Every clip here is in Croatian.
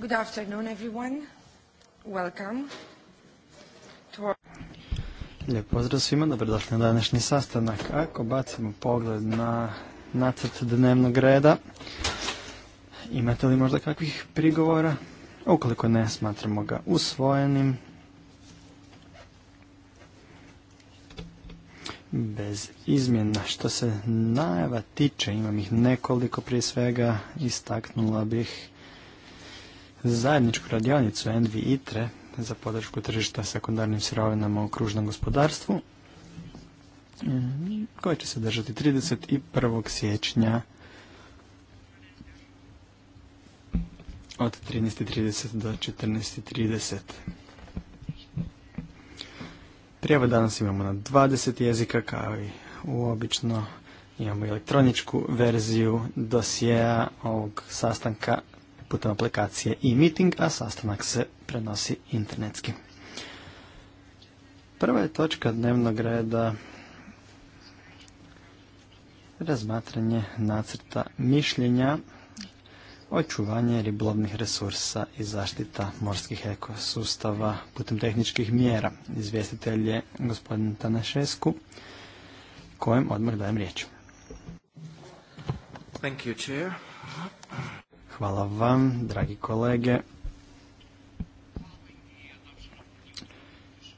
Good afternoon everyone. Welcome. To... Lijep pozdrav svima, dobrodošli na današnji sastanak. Ako bacimo pogled na nacrt dnevnog reda, imate li možda kakvih prigovora? Ukoliko ne, smatramo ga usvojenim. bez izmjena. Što se najava tiče, imam ih nekoliko prije svega, istaknula bih zajedničku radionicu Envi ITRE za podršku tržišta sekundarnim sirovinama u kružnom gospodarstvu mm, koje će se držati 31. siječnja od 13.30 do 14.30. Prijevo danas imamo na 20 jezika kao i uobično imamo elektroničku verziju dosjea ovog sastanka putem aplikacije e-meeting, a sastanak se prenosi internetski. Prva je točka dnevnog reda razmatranje nacrta mišljenja očuvanje riblovnih resursa i zaštita morskih ekosustava putem tehničkih mjera. Izvjestitelj je gospodin Tanašesku, kojem odmah dajem riječ. Thank you, chair. Hvala vam, dragi kolege.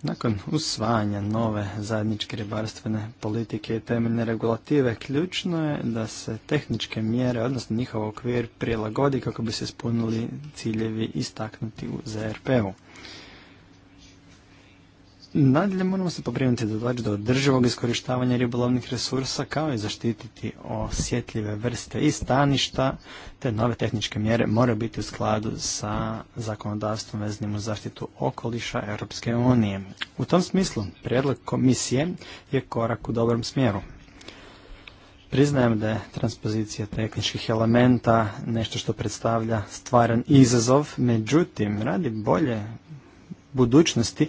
Nakon usvajanja nove zajedničke ribarstvene politike i temeljne regulative, ključno je da se tehničke mjere, odnosno njihov okvir, prilagodi kako bi se ispunili ciljevi istaknuti u ZRP-u. Nadalje moramo se pobrinuti da dođe do održivog iskorištavanja ribolovnih resursa kao i zaštititi osjetljive vrste i staništa, te nove tehničke mjere moraju biti u skladu sa zakonodavstvom vezanim uz zaštitu okoliša Europske unije. U tom smislu, prijedlog komisije je korak u dobrom smjeru. Priznajem da je transpozicija tehničkih elementa nešto što predstavlja stvaran izazov, međutim, radi bolje budućnosti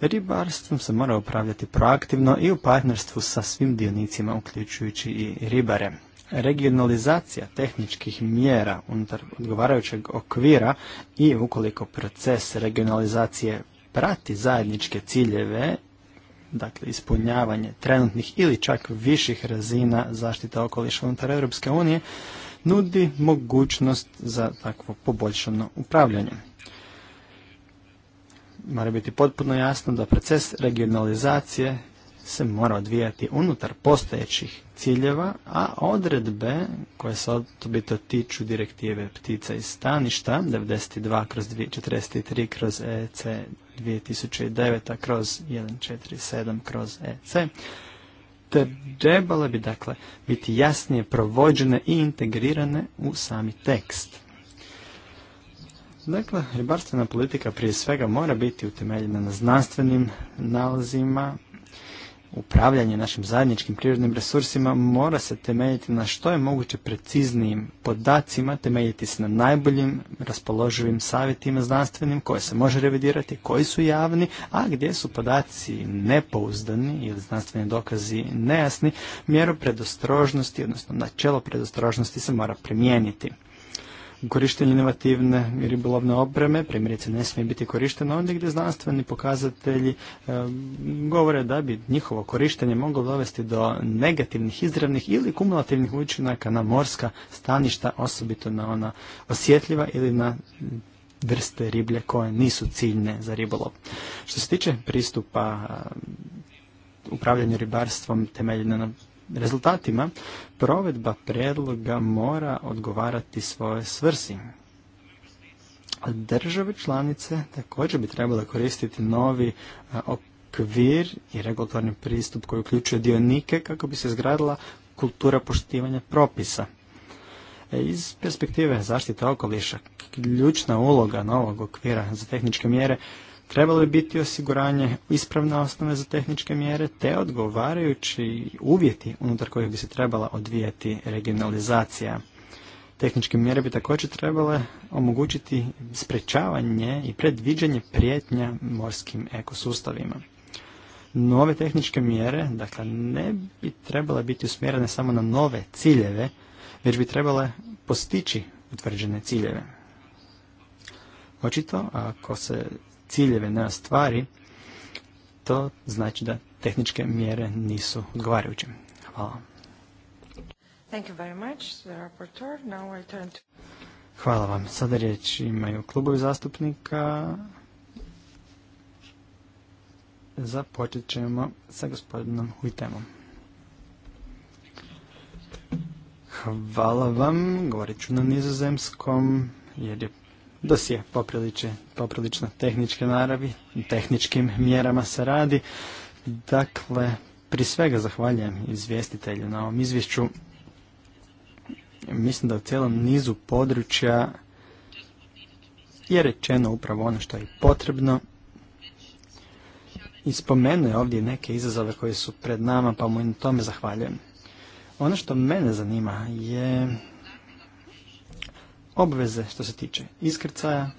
Ribarstvom se mora upravljati proaktivno i u partnerstvu sa svim dionicima, uključujući i ribare. Regionalizacija tehničkih mjera unutar odgovarajućeg okvira i ukoliko proces regionalizacije prati zajedničke ciljeve, dakle ispunjavanje trenutnih ili čak viših razina zaštite okoliša unutar Europske unije, nudi mogućnost za takvo poboljšano upravljanje mora biti potpuno jasno da proces regionalizacije se mora odvijati unutar postojećih ciljeva, a odredbe koje se odbito tiču direktive ptica i staništa 92 kroz 43 kroz EC 2009 kroz 147 kroz EC trebale bi dakle biti jasnije provođene i integrirane u sami tekst. Dakle, ribarstvena politika prije svega mora biti utemeljena na znanstvenim nalazima, upravljanje našim zajedničkim prirodnim resursima mora se temeljiti na što je moguće preciznijim podacima, temeljiti se na najboljim raspoloživim savjetima znanstvenim koje se može revidirati, koji su javni, a gdje su podaci nepouzdani ili znanstveni dokazi nejasni, mjeru predostrožnosti, odnosno načelo predostrožnosti se mora primijeniti korištenje inovativne ribolovne opreme, primjerice ne smije biti korišteno ondje gdje znanstveni pokazatelji govore da bi njihovo korištenje moglo dovesti do negativnih, izravnih ili kumulativnih učinaka na morska staništa, osobito na ona osjetljiva ili na vrste riblje koje nisu ciljne za ribolov. Što se tiče pristupa upravljanju ribarstvom temeljeno na rezultatima, provedba predloga mora odgovarati svoje svrsi. Države članice također bi trebale koristiti novi e, okvir i regulatorni pristup koji uključuje dionike kako bi se izgradila kultura poštivanja propisa. E, iz perspektive zaštite okoliša, ključna uloga novog okvira za tehničke mjere trebalo bi biti osiguranje ispravne osnove za tehničke mjere te odgovarajući uvjeti unutar kojih bi se trebala odvijati regionalizacija. Tehničke mjere bi također trebale omogućiti sprečavanje i predviđanje prijetnja morskim ekosustavima. Nove tehničke mjere dakle, ne bi trebale biti usmjerene samo na nove ciljeve, već bi trebale postići utvrđene ciljeve. Očito, ako se ciljeve na stvari, to znači da tehničke mjere nisu odgovarajuće. Hvala. Thank you very I to... Hvala vam. Sada riječ imaju klubovi zastupnika. Započet ćemo sa gospodinom Huitemom. Hvala vam. Govorit ću na nizozemskom jer je dosije poprilično tehničke naravi, tehničkim mjerama se radi. Dakle, pri svega zahvaljujem izvjestitelju na ovom izvješću. Mislim da u cijelom nizu područja je rečeno upravo ono što je potrebno. I spomenuje ovdje neke izazove koje su pred nama, pa mu i na tome zahvaljujem. Ono što mene zanima je obveze što se tiče iskrcaja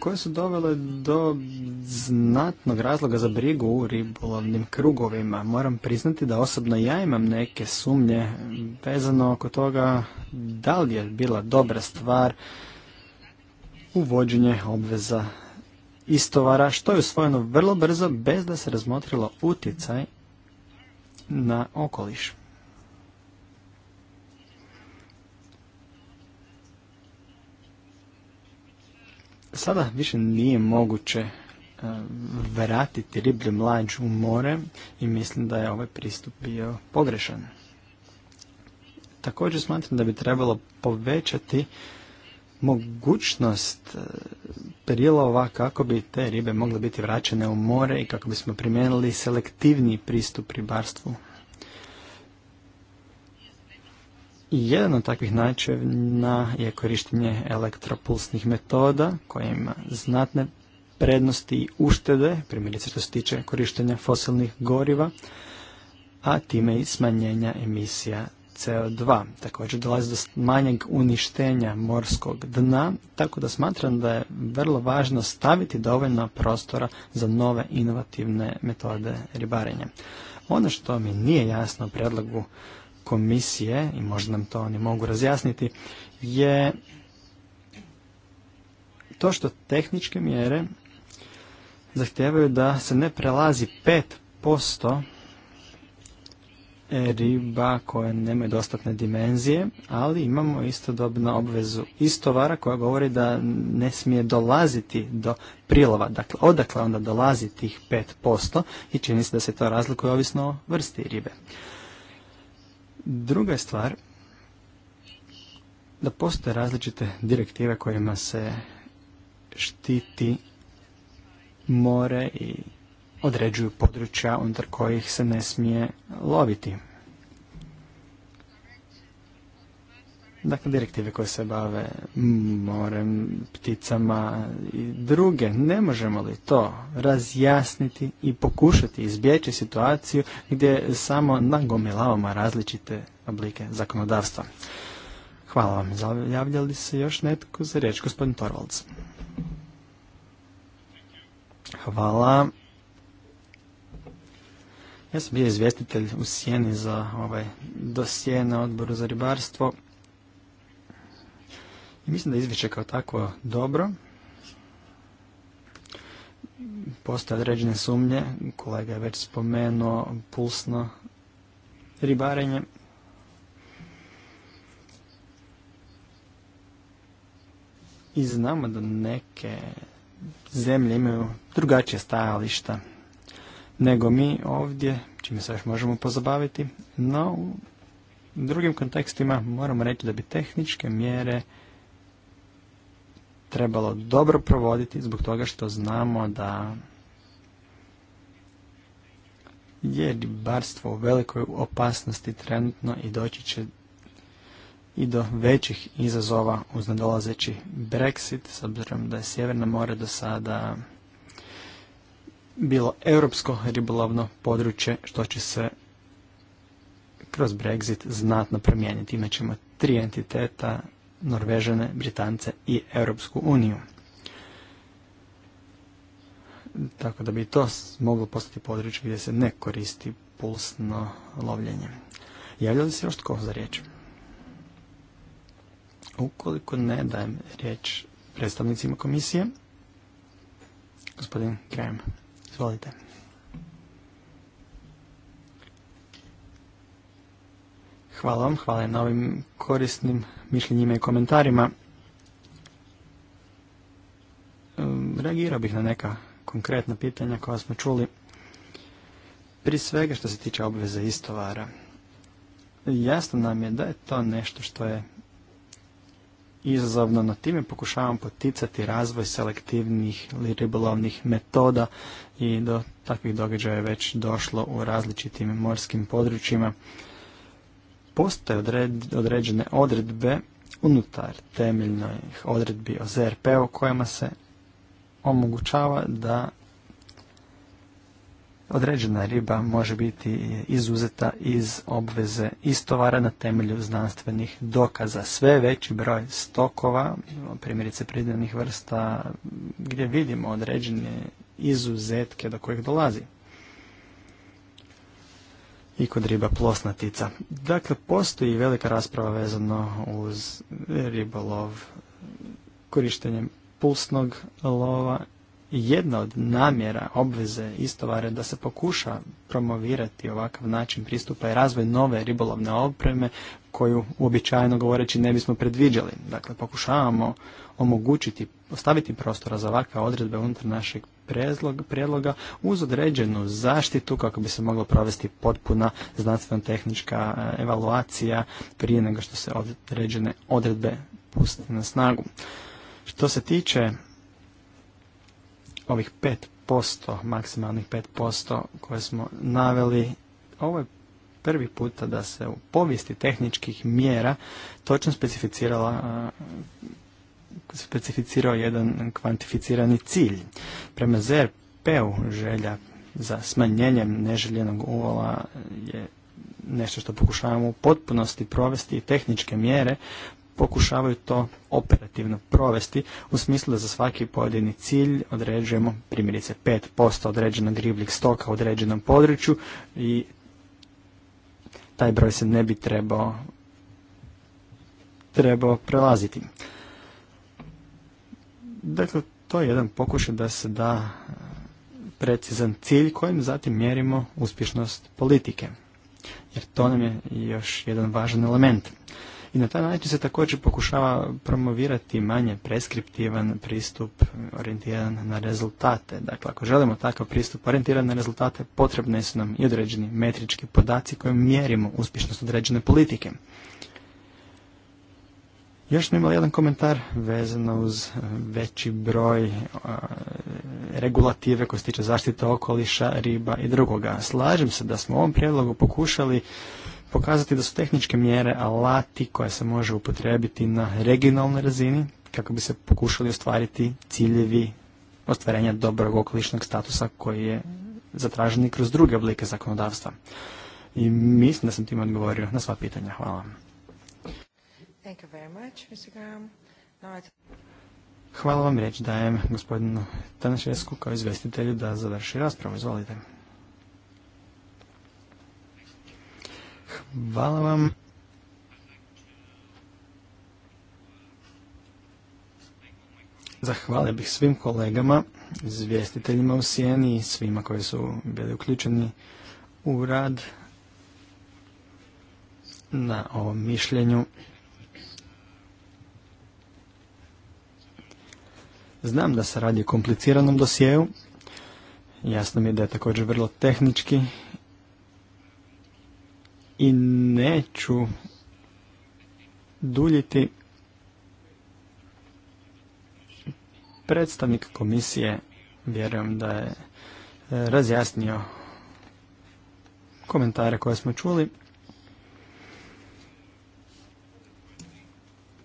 koje su dovele do znatnog razloga za brigu u ribolovnim krugovima. Moram priznati da osobno ja imam neke sumnje vezano oko toga da li je bila dobra stvar uvođenje obveza istovara što je usvojeno vrlo brzo bez da se razmotrilo utjecaj na okoliš. sada više nije moguće e, vratiti riblju mlađu u more i mislim da je ovaj pristup bio pogrešan. Također smatram da bi trebalo povećati mogućnost e, prilova kako bi te ribe mogle biti vraćene u more i kako bismo primijenili selektivni pristup ribarstvu Jedan od takvih načina je korištenje elektropulsnih metoda koje ima znatne prednosti i uštede, primjerice što se tiče korištenja fosilnih goriva, a time i smanjenja emisija CO2. Također dolazi do manjeg uništenja morskog dna, tako da smatram da je vrlo važno staviti dovoljno prostora za nove inovativne metode ribarenja. Ono što mi nije jasno u predlogu komisije, i možda nam to oni mogu razjasniti, je to što tehničke mjere zahtijevaju da se ne prelazi 5% riba koje nemaju dostatne dimenzije, ali imamo istodobno obvezu istovara koja govori da ne smije dolaziti do prilova. Dakle, odakle onda dolazi tih 5% i čini se da se to razlikuje ovisno o vrsti ribe. Druga stvar da postoje različite direktive kojima se štiti more i određuju područja unutar kojih se ne smije loviti. Dakle, direktive koje se bave morem, pticama i druge. Ne možemo li to razjasniti i pokušati izbjeći situaciju gdje samo nagomilavamo različite oblike zakonodavstva? Hvala vam. Javlja se još netko za riječ, gospodin Torvalds? Hvala. Ja sam bio izvjestitelj u Sjeni za ovaj dosije na odboru za ribarstvo. I mislim da izvješće kao tako dobro. Postoje određene sumnje, kolega je već spomenuo pulsno ribarenje. I znamo da neke zemlje imaju drugačije stajališta nego mi ovdje, čime se još možemo pozabaviti, no u drugim kontekstima moramo reći da bi tehničke mjere trebalo dobro provoditi zbog toga što znamo da je ribarstvo u velikoj opasnosti trenutno i doći će i do većih izazova uz nadolazeći Brexit, s obzirom da je Sjeverna more do sada bilo europsko ribolovno područje, što će se kroz Brexit znatno promijeniti. Imaćemo tri entiteta Norvežane, Britance i Europsku uniju. Tako da bi to moglo postati područje gdje se ne koristi pulsno lovljenje. Javlja li se još tko za riječ? Ukoliko ne dajem riječ predstavnicima komisije, gospodin Graham, izvolite. Hvala vam, hvala na ovim korisnim mišljenjima i komentarima. Reagirao bih na neka konkretna pitanja koja smo čuli. pri svega što se tiče obveze istovara. Jasno nam je da je to nešto što je izazovno, no time pokušavam poticati razvoj selektivnih ili ribolovnih metoda i do takvih događaja je već došlo u različitim morskim područjima postoje određene odredbe unutar temeljnih odredbi o ZRP-u kojima se omogućava da određena riba može biti izuzeta iz obveze istovara na temelju znanstvenih dokaza. Sve veći broj stokova, primjerice pridanih vrsta, gdje vidimo određene izuzetke do kojih dolazi i kod riba plosnatica. Dakle, postoji velika rasprava vezano uz ribolov korištenjem pulsnog lova. Jedna od namjera obveze istovare da se pokuša promovirati ovakav način pristupa i razvoj nove ribolovne opreme koju uobičajeno govoreći ne bismo predviđali. Dakle, pokušavamo omogućiti, ostaviti prostora za ovakve odredbe unutar našeg prijedloga uz određenu zaštitu kako bi se moglo provesti potpuna znanstveno-tehnička e, evaluacija prije nego što se određene odredbe puste na snagu. Što se tiče ovih 5%, maksimalnih 5% koje smo naveli, ovo je prvi puta da se u povijesti tehničkih mjera točno specificirala e, specificirao jedan kvantificirani cilj. Prema ZRP-u želja za smanjenjem neželjenog uvola je nešto što pokušavamo u potpunosti provesti i tehničke mjere pokušavaju to operativno provesti u smislu da za svaki pojedini cilj određujemo primjerice 5% određenog ribljeg stoka u određenom području i taj broj se ne bi trebao trebao prelaziti. Dakle, to je jedan pokušaj da se da e, precizan cilj kojim zatim mjerimo uspješnost politike. Jer to nam je još jedan važan element. I na taj način se također pokušava promovirati manje preskriptivan pristup orijentiran na rezultate. Dakle, ako želimo takav pristup orijentiran na rezultate, potrebne su nam i određeni metrički podaci kojim mjerimo uspješnost određene politike. Još smo imali jedan komentar vezano uz e, veći broj e, regulative koje se tiče zaštite okoliša, riba i drugoga. Slažem se da smo u ovom prijedlogu pokušali pokazati da su tehničke mjere alati koje se može upotrebiti na regionalnoj razini kako bi se pokušali ostvariti ciljevi ostvarenja dobrog okolišnog statusa koji je zatraženi kroz druge oblike zakonodavstva. I mislim da sam tim odgovorio na sva pitanja. Hvala vam. Thank you very Hvala vam riječ dajem gospodinu Tanašesku kao izvestitelju da završi raspravu. Izvolite. Hvala vam. Zahvalio bih svim kolegama, izvjestiteljima u Sijeni i svima koji su bili uključeni u rad na ovom mišljenju. Znam da se radi o kompliciranom dosjeu. Jasno mi je da je također vrlo tehnički. I neću duljiti predstavnik komisije vjerujem da je e, razjasnio komentare koje smo čuli.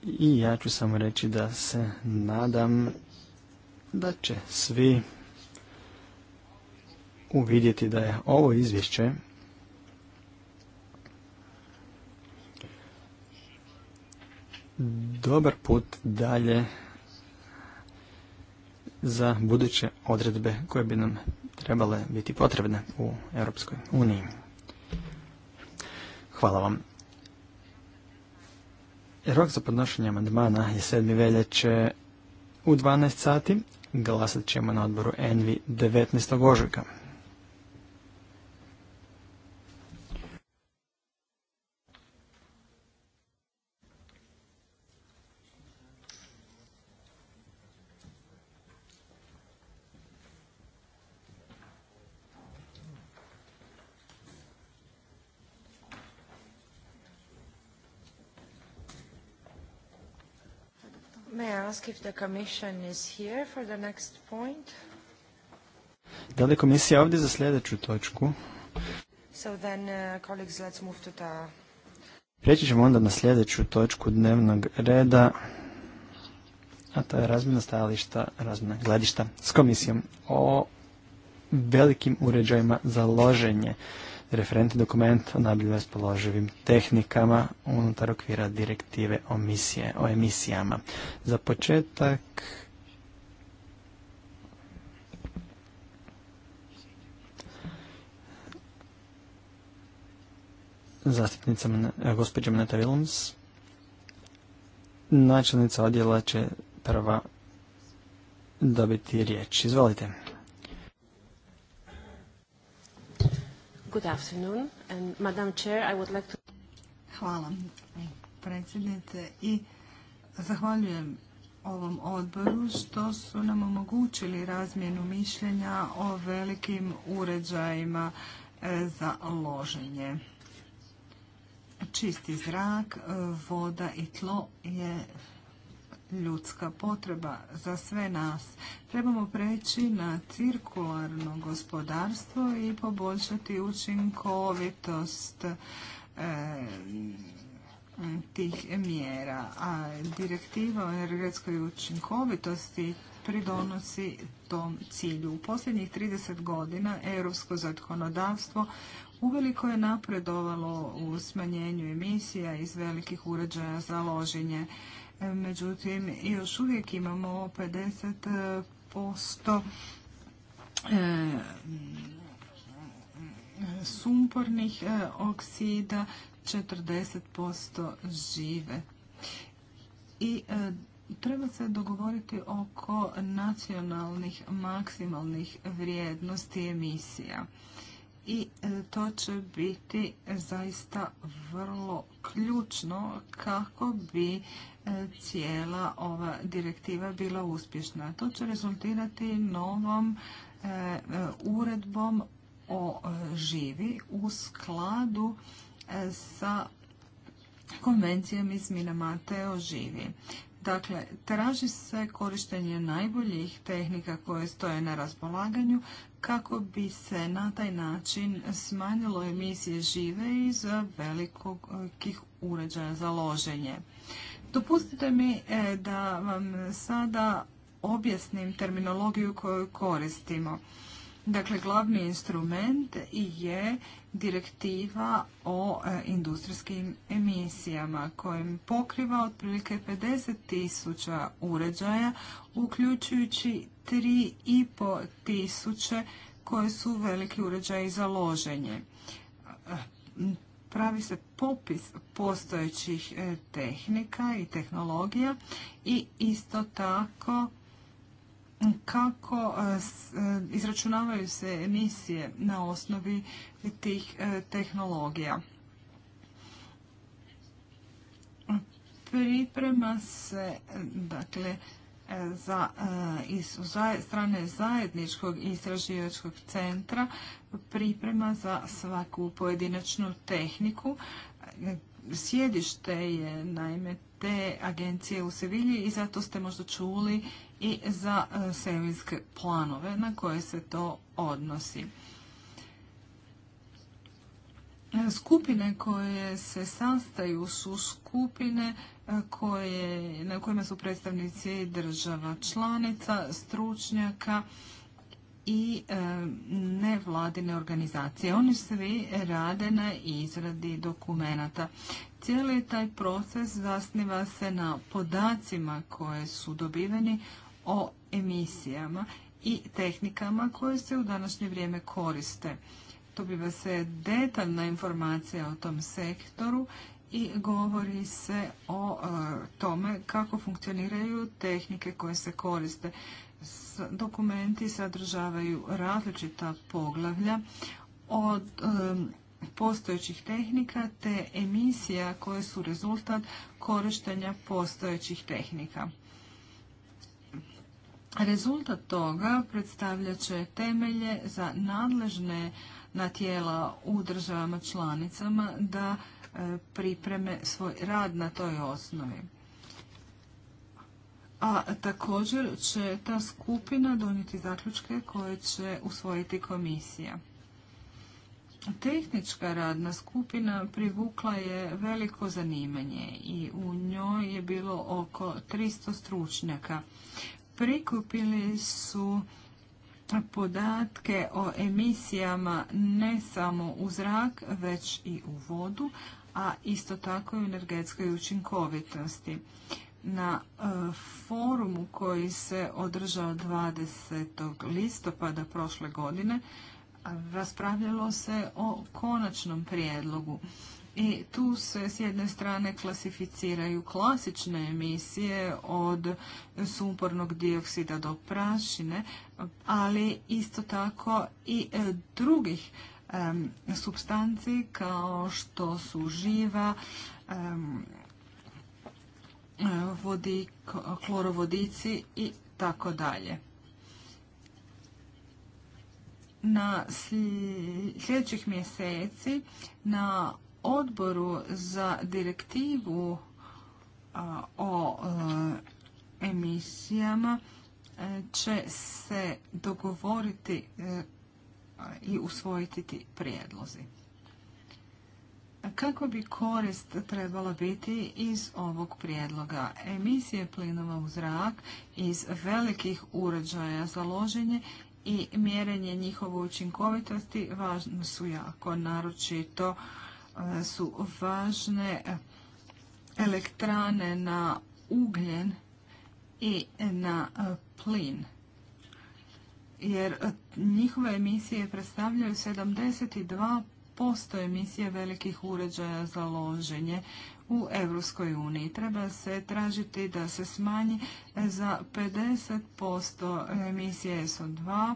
I ja ću samo reći da se nadam da će svi uvidjeti da je ovo izvješće dobar put dalje za buduće odredbe koje bi nam trebale biti potrebne u Europskoj uniji. Hvala vam. Rok za podnošenje amandmana je 7. veljače u 12 sati, Glasat ćemo na odboru Envi 19. ožujka. ask if the commission is here for the next point. Da li komisija ovdje za sljedeću točku? So then, uh, colleagues, let's move to the... Prijeći ćemo onda na sljedeću točku dnevnog reda, a to je razmjena stajališta, razmjena gledišta s komisijom o velikim uređajima za loženje referentni dokument o s raspoloživim tehnikama unutar okvira direktive o, misije, o emisijama. Za početak zastupnica eh, gospođa Mneta Wilms. Načelnica odjela će prva dobiti riječ. Izvolite. Good afternoon. I Hvala predsjednice i zahvaljujem ovom odboru što su nam omogućili razmjenu mišljenja o velikim uređajima e, za loženje. Čisti zrak, e, voda i tlo je ljudska potreba za sve nas. Trebamo preći na cirkularno gospodarstvo i poboljšati učinkovitost e, tih mjera. A direktiva o energetskoj učinkovitosti pridonosi tom cilju. U posljednjih 30 godina europsko zakonodavstvo uveliko je napredovalo u smanjenju emisija iz velikih uređaja za loženje međutim još uvijek imamo 50% e, sumpornih e, oksida, 40% žive. I e, treba se dogovoriti oko nacionalnih maksimalnih vrijednosti emisija i e, to će biti zaista vrlo ključno kako bi e, cijela ova direktiva bila uspješna. To će rezultirati novom e, uredbom o živi u skladu sa konvencijom iz Minamate o živi. Dakle, traži se korištenje najboljih tehnika koje stoje na raspolaganju kako bi se na taj način smanjilo emisije žive iz velikih uređaja za loženje. Dopustite mi e, da vam sada objasnim terminologiju koju koristimo. Dakle, glavni instrument je direktiva o e, industrijskim emisijama kojim pokriva otprilike 50 tisuća uređaja, uključujući 3,5 tisuće koje su veliki uređaj za loženje. Pravi se popis postojećih e, tehnika i tehnologija i isto tako kako e, e, izračunavaju se emisije na osnovi tih tehnologija. Priprema se, dakle, E, za, strane zajedničkog istraživačkog centra priprema za svaku pojedinačnu tehniku. Sjedište je naime te agencije u Sevilji i zato ste možda čuli i za e, sevinske planove na koje se to odnosi. Skupine koje se sastaju su skupine na kojima su predstavnici država članica, stručnjaka i e, nevladine organizacije. Oni svi rade na izradi dokumenata. Cijeli taj proces zasniva se na podacima koje su dobiveni o emisijama i tehnikama koje se u današnje vrijeme koriste. Dobiva se detaljna informacija o tom sektoru i govori se o e, tome kako funkcioniraju tehnike koje se koriste. Dokumenti sadržavaju različita poglavlja od e, postojećih tehnika te emisija koje su rezultat korištenja postojećih tehnika. Rezultat toga predstavljaće temelje za nadležne na tijela u državama članicama da e, pripreme svoj rad na toj osnovi. A također će ta skupina donijeti zaključke koje će usvojiti komisija. Tehnička radna skupina privukla je veliko zanimanje i u njoj je bilo oko 300 stručnjaka. Prikupili su podatke o emisijama ne samo u zrak, već i u vodu, a isto tako i u energetskoj učinkovitosti. Na e, forumu koji se održao 20. listopada prošle godine raspravljalo se o konačnom prijedlogu. I tu se s jedne strane klasificiraju klasične emisije od sumpornog dioksida do prašine, ali isto tako i e, drugih substanci kao što su živa, e, klorovodici i tako dalje. Na sljedećih mjeseci na odboru za direktivu o e, emisijama e, će se dogovoriti e, i usvojiti ti prijedlozi. Kako bi korist trebala biti iz ovog prijedloga? Emisije plinova u zrak iz velikih uređaja za loženje i mjerenje njihove učinkovitosti važno su jako, naročito su važne elektrane na ugljen i na e, plin. Jer e, njihove emisije predstavljaju 72% emisije velikih uređaja za loženje u Europskoj uniji. Treba se tražiti da se smanji e, za 50% emisije SO2,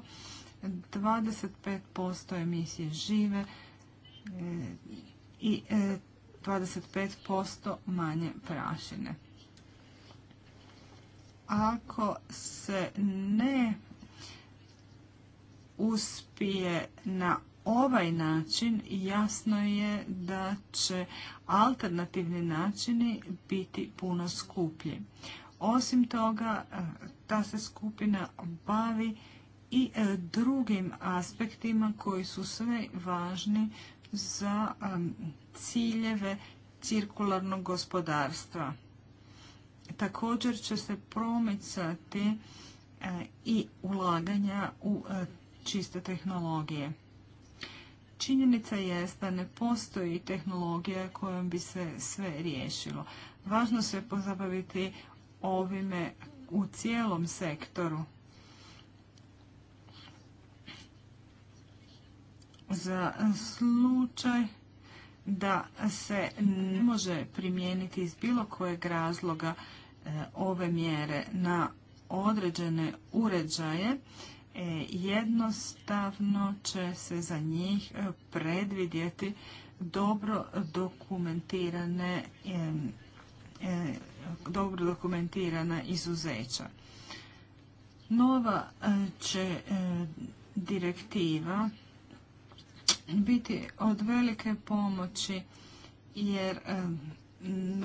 25% emisije žive, i 25% e, manje prašine. Ako se ne uspije na ovaj način jasno je da će alternativni načini biti puno skuplji. Osim toga, e, ta se skupina bavi i e, drugim aspektima koji su sve važni za ciljeve cirkularnog gospodarstva. Također će se promicati i ulaganja u e, čiste tehnologije. Činjenica je da ne postoji tehnologija kojom bi se sve riješilo. Važno se pozabaviti ovime u cijelom sektoru. za slučaj da se ne može primijeniti iz bilo kojeg razloga e, ove mjere na određene uređaje, e, jednostavno će se za njih e, predvidjeti dobro dokumentirane dobro dokumentirana izuzeća. Nova će direktiva biti od velike pomoći jer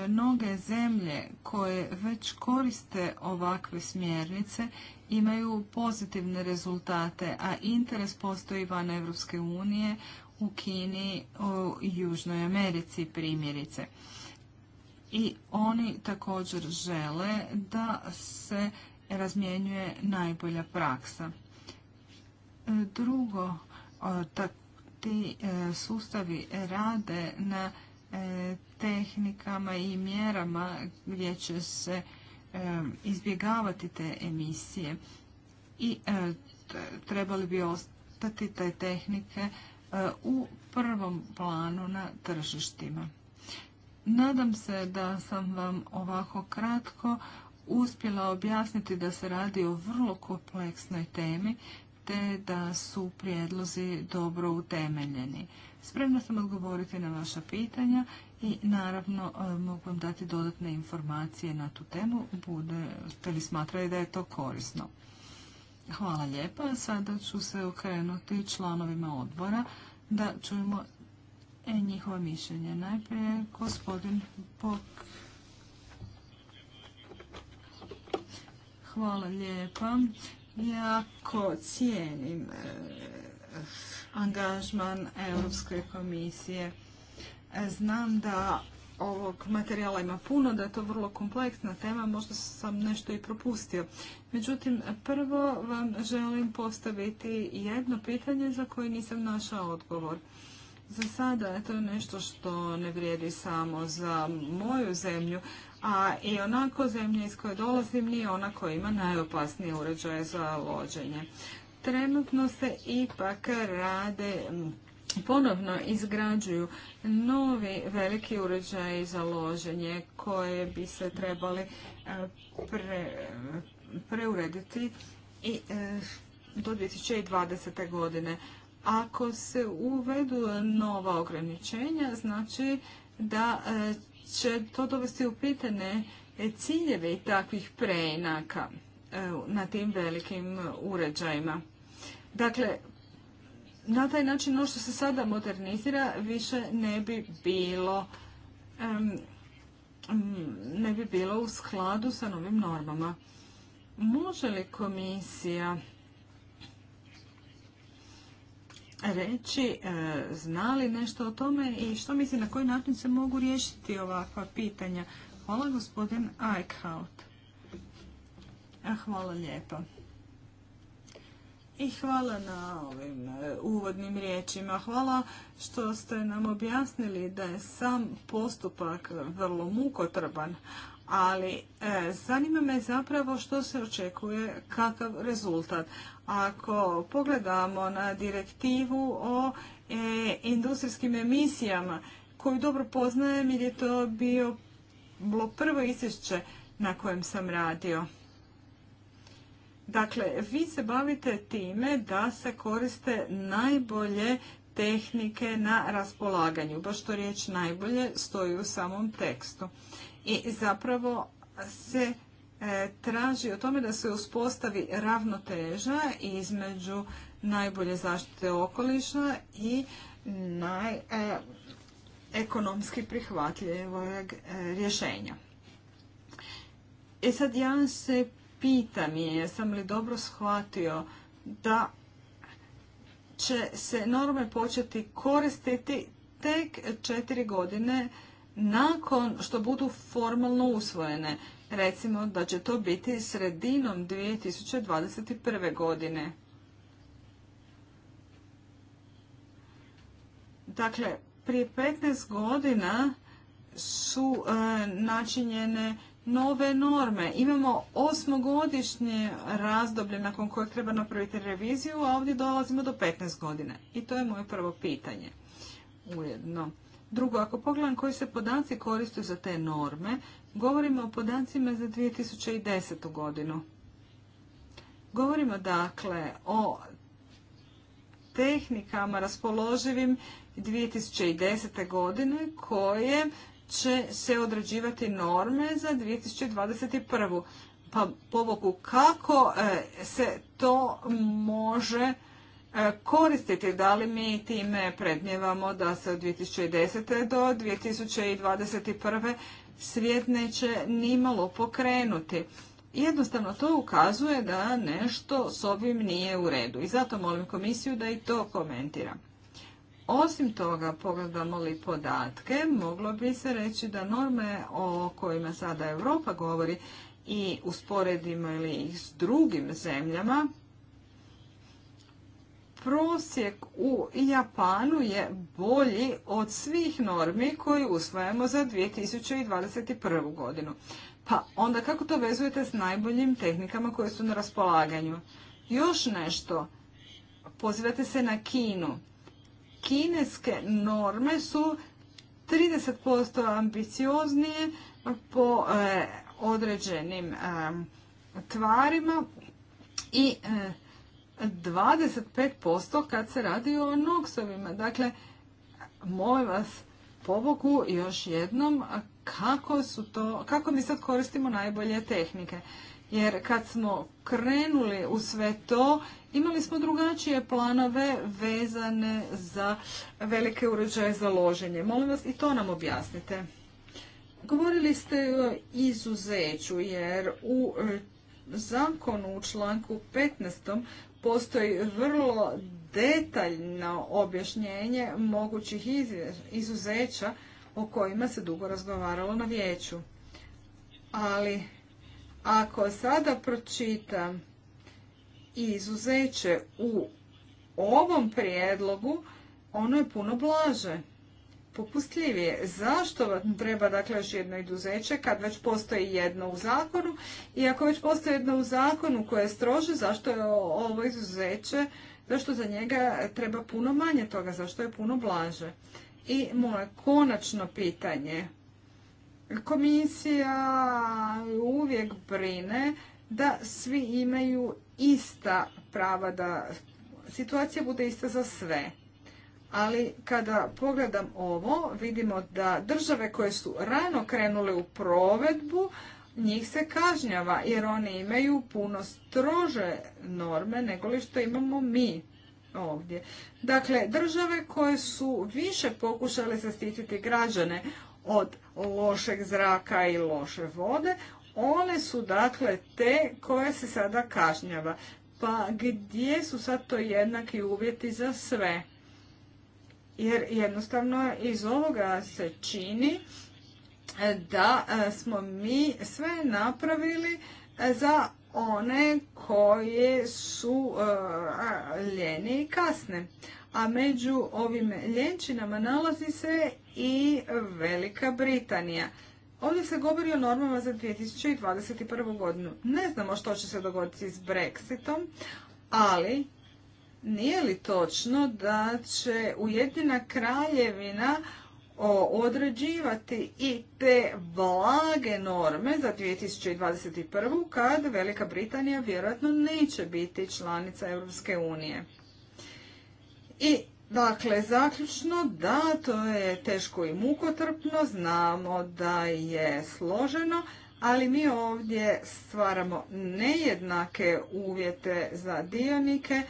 mnoge zemlje koje već koriste ovakve smjernice imaju pozitivne rezultate, a interes postoji van Evropske unije u Kini, u Južnoj Americi primjerice. I oni također žele da se razmjenjuje najbolja praksa. Drugo, ti e, sustavi rade na e, tehnikama i mjerama gdje će se e, izbjegavati te emisije i trebali bi ostati te tehnike u prvom planu na tržištima. Nadam se da sam vam ovako kratko uspjela objasniti da se radi o vrlo kompleksnoj temi te da su prijedlozi dobro utemeljeni. Spremna sam odgovoriti na vaša pitanja i naravno e, mogu vam dati dodatne informacije na tu temu, budete li smatrali da je to korisno. Hvala lijepa. Sada ću se okrenuti članovima odbora da čujemo e, njihova mišljenja. Najprije gospodin Bok. Hvala lijepa jako cijenim e, angažman Europske komisije. E, znam da ovog materijala ima puno, da je to vrlo kompleksna tema, možda sam nešto i propustio. Međutim, prvo vam želim postaviti jedno pitanje za koje nisam našao odgovor. Za sada je to nešto što ne vrijedi samo za moju zemlju, a i onako zemlja iz koje dolazim nije ona koja ima najopasnije uređaje za vođenje. Trenutno se ipak rade ponovno izgrađuju novi veliki uređaj za loženje koje bi se trebali e, preurediti i e, do 2020. godine. Ako se uvedu nova ograničenja, znači da e, će to dovesti u pitanje ciljevi takvih preinaka e, na tim velikim uređajima. Dakle, na taj način ono što se sada modernizira više ne bi bilo ne bi bilo u skladu sa novim normama. Može li komisija reći e, zna li nešto o tome i što misli na koji način se mogu riješiti ovakva pitanja. Hvala gospodin Eichhout. E, hvala lijepa. I hvala na ovim e, uvodnim riječima. Hvala što ste nam objasnili da je sam postupak vrlo mukotrban, ali zanima me zapravo što se očekuje, kakav rezultat. Ako pogledamo na direktivu o e, industrijskim emisijama, koju dobro poznajem jer je to bio, bilo prvo izvješće na kojem sam radio. Dakle, vi se bavite time da se koriste najbolje tehnike na raspolaganju. Baš to riječ najbolje stoji u samom tekstu. I zapravo se E, traži o tome da se uspostavi ravnoteža između najbolje zaštite okoliša i ekonomski prihvatljivog e, rješenja. E sad ja se pitam jesam li dobro shvatio da će se norme početi koristiti tek četiri godine nakon što budu formalno usvojene recimo da će to biti sredinom 2021. godine. Dakle, prije 15 godina su e, načinjene nove norme. Imamo osmogodišnje razdoblje nakon kojeg treba napraviti reviziju, a ovdje dolazimo do 15 godina. I to je moje prvo pitanje. Ujedno. Drugo, ako pogledam koji se podaci koriste za te norme, Govorimo o podacima za 2010. godinu. Govorimo dakle o tehnikama raspoloživim 2010. godine koje će se određivati norme za 2021. Pa povoku kako e, se to može e, koristiti, da li mi time prednjevamo da se od 2010. do 2021 svijet neće nimalo pokrenuti. Jednostavno to ukazuje da nešto s ovim nije u redu i zato molim komisiju da i to komentira. Osim toga, pogledamo li podatke, moglo bi se reći da norme o kojima sada Europa govori i usporedimo ili ih s drugim zemljama, prosjek u Japanu je bolji od svih normi koje usvajamo za 2021. godinu. Pa onda kako to vezujete s najboljim tehnikama koje su na raspolaganju? Još nešto. Pozivate se na Kinu. Kineske norme su 30% ambicioznije po e, određenim e, tvarima i e, 25% kad se radi o noksovima. Dakle, molim vas pobogu još jednom kako, su to, kako mi sad koristimo najbolje tehnike. Jer kad smo krenuli u sve to, imali smo drugačije planove vezane za velike uređaje za loženje. Molim vas i to nam objasnite. Govorili ste o izuzeću, jer u e, zakonu u članku 15 postoji vrlo detaljno objašnjenje mogućih izuzeća o kojima se dugo razgovaralo na vijeću. Ali ako sada pročitam izuzeće u ovom prijedlogu, ono je puno blaže popustljivije. Zašto vam treba dakle još jedno iduzeće kad već postoji jedno u zakonu i ako već postoji jedno u zakonu koje je strože, zašto je ovo izuzeće, zašto za njega treba puno manje toga, zašto je puno blaže. I moje konačno pitanje. Komisija uvijek brine da svi imaju ista prava, da situacija bude ista za sve ali kada pogledam ovo, vidimo da države koje su rano krenule u provedbu, njih se kažnjava jer oni imaju puno strože norme nego li što imamo mi ovdje. Dakle, države koje su više pokušale zaštititi građane od lošeg zraka i loše vode, one su dakle te koje se sada kažnjava. Pa gdje su sad to jednaki uvjeti za sve? jer jednostavno iz ovoga se čini e, da e, smo mi sve napravili e, za one koje su ljeni i kasne. A među ovim ljenčinama nalazi se i Velika Britanija. Ovdje se govori o normama za 2021. godinu. Ne znamo što će se dogoditi s Brexitom, ali nije li točno da će Ujedina kraljevina određivati i te blage norme za 2021. kad Velika Britanija vjerojatno neće biti članica Europske unije. I Dakle, zaključno da, to je teško i mukotrpno, znamo da je složeno, ali mi ovdje stvaramo nejednake uvjete za dionike,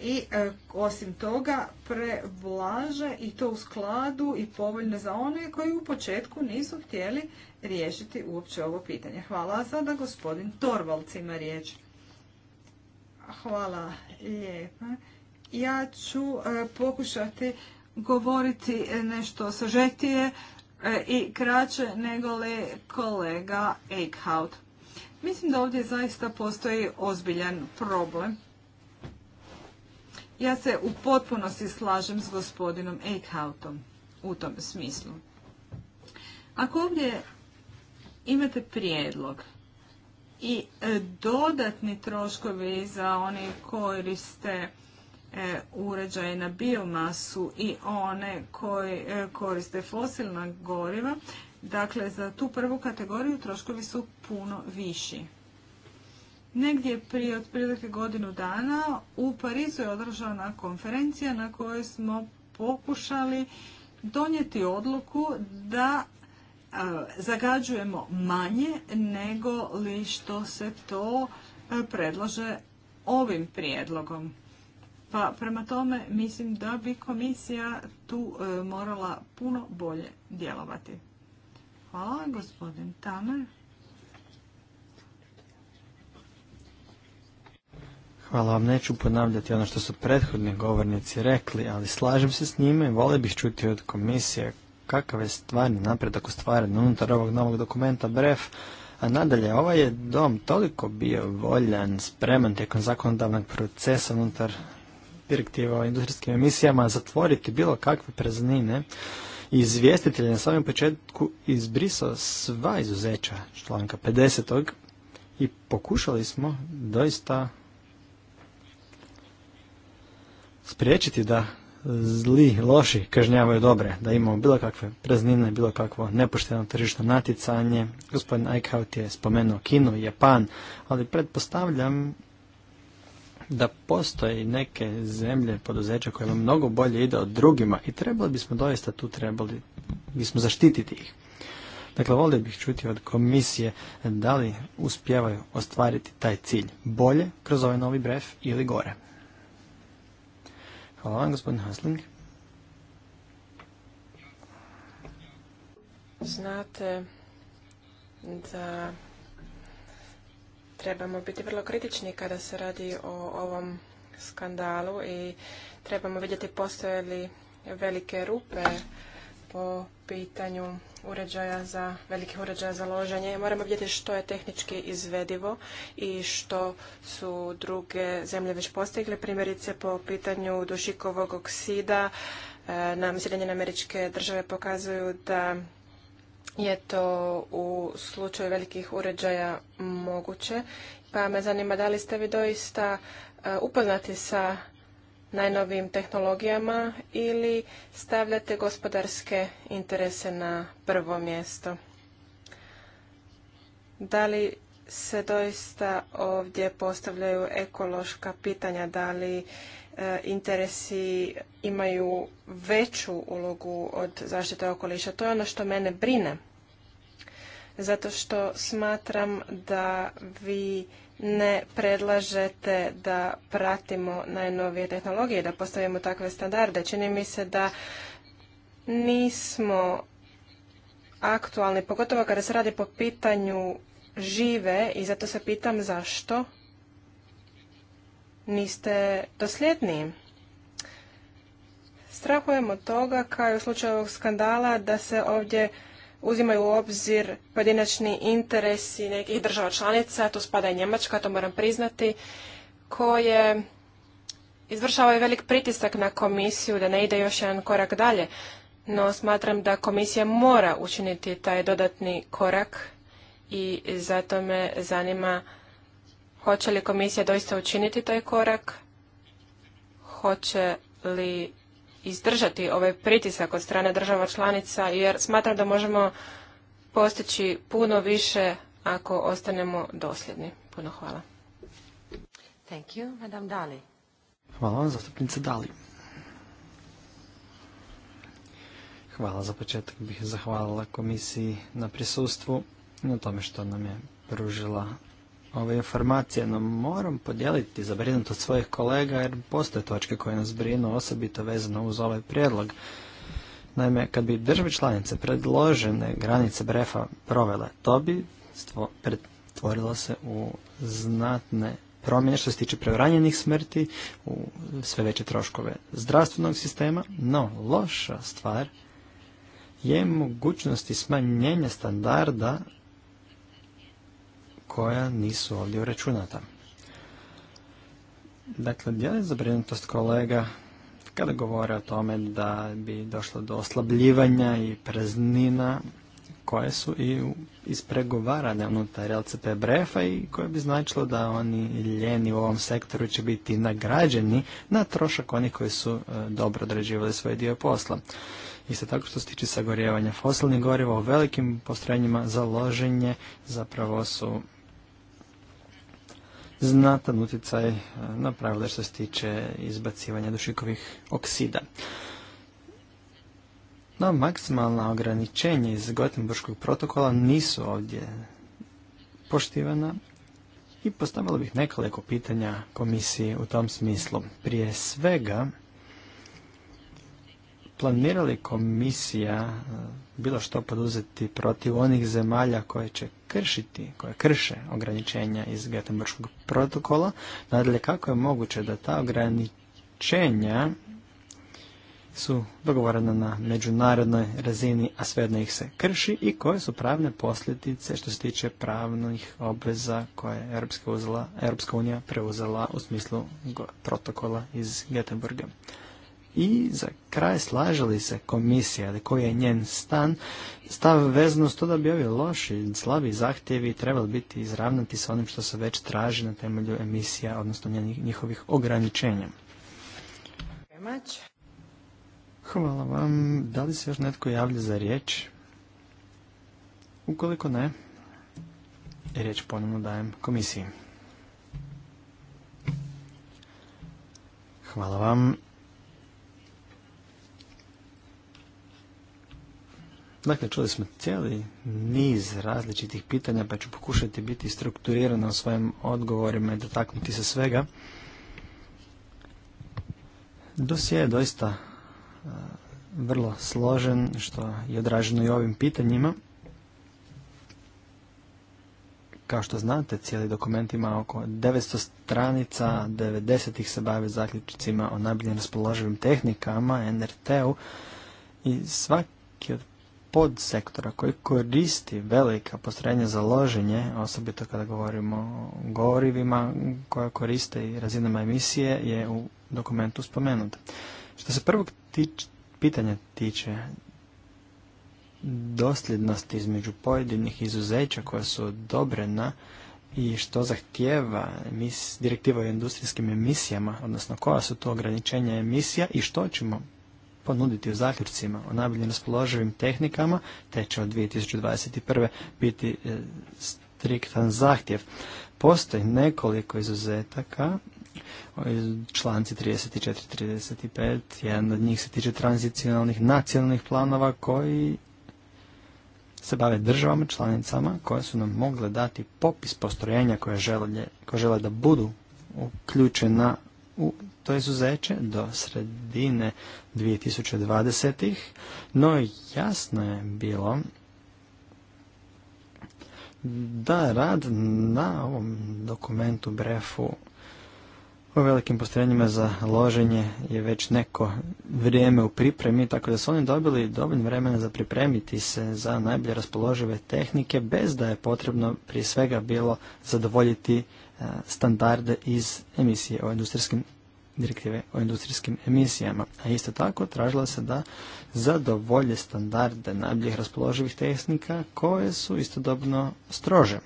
i e, osim toga preblaže i to u skladu i povoljne za one koji u početku nisu htjeli riješiti uopće ovo pitanje. Hvala sada gospodin Torvalc ima riječ. Hvala lijepa. Ja ću e, pokušati govoriti nešto sažetije e, i kraće nego le kolega Eichhout. Mislim da ovdje zaista postoji ozbiljan problem ja se u potpunosti slažem s gospodinom Eichhautom u tom smislu. Ako ovdje imate prijedlog i e, dodatni troškovi za one koriste uređaj uređaje na biomasu i one koji e, koriste fosilna goriva, dakle za tu prvu kategoriju troškovi su puno viši. Negdje prije otprilike godinu dana u Parizu je održana konferencija na kojoj smo pokušali donijeti odluku da e, zagađujemo manje nego li što se to e, predlaže ovim prijedlogom. Pa prema tome mislim da bi komisija tu e, morala puno bolje djelovati. Hvala gospodin Tamer. Hvala vam, neću ponavljati ono što su prethodni govornici rekli, ali slažem se s njime i vole bih čuti od komisije kakav je stvarni napredak ostvaren unutar ovog novog dokumenta BREF, a nadalje ovaj je dom toliko bio voljan, spreman tijekom zakonodavnog procesa unutar direktiva o industrijskim emisijama zatvoriti bilo kakve preznine i izvjestitelj na samom početku izbrisao sva izuzeća članka 50. i pokušali smo doista spriječiti da zli, loši kažnjavaju dobre, da imamo bilo kakve praznine, bilo kakvo nepošteno tržišno naticanje. Gospodin Eichhout je spomenuo Kinu i Japan, ali pretpostavljam da postoje neke zemlje, poduzeća kojima mnogo bolje ide od drugima i trebali bismo doista tu trebali, bismo zaštititi ih. Dakle, volio bih čuti od komisije da li uspjevaju ostvariti taj cilj bolje kroz ovaj novi bref ili gore. Hvala vam, gospodin Hasling. Znate da trebamo biti vrlo kritični kada se radi o ovom skandalu i trebamo vidjeti postoje li velike rupe po pitanju uređaja za, velikih uređaja za loženje. Moramo vidjeti što je tehnički izvedivo i što su druge zemlje već postigle. Primjerice po pitanju dušikovog oksida e, nam Sjedinjene američke države pokazuju da je to u slučaju velikih uređaja moguće. Pa me zanima da li ste vi doista e, upoznati sa najnovijim tehnologijama ili stavljate gospodarske interese na prvo mjesto? Da li se doista ovdje postavljaju ekološka pitanja, da li e, interesi imaju veću ulogu od zaštite okoliša. To je ono što mene brine, zato što smatram da vi ne predlažete da pratimo najnovije tehnologije, da postavimo takve standarde. Čini mi se da nismo aktualni, pogotovo kada se radi po pitanju žive i zato se pitam zašto niste dosljedniji. Strahujemo toga, kao i u slučaju ovog skandala, da se ovdje uzimaju u obzir pojedinačni interesi nekih država članica, tu spada i Njemačka, to moram priznati, koje izvršavaju velik pritisak na komisiju da ne ide još jedan korak dalje, no smatram da komisija mora učiniti taj dodatni korak i zato me zanima hoće li komisija doista učiniti taj korak, hoće li izdržati ovaj pritisak od strane država članica jer smatram da možemo postići puno više ako ostanemo dosljedni. Puno hvala. Thank you, Madame Dali. Hvala vam, zastupnice Dali. Hvala za početak bih zahvalila komisiji na prisustvu na tome što nam je pružila ove informacije, no moram podijeliti od svojih kolega jer postoje točke koje nas brinu osobito vezano uz ovaj prijedlog. Naime, kad bi države članice predložene granice brefa provele, to bi pretvorilo se u znatne promjene što se tiče preuranjenih smrti, u sve veće troškove zdravstvenog sistema, no loša stvar je mogućnosti smanjenja standarda koja nisu ovdje uračunata. Dakle, je zabrinutost kolega kada govore o tome da bi došlo do oslabljivanja i preznina koje su i ispregovarane unutar LCP brefa i koje bi značilo da oni ljeni u ovom sektoru će biti nagrađeni na trošak onih koji su e, dobro odrađivali svoj dio posla. Isto tako što se tiče sagorjevanja fosilnih goriva u velikim postrojenjima za loženje zapravo su znatan utjecaj e, na pravila što se tiče izbacivanja dušikovih oksida. No, maksimalna ograničenja iz Gotenburškog protokola nisu ovdje poštivana i postavilo bih nekoliko pitanja komisiji u tom smislu. Prije svega, planira li komisija e, bilo što poduzeti protiv onih zemalja koje će kršiti, koje krše ograničenja iz Gatenburškog protokola? Nadalje, kako je moguće da ta ograničenja su dogovorena na međunarodnoj razini, a svejedno ih se krši i koje su pravne posljedice što se tiče pravnih obveza koje je Europska, unija preuzela u smislu protokola iz Getenburga. I za kraj slaže se komisija da koji je njen stan, stav vezano s to da bi ovi loši, slabi zahtjevi trebali biti izravnati sa onim što se već traži na temelju emisija, odnosno njihovih ograničenja. Hvala vam. Da li se još netko javlja za riječ? Ukoliko ne, riječ ponovno dajem komisiji. Hvala vam. Dakle, čuli smo cijeli niz različitih pitanja, pa ću pokušati biti strukturirana u svojim odgovorima i dotaknuti se svega. Dosije je doista e, vrlo složen, što je odraženo i ovim pitanjima. Kao što znate, cijeli dokument ima oko 900 stranica, 90-ih se bave zaključicima o najbolje raspoloživim tehnikama, NRT-u i svaki od podsektora koji koristi velika postrojenja za loženje, osobito kada govorimo o gorivima koja koriste i razinama emisije, je u dokumentu spomenuta. Što se prvog tič, pitanja tiče dosljednosti između pojedinih izuzeća koja su odobrena i što zahtjeva direktiva o industrijskim emisijama, odnosno koja su to ograničenja emisija i što ćemo ponuditi u zaključcima o najboljim raspoloživim tehnikama, te će od 2021. biti e, striktan zahtjev. Postoji nekoliko izuzetaka, e, članci 34 35, jedan od njih se tiče tranzicionalnih nacionalnih planova koji se bave državama članicama koje su nam mogle dati popis postrojenja koje žele, žele da budu uključena u to izuzeće do sredine 2020. No jasno je bilo da rad na ovom dokumentu brefu o velikim postrojenjima za loženje je već neko vrijeme u pripremi, tako da su oni dobili dovoljno vremena za pripremiti se za najbolje raspoložive tehnike, bez da je potrebno prije svega bilo zadovoljiti e, standarde iz emisije o industrijskim direktive o industrijskim emisijama, a isto tako tražila se da zadovolje standarde najboljih raspoloživih tehnika koje su istodobno strože.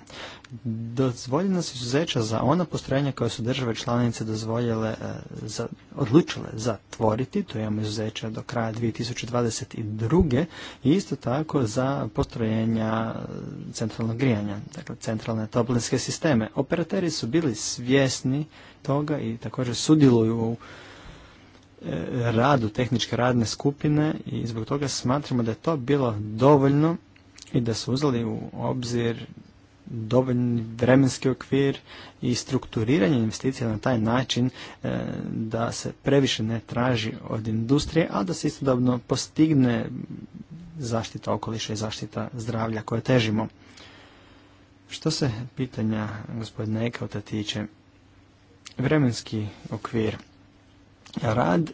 Dozvoljena se izuzeća za ona postrojenja koje su države članice dozvoljele, e, odlučile zatvoriti, to imamo izuzeća do kraja 2022. i isto tako za postrojenja e, centralnog grijanja, dakle centralne toplinske sisteme. Operateri su bili svjesni toga i također sudjeluju u e, radu tehničke radne skupine i zbog toga smatramo da je to bilo dovoljno i da su uzeli u obzir dovoljni vremenski okvir i strukturiranje investicija na taj način e, da se previše ne traži od industrije, a da se istodobno postigne zaštita okoliša i zaštita zdravlja koje težimo. Što se pitanja gospodina Ekauta tiče, vremenski okvir. Rad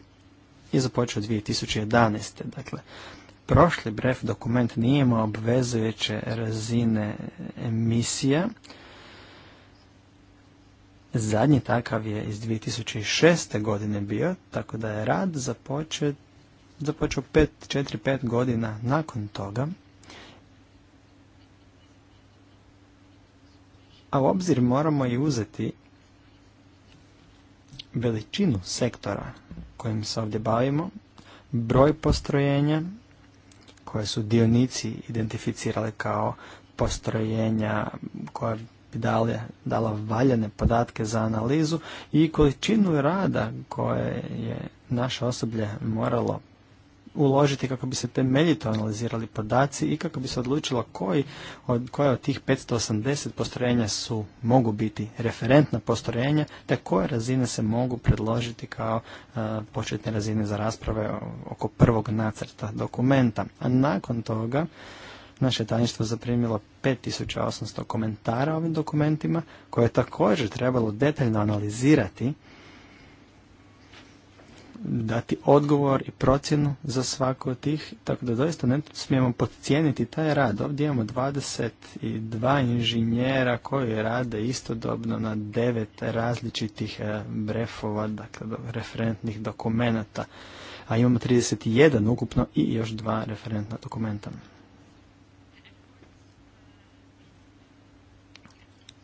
je započeo 2011. Dakle, prošli bref dokument nije imao obvezujuće razine emisija. Zadnji takav je iz 2006. godine bio, tako da je rad započeo, započeo 4-5 godina nakon toga. A u obzir moramo i uzeti veličinu sektora kojim se ovdje bavimo, broj postrojenja koje su dionici identificirali kao postrojenja koja bi dala, dala valjane podatke za analizu i količinu rada koje je naše osoblje moralo uložiti kako bi se temeljito analizirali podaci i kako bi se odlučilo koji od, koja od tih 580 postrojenja su, mogu biti referentna postrojenja, te koje razine se mogu predložiti kao e, početne razine za rasprave oko prvog nacrta dokumenta. A nakon toga naše tajništvo zaprimilo 5800 komentara ovim dokumentima koje je također trebalo detaljno analizirati dati odgovor i procjenu za svaku od tih, tako da doista ne smijemo podcijeniti taj rad. Ovdje imamo 22 inženjera koji rade istodobno na devet različitih e, brefova, dakle referentnih dokumenata, a imamo 31 ukupno i još dva referentna dokumenta.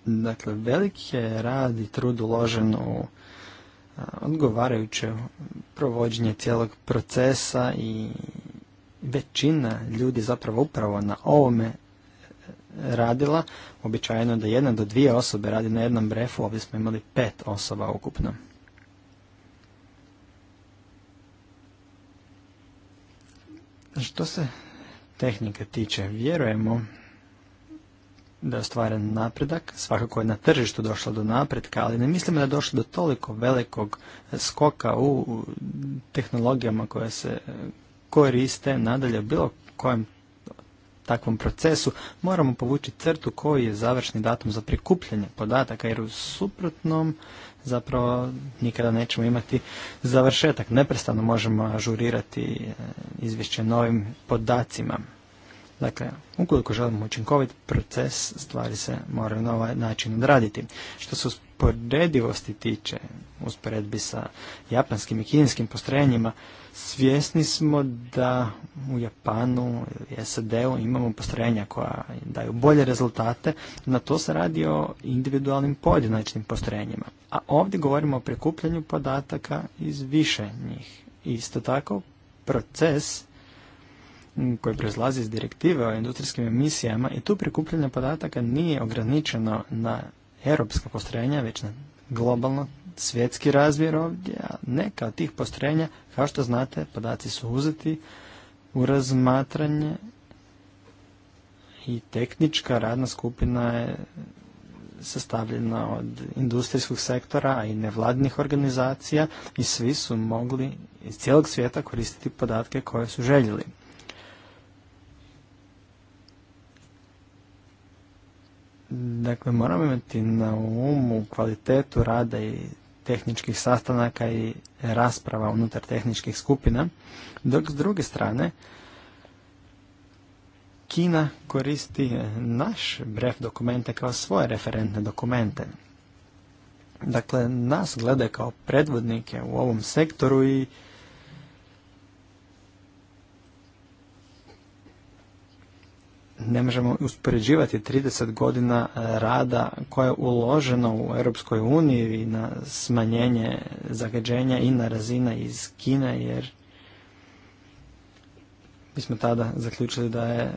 Dakle, veliki je rad i trud uložen u odgovarajuće provođenje cijelog procesa i većina ljudi zapravo upravo na ovome e, radila. Običajno da jedna do dvije osobe radi na jednom brefu, ovdje smo imali pet osoba ukupno. Što se tehnike tiče, vjerujemo da je ostvaren napredak, svakako je na tržištu došlo do napretka, ali ne mislimo da je došlo do toliko velikog skoka u tehnologijama koje se koriste nadalje u bilo kojem takvom procesu, moramo povući crtu koji je završni datum za prikupljanje podataka, jer u suprotnom zapravo nikada nećemo imati završetak. Neprestano možemo ažurirati e, izvješće novim podacima. Dakle, ukoliko želimo učinkovit proces, stvari se moraju na ovaj način odraditi. Što se usporedivosti tiče, usporedbi sa japanskim i kineskim postrojenjima, svjesni smo da u Japanu ili SAD-u imamo postrojenja koja daju bolje rezultate, na to se radi o individualnim pojedinačnim postrojenjima. A ovdje govorimo o prikupljanju podataka iz više njih. Isto tako, proces koje proizlazi iz direktive o industrijskim emisijama i tu prikupljanje podataka nije ograničeno na europska postrojenja, već na globalno svjetski razvijer ovdje, a neka od tih postrojenja, kao što znate, podaci su uzeti u razmatranje i tehnička radna skupina je sastavljena od industrijskog sektora, i nevladnih organizacija i svi su mogli iz cijelog svijeta koristiti podatke koje su željeli. Dakle, moramo imati na umu kvalitetu rada i tehničkih sastanaka i rasprava unutar tehničkih skupina, dok s druge strane Kina koristi naš bref dokumente kao svoje referentne dokumente. Dakle, nas gleda kao predvodnike u ovom sektoru i ne možemo uspoređivati 30 godina e, rada koje je uloženo u Europskoj uniji i na smanjenje zagađenja i na razina iz Kine jer mi smo tada zaključili da je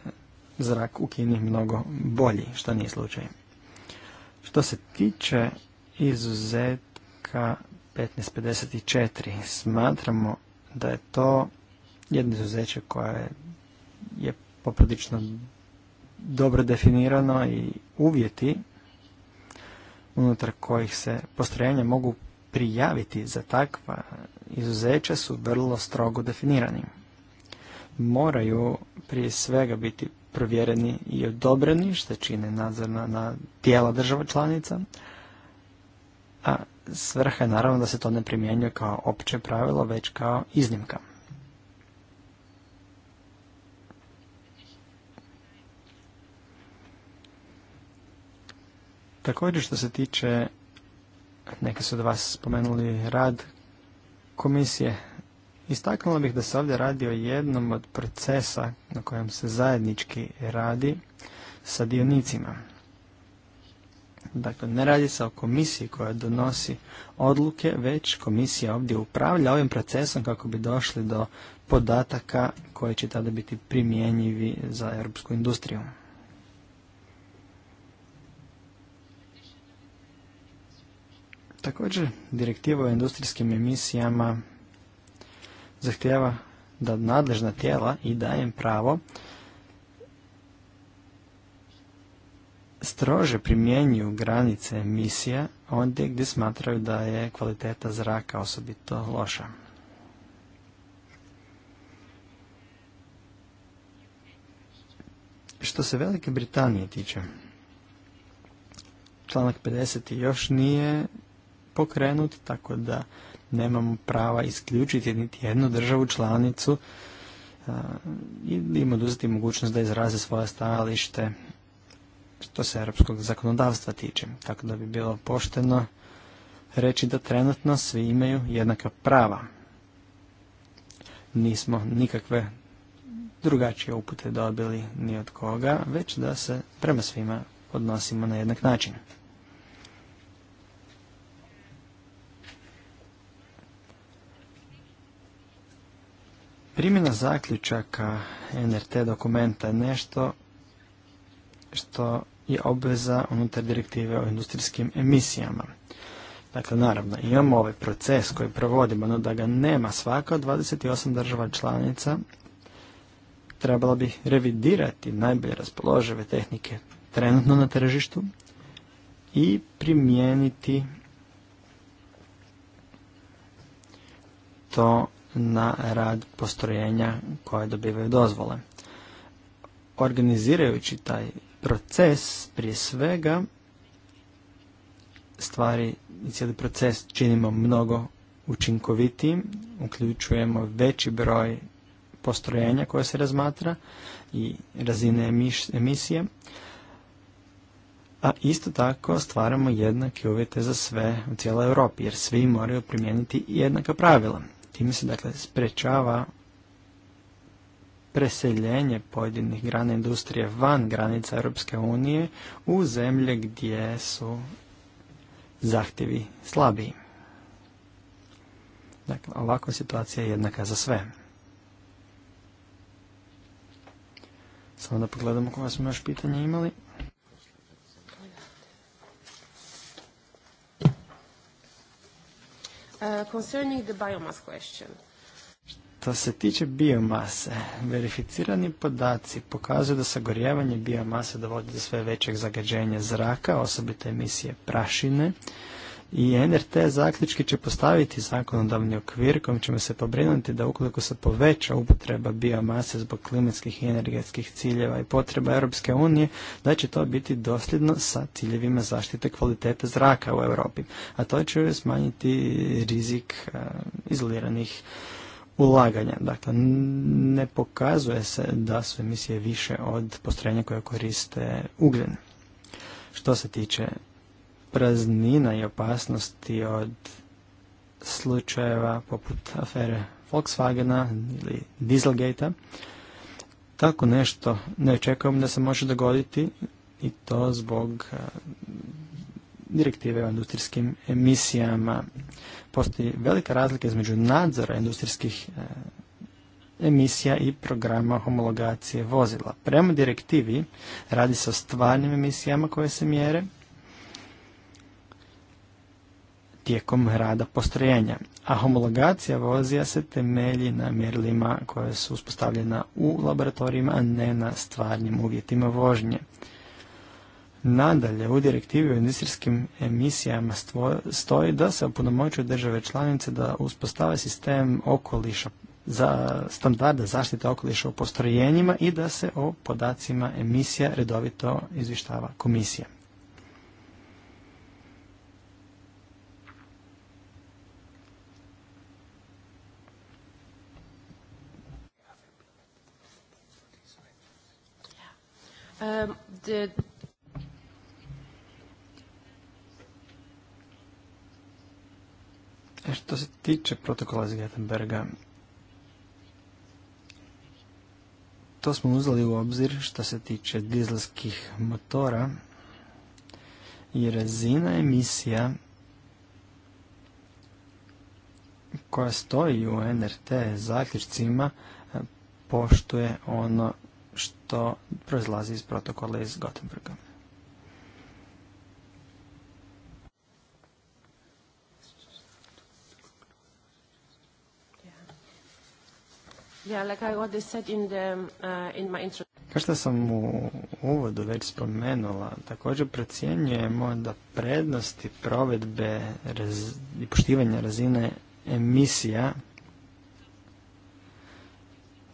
zrak u Kini mnogo bolji, što nije slučaj. Što se tiče izuzetka 1554, smatramo da je to jedno izuzeće koje je poprilično dobro definirano i uvjeti unutar kojih se postrojenja mogu prijaviti za takva izuzeća su vrlo strogo definirani. Moraju prije svega biti provjereni i odobreni, što čine nadzorna na tijela država članica, a svrha je naravno da se to ne primjenjuje kao opće pravilo, već kao iznimka. Također što se tiče, neki su od vas spomenuli rad komisije, istaknula bih da se ovdje radi o jednom od procesa na kojem se zajednički radi sa dionicima. Dakle, ne radi se o komisiji koja donosi odluke, već komisija ovdje upravlja ovim procesom kako bi došli do podataka koji će tada biti primjenjivi za europsku industriju. Također, direktiva o industrijskim emisijama zahtjeva da nadležna tijela i dajem pravo strože primjenjuju granice emisija ondje gdje smatraju da je kvaliteta zraka osobito loša. Što se Velike Britanije tiče, članak 50. još nije pokrenut, tako da nemamo prava isključiti niti jednu državu članicu i im oduzeti mogućnost da izraze svoje stajalište što se europskog zakonodavstva tiče. Tako da bi bilo pošteno reći da trenutno svi imaju jednaka prava. Nismo nikakve drugačije upute dobili ni od koga, već da se prema svima odnosimo na jednak način. Primjena zaključaka NRT dokumenta je nešto što je obveza unutar direktive o industrijskim emisijama. Dakle, naravno, imamo ovaj proces koji provodimo, no da ga nema svaka od 28 država članica, trebala bi revidirati najbolje raspoložive tehnike trenutno na tržištu i primijeniti to na rad postrojenja koje dobivaju dozvole. Organizirajući taj proces, prije svega, stvari i cijeli proces činimo mnogo učinkovitijim, uključujemo veći broj postrojenja koje se razmatra i razine emisije, a isto tako stvaramo jednake uvjete za sve u cijeloj Europi, jer svi moraju primijeniti jednaka pravila. Time se dakle sprečava preseljenje pojedinih grana industrije van granica Europske unije u zemlje gdje su zahtjevi slabiji. Dakle, ovakva situacija je jednaka za sve. Samo da pogledamo koja smo još pitanje imali. Uh, concerning the biomass question. Što se tiče biomase, verificirani podaci pokazuju da sagorjevanje biomase dovodi do sve većeg zagađenja zraka, osobito emisije prašine, i NRT zaključki će postaviti zakonodavni okvir kojim ćemo se pobrinuti da ukoliko se poveća upotreba biomase zbog klimatskih i energetskih ciljeva i potreba Europske unije, da će to biti dosljedno sa ciljevima zaštite kvalitete zraka u Europi, a to će smanjiti rizik e, izoliranih ulaganja. Dakle, ne pokazuje se da su emisije više od postrojenja koje koriste ugljen. Što se tiče praznina i opasnosti od slučajeva poput afere Volkswagena ili dieselgate Tako nešto ne očekujem da se može dogoditi i to zbog e, direktive o industrijskim emisijama. Postoji velika razlika između nadzora industrijskih e, emisija i programa homologacije vozila. Prema direktivi radi se o stvarnim emisijama koje se mjere, tijekom rada postrojenja, a homologacija vozija se temelji na mjerilima koje su uspostavljena u laboratorijima, a ne na stvarnim uvjetima vožnje. Nadalje, u direktivi o industrijskim emisijama stoji da se opunomoćuje države članice da uspostave sistem okoliša za standarda zaštite okoliša u postrojenjima i da se o podacima emisija redovito izvještava komisija. Um, e, što se tiče protokola iz to smo uzeli u obzir što se tiče dizelskih motora i razina emisija koja stoji u NRT zaključcima e, poštuje ono što proizlazi iz protokola iz Gothenburga. Uh, Kao što sam u uvodu već spomenula, također procjenjujemo da prednosti provedbe i poštivanja razine emisija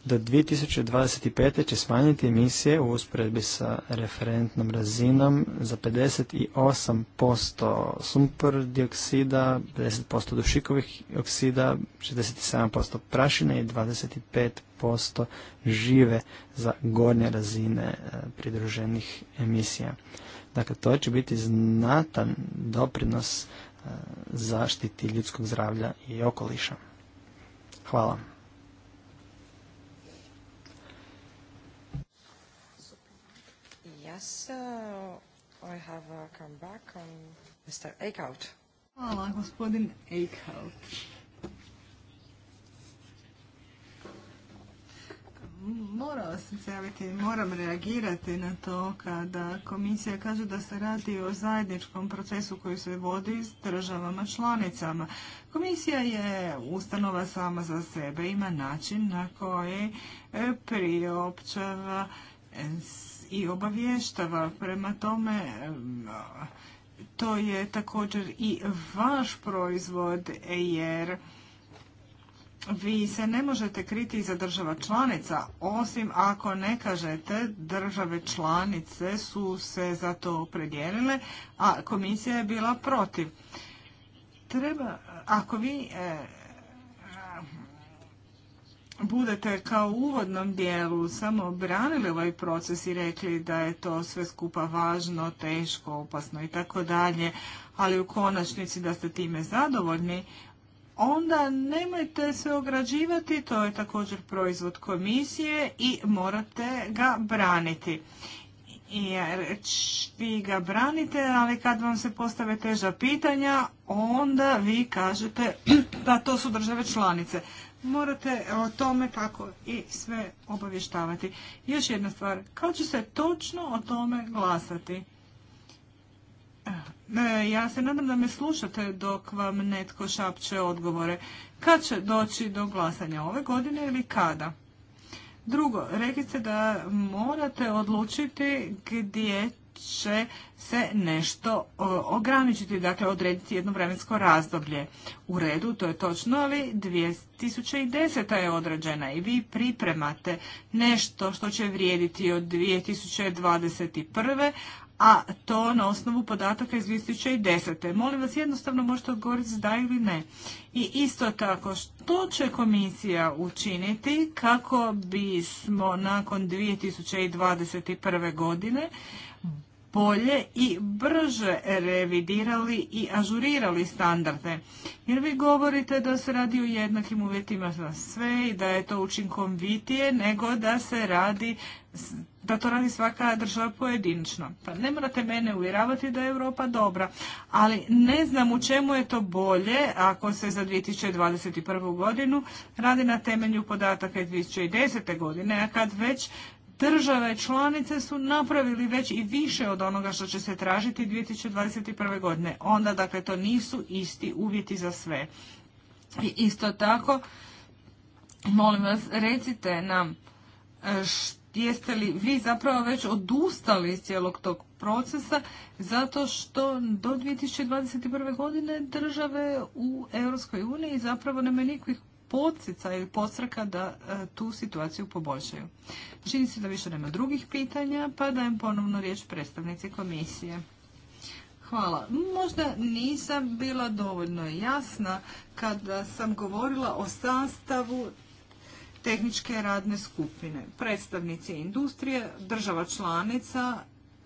do 2025. će smanjiti emisije u usporedbi sa referentnom razinom za 58% sumpor dioksida, 50% dušikovih oksida, 67% prašine i 25% žive za gornje razine e, pridruženih emisija. Dakle, to će biti znatan doprinos e, zaštiti ljudskog zdravlja i okoliša. Hvala. I have uh, come back on Mr. Hvala, gospodin Eichhout. Morala sam moram reagirati na to kada komisija kaže da se radi o zajedničkom procesu koji se vodi s državama članicama. Komisija je ustanova sama za sebe, ima način na koji priopćava i obavještava. Prema tome, to je također i vaš proizvod jer vi se ne možete kriti iza država članica, osim ako ne kažete države članice su se za to predijelile, a komisija je bila protiv. Treba, ako vi e, budete kao u uvodnom dijelu samo branili ovaj proces i rekli da je to sve skupa važno, teško, opasno i tako dalje, ali u konačnici da ste time zadovoljni, onda nemojte se ograđivati, to je također proizvod komisije i morate ga braniti. Jer vi ga branite, ali kad vam se postave teža pitanja, onda vi kažete da to su države članice morate o tome kako i sve obavještavati. Još jedna stvar, kao će se točno o tome glasati? Eh, eh, ja se nadam da me slušate dok vam netko šapće odgovore. Kad će doći do glasanja ove godine ili kada? Drugo, rekli ste da morate odlučiti gdje će se nešto e, ograničiti, dakle odrediti jedno vremensko razdoblje. U redu, to je točno, ali 2010. je određena i vi pripremate nešto što će vrijediti od 2021. a to na osnovu podataka iz 2010. Molim vas jednostavno možete odgovoriti da ili ne. I isto tako, što će komisija učiniti kako bismo nakon 2021. godine bolje i brže revidirali i ažurirali standarde. Jer vi govorite da se radi u jednakim uvjetima za sve i da je to učinkovitije nego da se radi da to radi svaka država pojedinačno. Pa ne morate mene uvjeravati da je Europa dobra, ali ne znam u čemu je to bolje ako se za 2021. godinu radi na temelju podataka iz 2010. godine, a kad već države članice su napravili već i više od onoga što će se tražiti 2021. godine. Onda, dakle, to nisu isti uvjeti za sve. I isto tako, molim vas, recite nam e, jeste li vi zapravo već odustali iz cijelog tog procesa zato što do 2021. godine države u Europskoj uniji zapravo nemaju nikakvih podsjeca ili podsraka da e, tu situaciju poboljšaju. Čini se da više nema drugih pitanja, pa dajem ponovno riječ predstavnici komisije. Hvala. Možda nisam bila dovoljno jasna kada sam govorila o sastavu tehničke radne skupine. Predstavnici industrije, država članica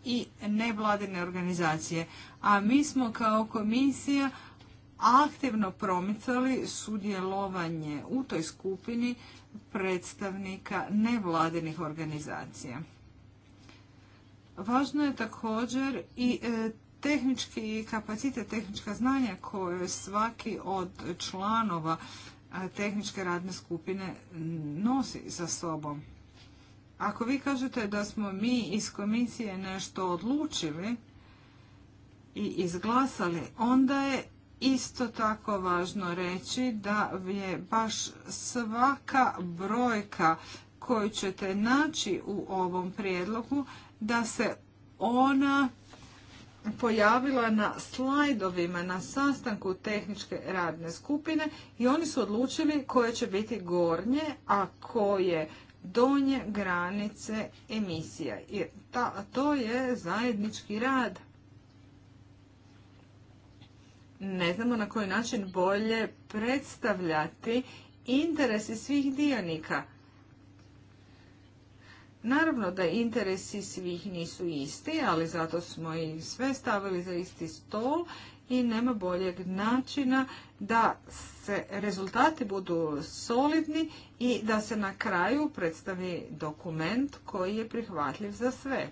i nevladine organizacije. A mi smo kao komisija aktivno promicali sudjelovanje u toj skupini predstavnika nevladinih organizacija. Važno je također i e, tehnički kapacitet, tehnička znanja koje svaki od članova e, tehničke radne skupine nosi sa sobom. Ako vi kažete da smo mi iz komisije nešto odlučili i izglasali, onda je isto tako važno reći da je baš svaka brojka koju ćete naći u ovom prijedlogu da se ona pojavila na slajdovima na sastanku tehničke radne skupine i oni su odlučili koje će biti gornje, a koje donje granice emisija. I ta, to je zajednički rad ne znamo na koji način bolje predstavljati interesi svih dionika. Naravno da interesi svih nisu isti, ali zato smo i sve stavili za isti stol i nema boljeg načina da se rezultati budu solidni i da se na kraju predstavi dokument koji je prihvatljiv za sve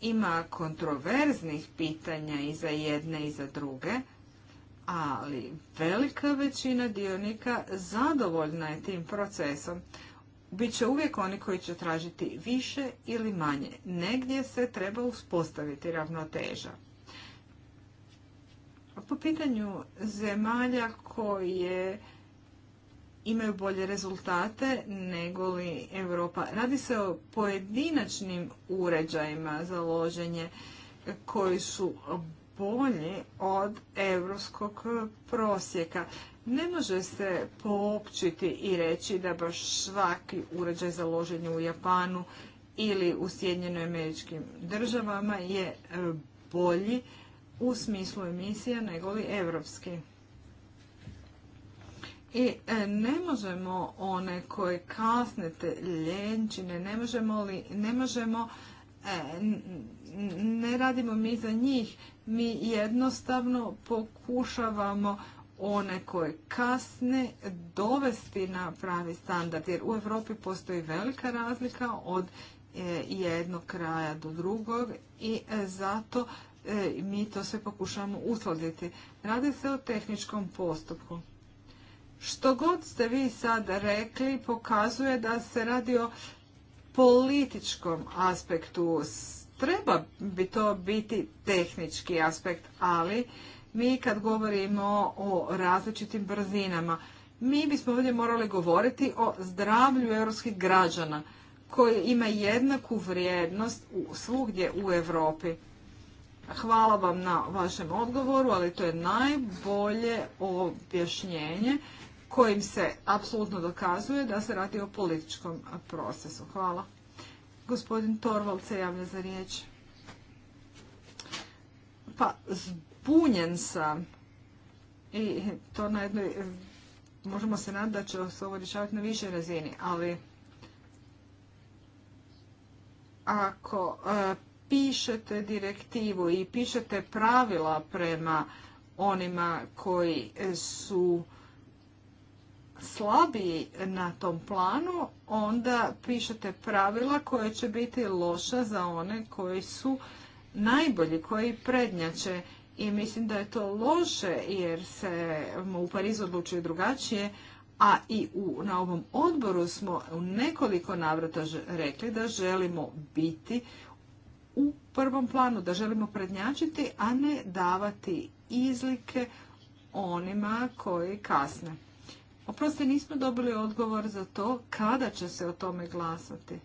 ima kontroverznih pitanja i za jedne i za druge, ali velika većina dionika zadovoljna je tim procesom. Biće uvijek oni koji će tražiti više ili manje. Negdje se treba uspostaviti ravnoteža. Po pitanju zemalja koje imaju bolje rezultate nego li Europa. Radi se o pojedinačnim uređajima za loženje koji su bolji od europskog prosjeka. Ne može se poopćiti i reći da baš svaki uređaj za loženje u Japanu ili u Sjedinjenoj američkim državama je bolji u smislu emisija nego li evropski. I e, ne možemo one koje kasnete ljenčine, ne možemo li, ne možemo, e, ne radimo mi za njih, mi jednostavno pokušavamo one koje kasne dovesti na pravi standard. Jer u Europi postoji velika razlika od e, jednog kraja do drugog i zato mi to sve pokušavamo uskladiti. Radi se o tehničkom postupku. Što god ste vi sad rekli pokazuje da se radi o političkom aspektu. Treba bi to biti tehnički aspekt, ali mi kad govorimo o različitim brzinama, mi bismo ovdje morali govoriti o zdravlju europskih građana koji ima jednaku vrijednost svugdje u Europi. Hvala vam na vašem odgovoru, ali to je najbolje objašnjenje kojim se apsolutno dokazuje da se radi o političkom procesu. Hvala. Gospodin Torvald se javlja za riječ. Pa, zbunjen sam. I to na jednoj, možemo se nadati da će se ovo rješavati na višoj razini, ali ako e, pišete direktivu i pišete pravila prema onima koji su slabiji na tom planu, onda pišete pravila koja će biti loša za one koji su najbolji, koji prednjače. I mislim da je to loše jer se u Parizu odlučuje drugačije, a i u, na ovom odboru smo u nekoliko navrata rekli da želimo biti u prvom planu, da želimo prednjačiti, a ne davati izlike onima koji kasne. Oprosti, nismo dobili odgovor za to kada će se o tome glasati.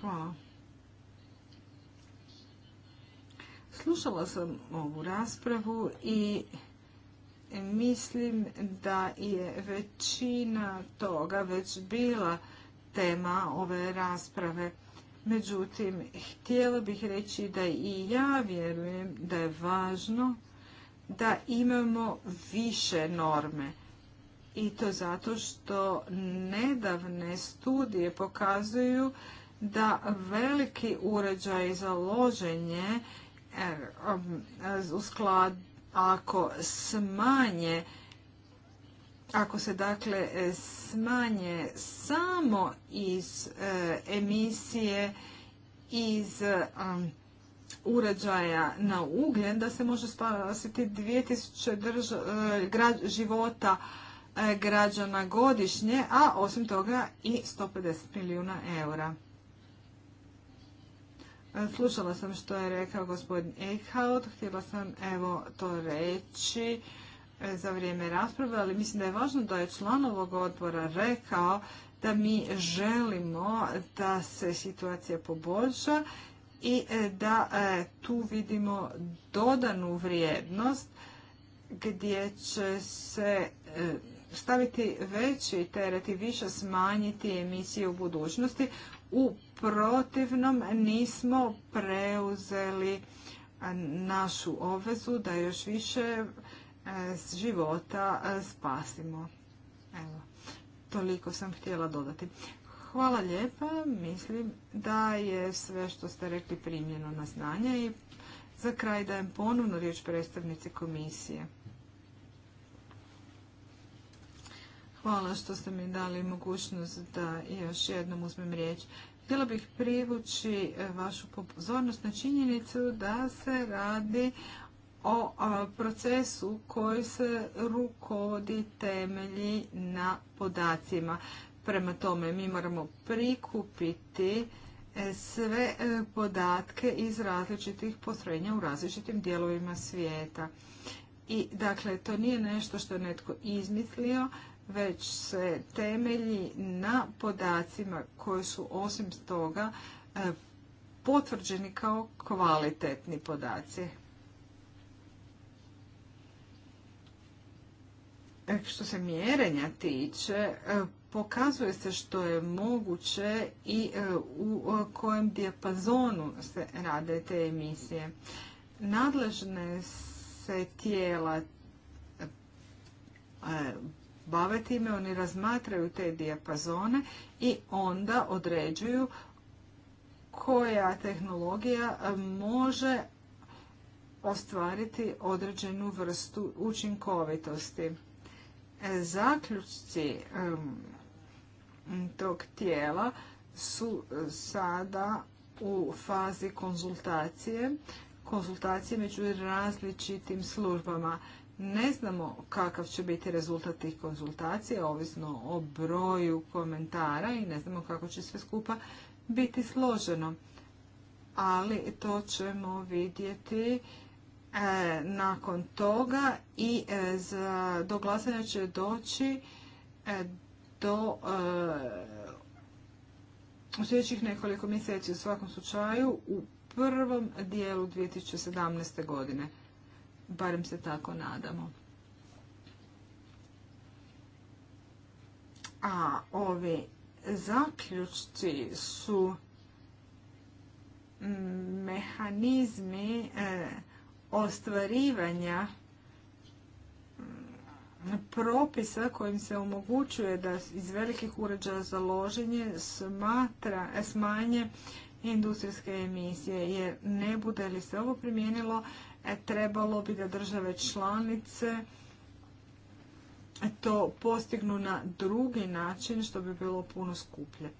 Hvala. Slušala sam ovu raspravu i mislim da je većina toga već bila tema ove rasprave. Međutim, htjela bih reći da i ja vjerujem da je važno da imamo više norme. I to zato što nedavne studije pokazuju da veliki uređaj za loženje eh, um, eh, u skladu ako smanje ako se dakle e, smanje samo iz e, emisije iz e, uređaja na ugljen, da se može spasiti 2000 života građana godišnje, a osim toga i 150 milijuna eura. Slušala sam što je rekao gospodin Eichhout, htjela sam evo to reći za vrijeme rasprave, ali mislim da je važno da je član ovog odbora rekao da mi želimo da se situacija poboljša i e, da e, tu vidimo dodanu vrijednost gdje će se e, staviti veći teret i više smanjiti emisije u budućnosti. U protivnom nismo preuzeli našu obvezu da još više E, života e, spasimo. Evo, toliko sam htjela dodati. Hvala lijepa, mislim da je sve što ste rekli primljeno na znanje i za kraj dajem ponovno riječ predstavnici komisije. Hvala što ste mi dali mogućnost da još jednom uzmem riječ. Htjela bih privući vašu pozornost na činjenicu da se radi o procesu koji se rukovodi temelji na podacima. Prema tome mi moramo prikupiti e, sve e, podatke iz različitih postrojenja u različitim dijelovima svijeta. I dakle, to nije nešto što je netko izmislio, već se temelji na podacima koji su osim toga e, potvrđeni kao kvalitetni podaci. E, što se mjerenja tiče, e, pokazuje se što je moguće i e, u kojem dijapazonu se rade te emisije. Nadležne se tijela bave time, oni razmatraju te dijapazone i onda određuju koja tehnologija može ostvariti određenu vrstu učinkovitosti. Zaključci tog tijela su sada u fazi konzultacije, konzultacije među različitim službama. Ne znamo kakav će biti rezultat tih konzultacija, ovisno o broju komentara i ne znamo kako će sve skupa biti složeno. Ali to ćemo vidjeti E, nakon toga i e, za, do glasanja će doći e, do u sljedećih nekoliko mjeseci u svakom slučaju u prvom dijelu 2017. godine. Barem se tako nadamo. A ovi zaključci su mehanizmi ostvarivanja mm, propisa kojim se omogućuje da iz velikih uređaja za loženje smanje industrijske emisije, jer ne bude li se ovo primijenilo, e, trebalo bi da države članice to postignu na drugi način, što bi bilo puno skuplje.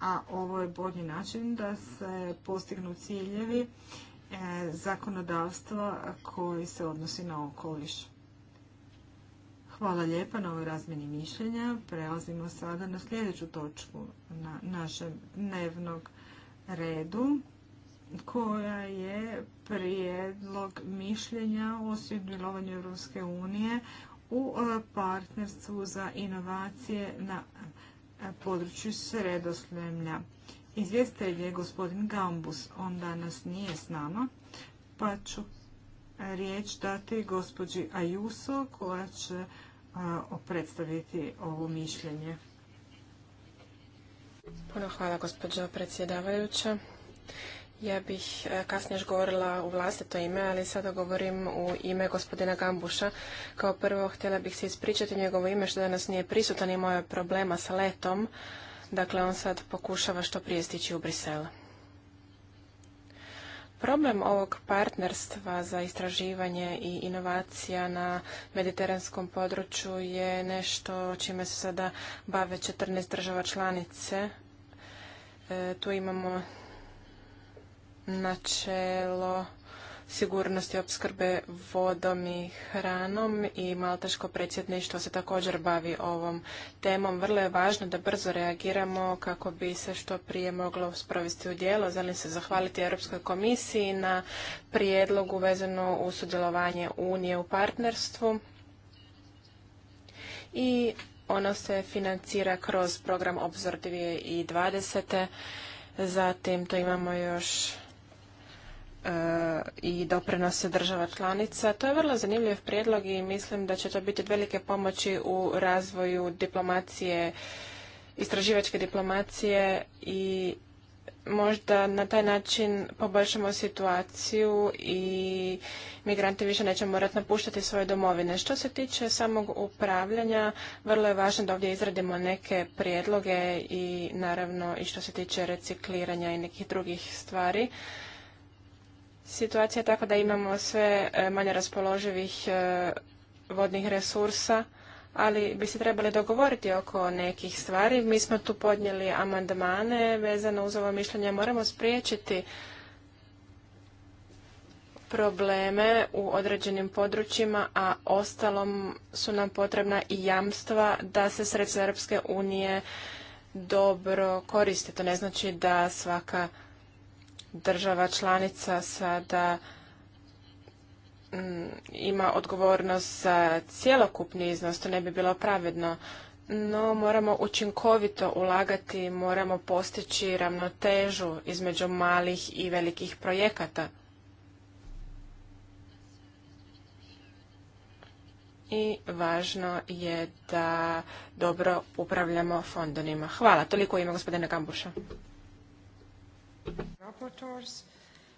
A ovo je bolji način da se postignu ciljevi E, zakonodavstva koji se odnosi na okoliš. Hvala lijepa na ovoj razmjeni mišljenja. Prelazimo sada na sljedeću točku na našem dnevnog redu koja je prijedlog mišljenja o sudjelovanju Europske unije u e, partnerstvu za inovacije na području sredoslemlja. Izvjestitelj je gospodin Gambus, on danas nije s nama, pa ću e, riječ dati gospođi Ajuso koja će e, predstaviti ovo mišljenje. Puno hvala gospođo predsjedavajuća. Ja bih e, kasnije još govorila u vlastito ime, ali sada govorim u ime gospodina Gambuša. Kao prvo htjela bih se ispričati njegovo ime što danas nije prisutan, i je problema sa letom Dakle, on sad pokušava što prije stići u Brisel. Problem ovog partnerstva za istraživanje i inovacija na mediteranskom području je nešto čime se sada bave 14 država članice. E, tu imamo načelo sigurnosti opskrbe vodom i hranom i malteško predsjedništvo se također bavi ovom temom. Vrlo je važno da brzo reagiramo kako bi se što prije moglo sprovesti u djelo. Želim se zahvaliti Europskoj komisiji na prijedlogu vezano u sudjelovanje Unije u partnerstvu i ono se financira kroz program Obzor 2020. Zatim to imamo još i doprinose država članica. To je vrlo zanimljiv prijedlog i mislim da će to biti velike pomoći u razvoju diplomacije, istraživačke diplomacije i možda na taj način poboljšamo situaciju i migranti više neće morati napuštati svoje domovine. Što se tiče samog upravljanja, vrlo je važno da ovdje izradimo neke prijedloge i naravno i što se tiče recikliranja i nekih drugih stvari situacija tako da imamo sve e, manje raspoloživih e, vodnih resursa, ali bi se trebali dogovoriti oko nekih stvari. Mi smo tu podnijeli amandmane vezano uz ovo mišljenje. Moramo spriječiti probleme u određenim područjima, a ostalom su nam potrebna i jamstva da se sredstva Europske unije dobro koriste. To ne znači da svaka država članica sada mm, ima odgovornost za cjelokupni iznos, to ne bi bilo pravedno. No, moramo učinkovito ulagati, moramo postići ravnotežu između malih i velikih projekata. I važno je da dobro upravljamo fondovima. Hvala. Toliko ima gospodina Gambuša.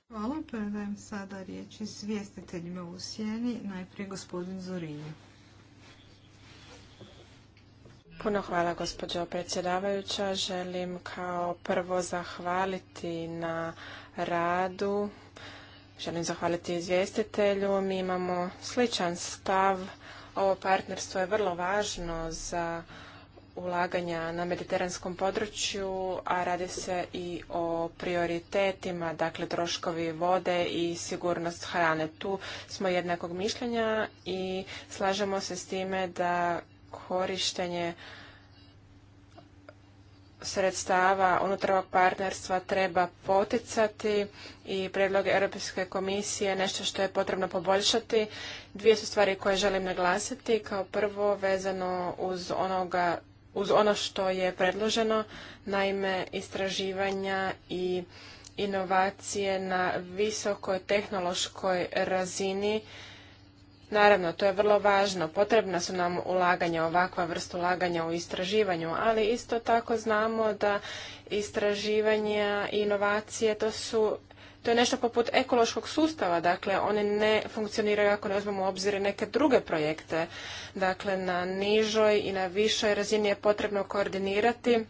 Hvala, predajem sada riječ izvjestiteljima u sjeni, najprije gospodin Zorinje. Puno hvala gospođo predsjedavajuća. Želim kao prvo zahvaliti na radu. Želim zahvaliti izvjestitelju. Mi imamo sličan stav. Ovo partnerstvo je vrlo važno za ulaganja na mediteranskom području, a radi se i o prioritetima, dakle troškovi vode i sigurnost hrane. Tu smo jednakog mišljenja i slažemo se s time da korištenje sredstava unutar ovog partnerstva treba poticati i predloge Europske komisije nešto što je potrebno poboljšati. Dvije su stvari koje želim naglasiti. Kao prvo vezano uz onoga uz ono što je predloženo, naime istraživanja i inovacije na visokoj tehnološkoj razini. Naravno, to je vrlo važno. Potrebna su nam ulaganja, ovakva vrsta ulaganja u istraživanju, ali isto tako znamo da istraživanja i inovacije to su to je nešto poput ekološkog sustava, dakle one ne funkcioniraju ako ne uzmemo u obzir neke druge projekte. Dakle, na nižoj i na višoj razini je potrebno koordinirati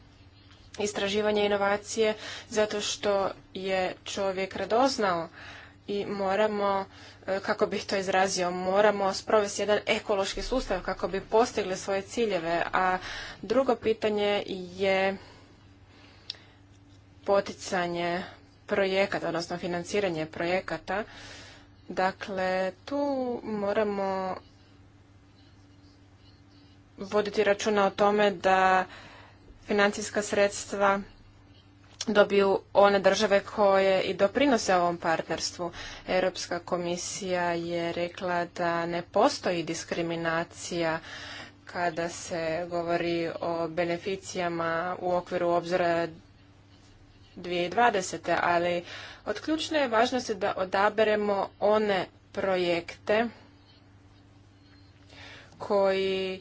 istraživanje inovacije zato što je čovjek radoznao i moramo, e, kako bih to izrazio, moramo sprovesti jedan ekološki sustav kako bi postigli svoje ciljeve. A drugo pitanje je poticanje projekata, odnosno financiranje projekata. Dakle, tu moramo voditi računa o tome da financijska sredstva dobiju one države koje i doprinose ovom partnerstvu. Europska komisija je rekla da ne postoji diskriminacija kada se govori o beneficijama u okviru obzora 2020. ali od ključne je važnosti da odaberemo one projekte koji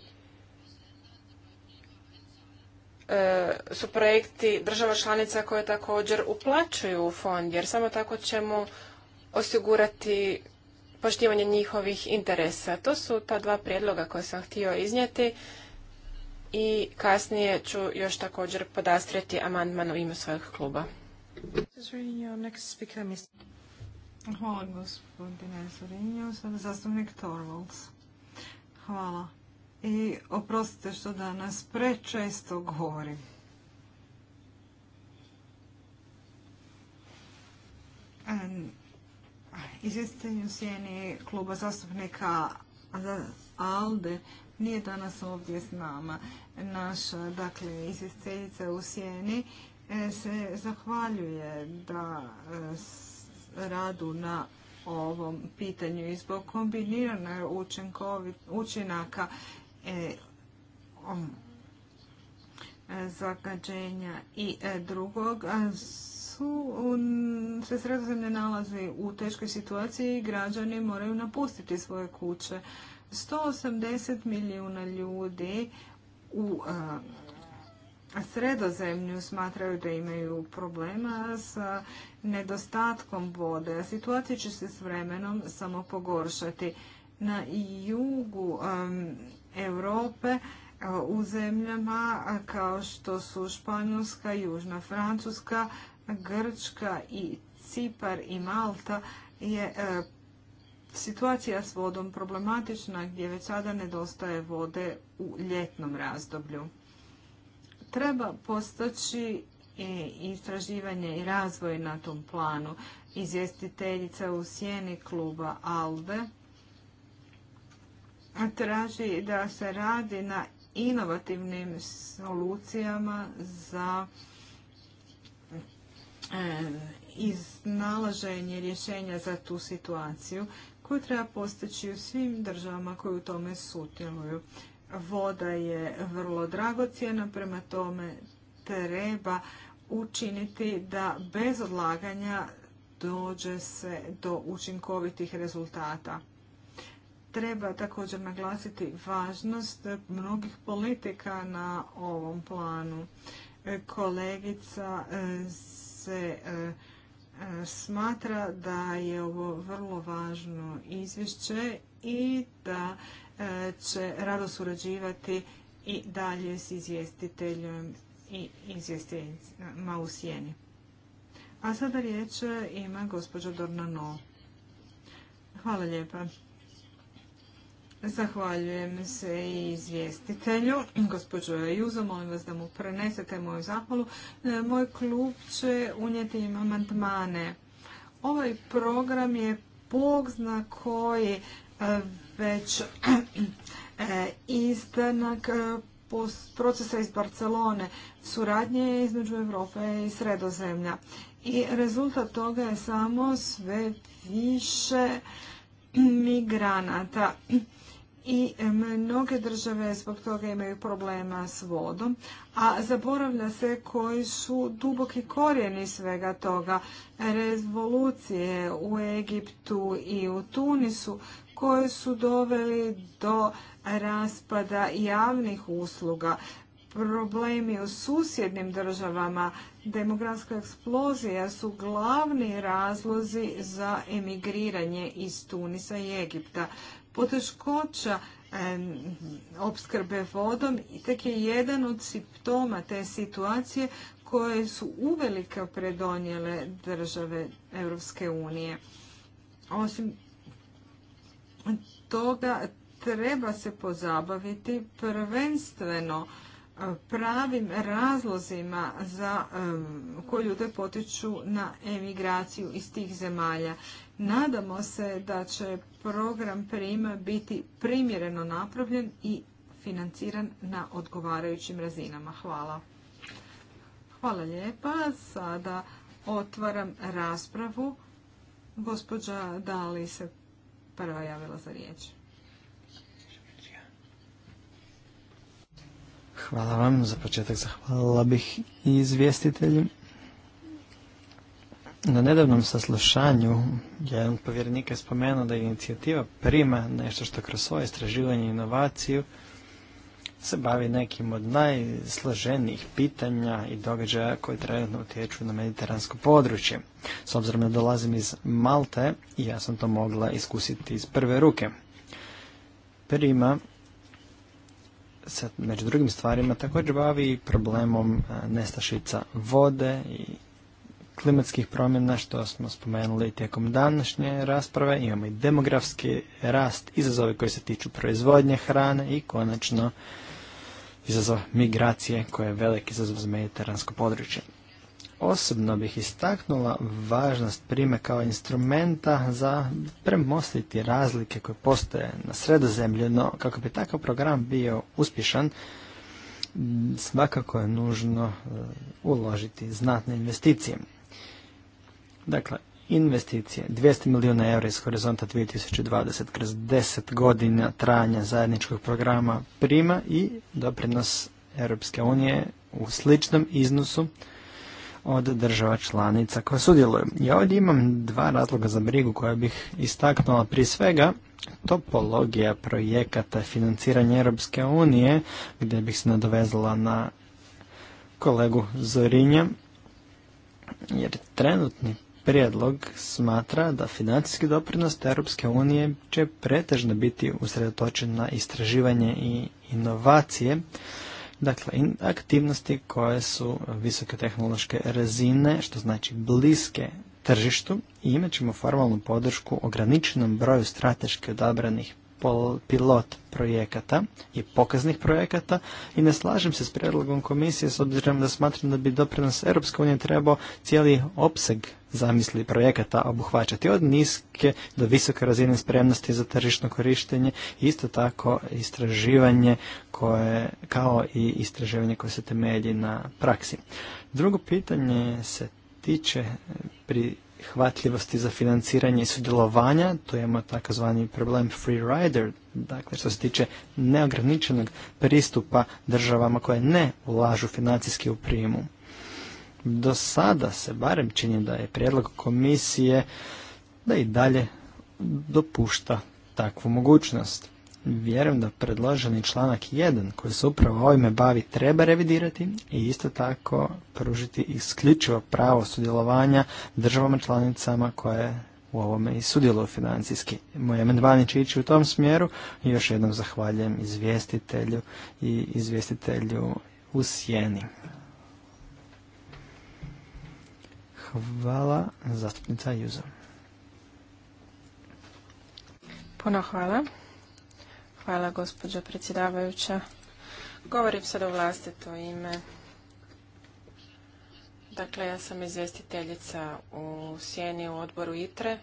e, su projekti država članica koje također uplaćuju u fond, jer samo tako ćemo osigurati poštivanje njihovih interesa. To su ta dva prijedloga koje sam htio iznijeti i kasnije ću još također podastrijeti amandman u ime svojeg kluba. Hvala gospodine Zorinjo, sada zastupnik Torvalds. Hvala. I oprostite što danas prečesto govorim. Izvjestitelj u sjeni kluba zastupnika ALDE nije danas ovdje s nama naša dakle, izvjestiteljica u Sjeni e, se zahvaljuje da e, radu na ovom pitanju i zbog kombinirane učinaka e, e, zagađenja i drugog su se sredozemlje nalazi u teškoj situaciji i građani moraju napustiti svoje kuće. 180 milijuna ljudi u sredozemlju smatraju da imaju problema sa nedostatkom vode. A situacija će se s vremenom samo pogoršati. Na jugu Europe u zemljama kao što su Španjolska, Južna Francuska, Grčka i Cipar i Malta je situacija s vodom problematična gdje već sada nedostaje vode u ljetnom razdoblju. Treba postaći istraživanje i razvoj na tom planu. Izvjestiteljica u sjeni kluba ALDE traži da se radi na inovativnim solucijama za e, iznalaženje rješenja za tu situaciju koju treba postići u svim državama koje u tome sudjeluju. Voda je vrlo dragocjena, prema tome treba učiniti da bez odlaganja dođe se do učinkovitih rezultata. Treba također naglasiti važnost mnogih politika na ovom planu. Kolegica eh, se eh, smatra da je ovo vrlo važno izvješće i da e, će rado surađivati i dalje s izvjestiteljem i izvjestiteljima u sjeni. A sada riječ ima gospođa Dornano. Hvala lijepa. Zahvaljujem se i izvjestitelju. Gospođo Juzo, molim vas da mu prenesete moju zahvalu. E, moj klub će unijeti im amandmane. Ovaj program je Bog zna koji e, već istanak e, procesa iz Barcelone, suradnje između Europe i Sredozemlja. I rezultat toga je samo sve više migranata i e, mnoge države zbog toga imaju problema s vodom, a zaboravlja se koji su duboki korijeni svega toga. Revolucije u Egiptu i u Tunisu koje su doveli do raspada javnih usluga, problemi u susjednim državama, demografska eksplozija su glavni razlozi za emigriranje iz Tunisa i Egipta poteškoća opskrbe vodom i tek je jedan od simptoma te situacije koje su uvelike predonijele države Europske unije. Osim toga treba se pozabaviti prvenstveno e, pravim razlozima za ljude potiču na emigraciju iz tih zemalja. Nadamo se da će program prima biti primjereno napravljen i financiran na odgovarajućim razinama. Hvala. Hvala lijepa. Sada otvaram raspravu. Gospođa Dali se prva javila za riječ. Hvala vam. Za početak zahvalila bih izvjestitelju na nedavnom saslušanju jedan povjerenik je spomenuo da je inicijativa Prima nešto što kroz svoje istraživanje i inovaciju se bavi nekim od najsloženijih pitanja i događaja koji trenutno utječu na mediteransko područje. S obzirom da dolazim iz Malte, i ja sam to mogla iskusiti iz prve ruke. Prima se među drugim stvarima također bavi problemom e, nestašica vode i klimatskih promjena što smo spomenuli tijekom današnje rasprave. Imamo i demografski rast, izazove koji se tiču proizvodnje hrane i konačno izazov migracije koji je veliki izazov za mediteransko područje. Osobno bih istaknula važnost prime kao instrumenta za premostiti razlike koje postoje na sredozemlju, no kako bi takav program bio uspješan, svakako je nužno e, uložiti znatne investicije. Dakle, investicije. 200 milijuna eura iz horizonta 2020 kroz 10 godina trajanja zajedničkog programa prima i doprinos Europske unije u sličnom iznosu od država članica koja sudjeluju. Ja ovdje imam dva razloga za brigu koja bih istaknula. Prije svega, topologija projekata financiranja Europske unije, gdje bih se nadovezala na kolegu Zorinja, jer trenutni prijedlog smatra da financijski doprinos Europske unije će pretežno biti usredotočen na istraživanje i inovacije, dakle aktivnosti koje su visokotehnološke tehnološke razine, što znači bliske tržištu i imat ćemo formalnu podršku ograničenom broju strateški odabranih pilot projekata i pokaznih projekata i ne slažem se s prijedlogom komisije s obzirom da smatram da bi doprinos Europske unije trebao cijeli opseg zamisli projekata obuhvaćati od niske do visoke razine spremnosti za tržišno korištenje isto tako istraživanje koje, kao i istraživanje koje se temelji na praksi. Drugo pitanje se tiče pri prihvatljivosti za financiranje i sudjelovanja, to imamo takozvani problem free rider, dakle što se tiče neograničenog pristupa državama koje ne ulažu financijski u primu. Do sada se barem čini da je prijedlog komisije da i dalje dopušta takvu mogućnost vjerujem da predloženi članak 1 koji se upravo ovime bavi treba revidirati i isto tako pružiti isključivo pravo sudjelovanja državama članicama koje u ovome i sudjeluju financijski. Moje amandmani će ići u tom smjeru i još jednom zahvaljujem izvjestitelju i izvjestitelju u sjeni. Hvala, zastupnica Juzo. Puno hvala. Hvala gospođo predsjedavajuća. Govorim sad o vlastito ime. Dakle, ja sam izvjestiteljica u Sjeni u odboru ITRE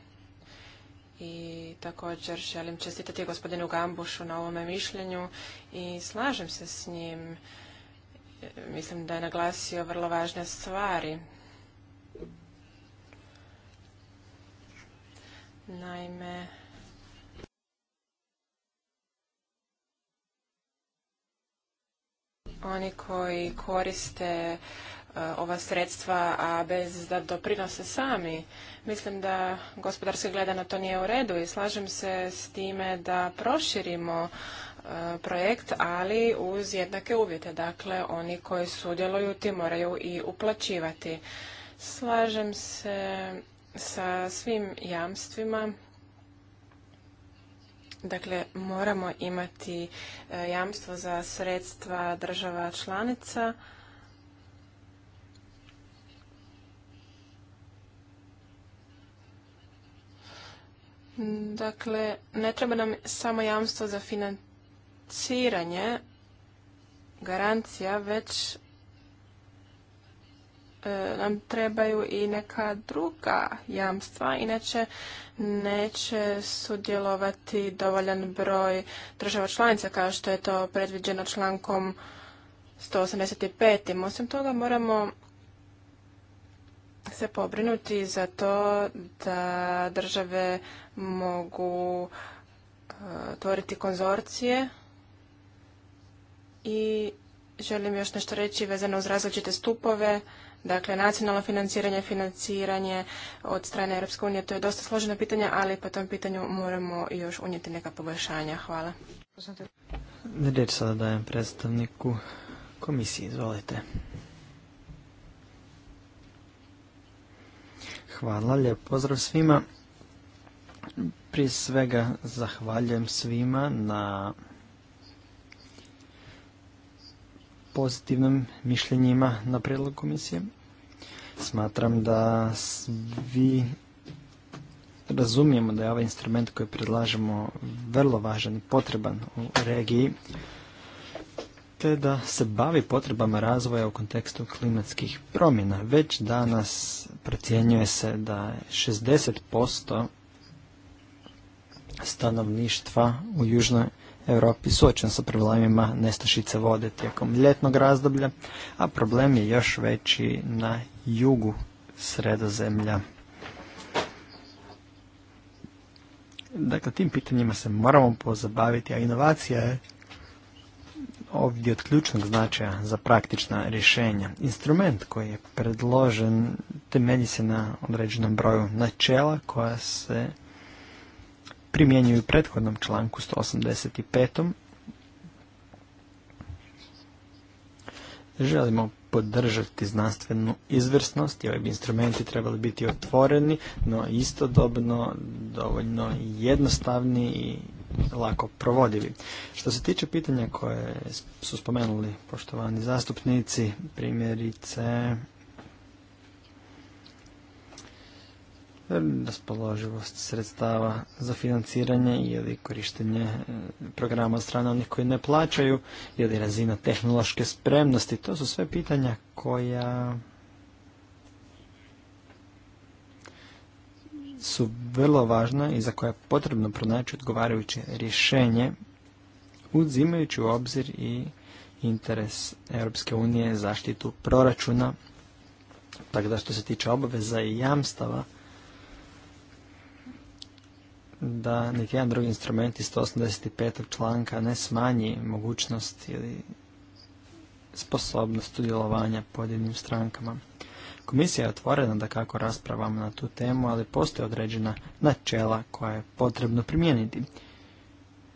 i također želim čestitati gospodinu Gambušu na ovome mišljenju i slažem se s njim. Mislim da je naglasio vrlo važne stvari. Naime, Oni koji koriste e, ova sredstva, a bez da doprinose sami. Mislim da gospodarski gledano to nije u redu i slažem se s time da proširimo e, projekt, ali uz jednake uvjete. Dakle, oni koji sudjeluju ti moraju i uplaćivati. Slažem se sa svim jamstvima Dakle, moramo imati e, jamstvo za sredstva država članica. Dakle, ne treba nam samo jamstvo za financiranje, garancija, već e, nam trebaju i neka druga jamstva, inače neće sudjelovati dovoljan broj država članica kao što je to predviđeno člankom 185. Osim toga moramo se pobrinuti za to da države mogu e, tvoriti konzorcije i želim još nešto reći vezano uz različite stupove Dakle, nacionalno financiranje, financiranje od strane Europske unije, to je dosta složeno pitanje, ali po tom pitanju moramo još unijeti neka poboljšanja. Hvala. Riječ sada dajem predstavniku komisije, izvolite. Hvala, lijep pozdrav svima. Prije svega zahvaljujem svima na pozitivnim mišljenjima na predlog komisije. Smatram da svi razumijemo da je ovaj instrument koji predlažemo vrlo važan i potreban u regiji, te da se bavi potrebama razvoja u kontekstu klimatskih promjena. Već danas procjenjuje se da 60% stanovništva u Južnoj Europi suočen sa problemima nestašice vode tijekom ljetnog razdoblja, a problem je još veći na jugu sredozemlja. Dakle, tim pitanjima se moramo pozabaviti, a inovacija je ovdje od ključnog značaja za praktična rješenja. Instrument koji je predložen temelji se na određenom broju načela koja se primjenjuju prethodnom članku 185. Želimo podržati znanstvenu izvrsnost i ovi instrumenti trebali biti otvoreni, no istodobno dovoljno jednostavni i lako provodivi. Što se tiče pitanja koje su spomenuli poštovani zastupnici, primjerice raspoloživost sredstava za financiranje ili korištenje e, programa od strane onih koji ne plaćaju ili razina tehnološke spremnosti. To su sve pitanja koja su vrlo važna i za koja je potrebno pronaći odgovarajuće rješenje uzimajući u obzir i interes Europske unije zaštitu proračuna. Tako da što se tiče obaveza i jamstava, da niti jedan drugi instrument iz 185. članka ne smanji mogućnost ili sposobnost sudjelovanja pojedinim strankama. Komisija je otvorena da kako raspravamo na tu temu, ali postoje određena načela koja je potrebno primijeniti.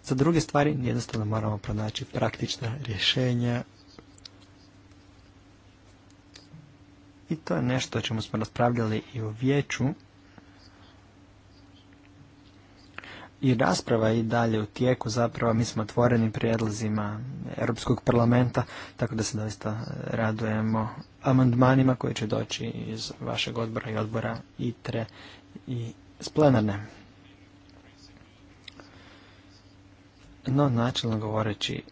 Za druge stvari jednostavno moramo pronaći praktična rješenja i to je nešto o čemu smo raspravljali i u vijeću i rasprava i dalje u tijeku. Zapravo mi smo otvoreni prijedlozima Europskog parlamenta, tako da se doista radujemo amandmanima koji će doći iz vašeg odbora i odbora ITRE i splenarne. No, načelno govoreći,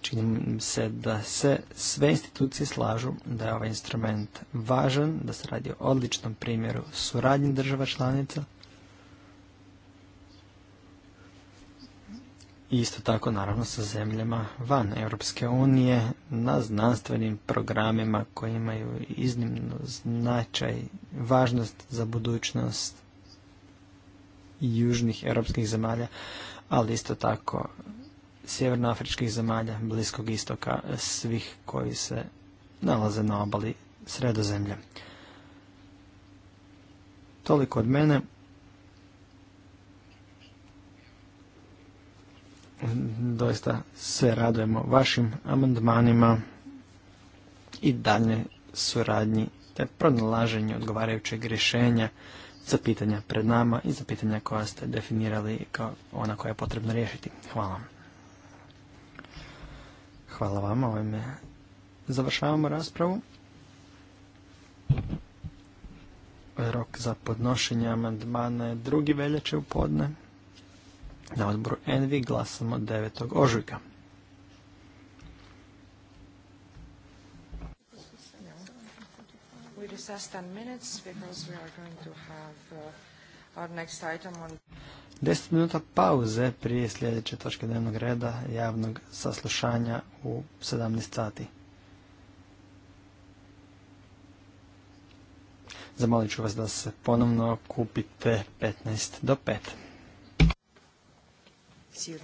čini se da se sve institucije slažu da je ovaj instrument važan, da se radi o odličnom primjeru suradnje država članica, isto tako naravno sa zemljama van Europske unije na znanstvenim programima koji imaju iznimno značaj, važnost za budućnost južnih europskih zemalja, ali isto tako sjevernoafričkih zemalja, Bliskog istoka, svih koji se nalaze na obali sredozemlja. Toliko od mene. doista se radujemo vašim amandmanima i dalje suradnji te pronalaženju odgovarajućeg rješenja za pitanja pred nama i za pitanja koja ste definirali kao ona koja je potrebno riješiti. Hvala. Hvala vama, ovime završavamo raspravu. Rok za podnošenje amandmana je drugi veljače u podne. Na odboru Envi glasamo 9. ožujka. Deset minuta pauze prije sljedeće točke dnevnog reda javnog saslušanja u 17 sati. Zamolit ću vas da se ponovno kupite 15 do 5. See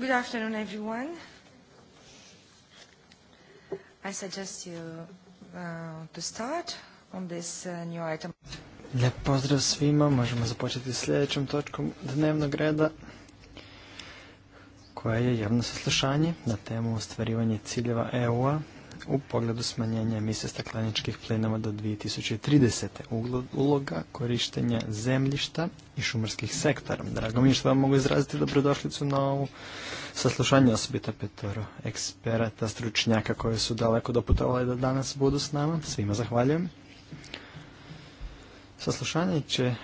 Good afternoon, everyone. I suggest you uh, to start on this uh, new item. Lijep pozdrav svima, možemo započeti sljedećom točkom dnevnog reda koja je javno saslušanje na temu ostvarivanje ciljeva EU-a u pogledu smanjenja emisije stakleničkih plinova do 2030. Uloga korištenja zemljišta i šumarskih sektora. Drago mi je što vam mogu izraziti dobrodošlicu na ovu saslušanje osobito petoro eksperata, stručnjaka koji su daleko doputovali da danas budu s nama. Svima zahvaljujem. Saslušanje će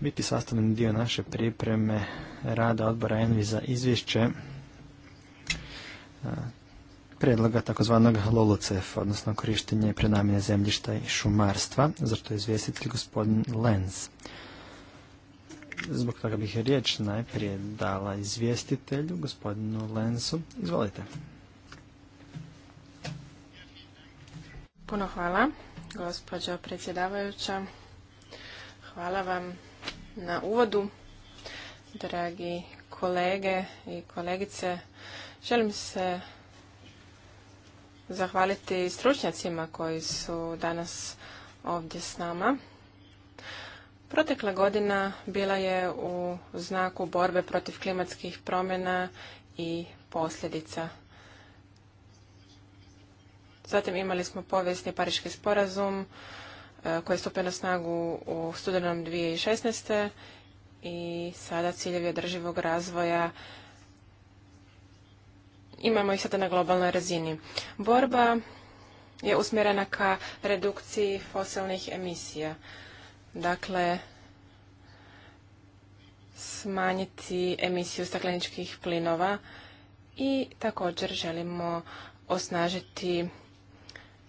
biti sastavni dio naše pripreme rada odbora Envi za izvješće predloga takozvanog LOLUCEF, odnosno korištenje i prenamjene zemljišta i šumarstva, za što je izvjestitelj gospodin Lenz. Zbog toga bih riječ najprije dala izvjestitelju, gospodinu Lensu. Izvolite. Puno hvala, gospođo predsjedavajuća. Hvala vam na uvodu, dragi kolege i kolegice. Želim se zahvaliti stručnjacima koji su danas ovdje s nama Protekla godina bila je u znaku borbe protiv klimatskih promjena i posljedica. Zatim imali smo povijesni Pariški sporazum e, koji je stupio na snagu u studenom 2016. i sada ciljevi održivog razvoja imamo ih sada na globalnoj razini. Borba je usmjerena ka redukciji fosilnih emisija. Dakle, smanjiti emisiju stakleničkih plinova i također želimo osnažiti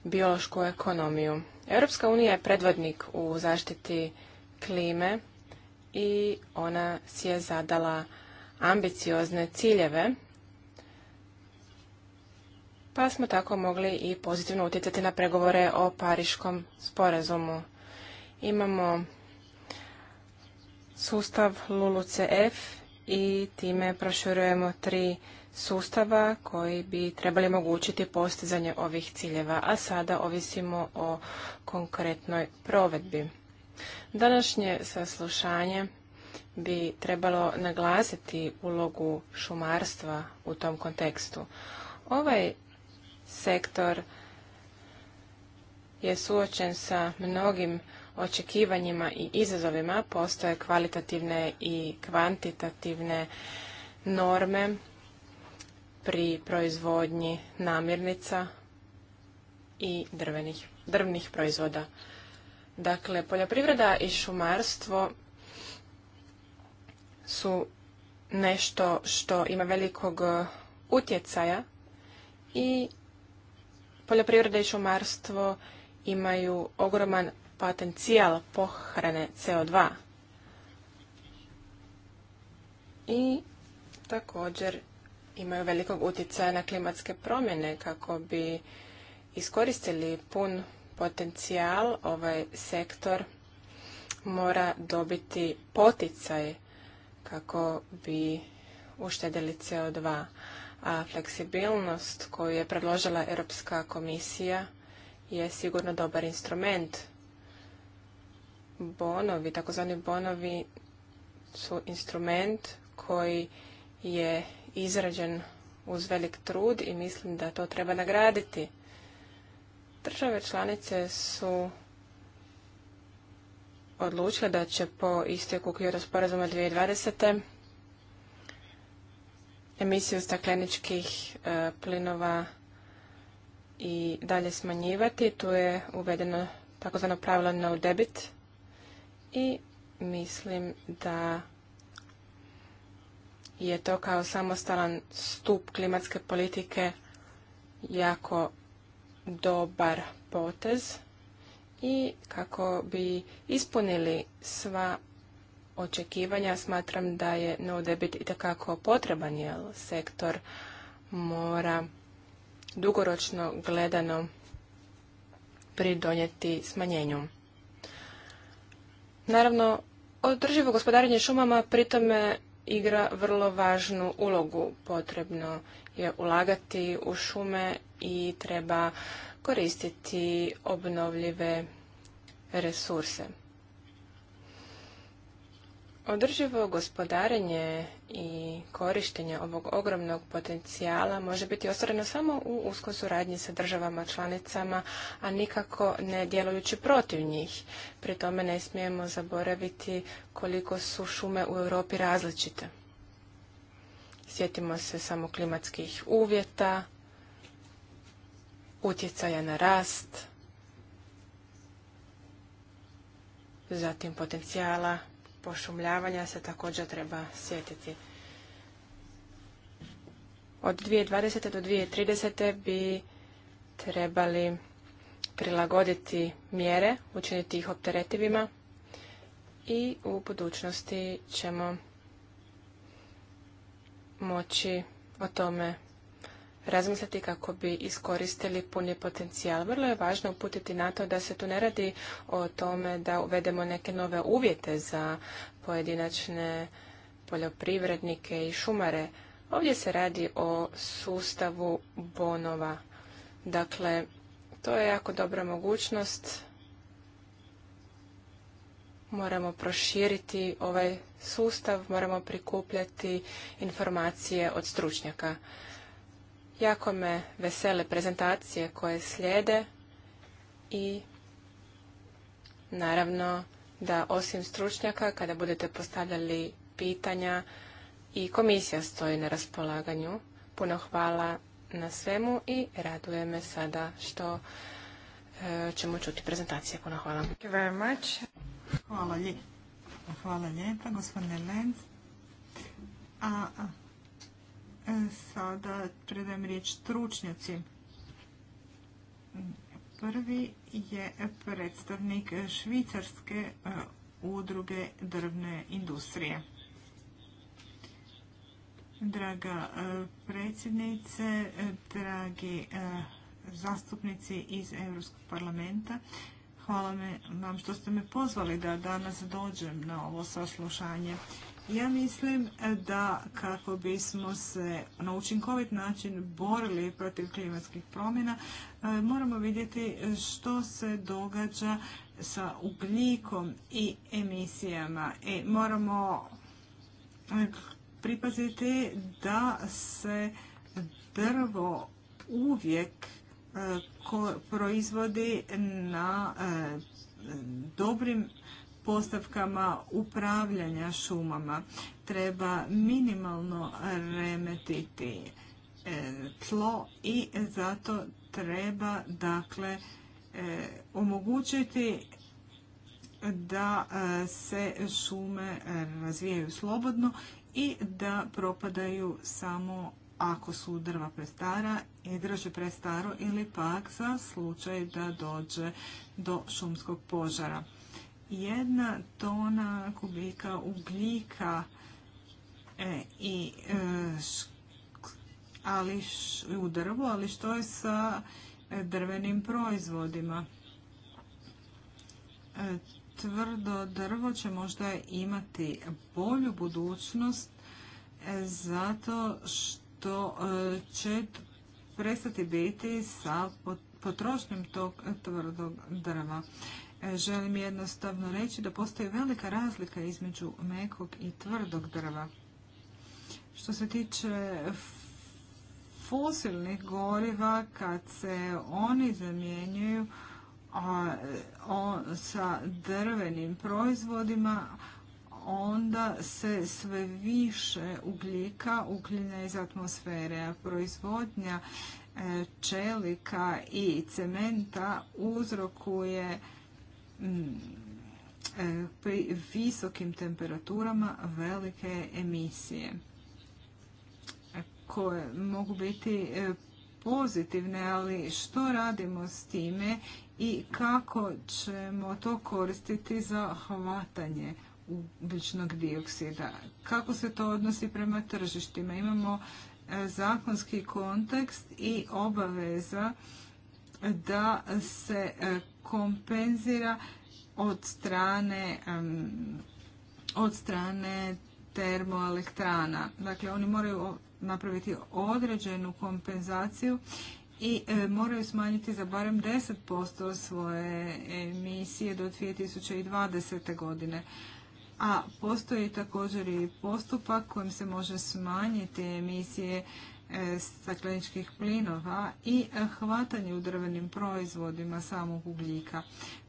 biološku ekonomiju. Europska unija je predvodnik u zaštiti klime i ona si je zadala ambiciozne ciljeve, pa smo tako mogli i pozitivno utjecati na pregovore o Pariškom sporazumu. Imamo sustav LULUCF i time proširujemo tri sustava koji bi trebali omogućiti postizanje ovih ciljeva, a sada ovisimo o konkretnoj provedbi. Današnje saslušanje bi trebalo naglasiti ulogu šumarstva u tom kontekstu. Ovaj sektor je suočen sa mnogim očekivanjima i izazovima postoje kvalitativne i kvantitativne norme pri proizvodnji namirnica i drvenih, drvnih proizvoda. Dakle, poljoprivreda i šumarstvo su nešto što ima velikog utjecaja i poljoprivreda i šumarstvo imaju ogroman potencijal pohrane CO2 i također imaju velikog utjecaja na klimatske promjene kako bi iskoristili pun potencijal ovaj sektor mora dobiti poticaj kako bi uštedili CO2 a fleksibilnost koju je predložila Europska komisija je sigurno dobar instrument bonovi, takozvani bonovi su instrument koji je izrađen uz velik trud i mislim da to treba nagraditi. Države članice su odlučile da će po isteku Kyoto sporazuma 2020. emisiju stakleničkih e, plinova i dalje smanjivati. Tu je uvedeno takozvano pravilo no debit i mislim da je to kao samostalan stup klimatske politike jako dobar potez i kako bi ispunili sva očekivanja smatram da je no debit itekako potreban jer sektor mora dugoročno gledano pridonijeti smanjenju. Naravno, održivo gospodarenje šumama pritome igra vrlo važnu ulogu. Potrebno je ulagati u šume i treba koristiti obnovljive resurse. Održivo gospodarenje i korištenje ovog ogromnog potencijala može biti ostvareno samo u uskoj suradnji sa državama članicama, a nikako ne djelujući protiv njih. Pri tome ne smijemo zaboraviti koliko su šume u Europi različite. Sjetimo se samo klimatskih uvjeta, utjecaja na rast, zatim potencijala pošumljavanja se također treba sjetiti. Od 2020. do 2030. bi trebali prilagoditi mjere, učiniti ih opteretivima i u budućnosti ćemo moći o tome razmisliti kako bi iskoristili puni potencijal. Vrlo je važno uputiti na to da se tu ne radi o tome da uvedemo neke nove uvjete za pojedinačne poljoprivrednike i šumare. Ovdje se radi o sustavu bonova. Dakle, to je jako dobra mogućnost. Moramo proširiti ovaj sustav, moramo prikupljati informacije od stručnjaka. Jako me vesele prezentacije koje slijede i naravno da osim stručnjaka kada budete postavljali pitanja i komisija stoji na raspolaganju. Puno hvala na svemu i raduje me sada što e, ćemo čuti prezentacije. Puno hvala. Hvala lijepa, gospodine Lenz. a. E, sada predajem riječ stručnjaci. Prvi je predstavnik švicarske e, udruge drvne industrije. Draga e, predsjednice, dragi zastupnici iz Europskog parlamenta, hvala vam što ste me pozvali da danas dođem na ovo saslušanje. Ja mislim e, da kako bismo se na učinkovit način borili protiv klimatskih promjena, e, moramo vidjeti što se događa sa ugljikom i emisijama. I e, moramo pripaziti da se drvo uvijek proizvodi na dobrim postavkama upravljanja šumama treba minimalno remetiti e, tlo i zato treba dakle e, omogućiti da e, se šume razvijaju slobodno i da propadaju samo ako su drva prestara i drže prestaro ili pak za slučaj da dođe do šumskog požara jedna tona kubika ugljika e, i e, ali u drvu, ali što je sa drvenim proizvodima? E, tvrdo drvo će možda imati bolju budućnost zato što će prestati biti sa potrošnjom tog tvrdog drva. E, želim jednostavno reći da postoji velika razlika između mekog i tvrdog drva. Što se tiče fosilnih goriva, kad se oni zamjenjuju a, sa drvenim proizvodima, onda se sve više ugljika ukljenja iz atmosfere. A proizvodnja e, čelika i cementa uzrokuje Mm. E, pri visokim temperaturama velike emisije e, koje mogu biti e, pozitivne, ali što radimo s time i kako ćemo to koristiti za hvatanje ugljičnog dioksida. Kako se to odnosi prema tržištima? Imamo zakonski kontekst i obaveza da se kompenzira od strane od strane termoelektrana. Dakle, oni moraju napraviti određenu kompenzaciju i e, moraju smanjiti za barem 10% svoje emisije do 2020. godine. A postoji također i postupak kojim se može smanjiti emisije E, stakleničkih plinova i hvatanje u drvenim proizvodima samog ugljika.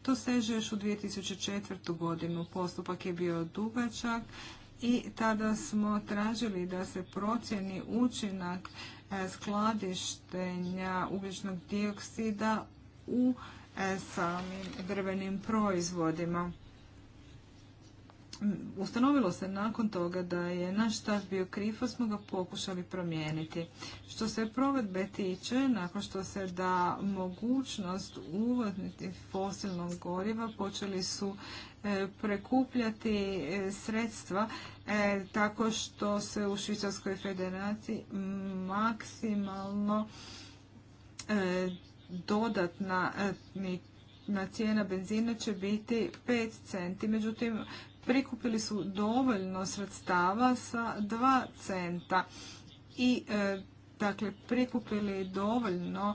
To seže još u 2004. godinu. Postupak je bio dugačak i tada smo tražili da se procjeni učinak e, skladištenja ugljičnog dioksida u e, samim drvenim proizvodima. Mm, ustanovilo se nakon toga da je naš stav bio kriv, pa smo ga pokušali promijeniti. Što se provedbe tiče, nakon što se da mogućnost uvozniti fosilnog goriva, počeli su e, prekupljati e, sredstva e, tako što se u Švicarskoj federaciji maksimalno dodatna na cijena benzina će biti 5 centi. Međutim, prikupili su dovoljno sredstava sa 2 centa i e, dakle prikupili dovoljno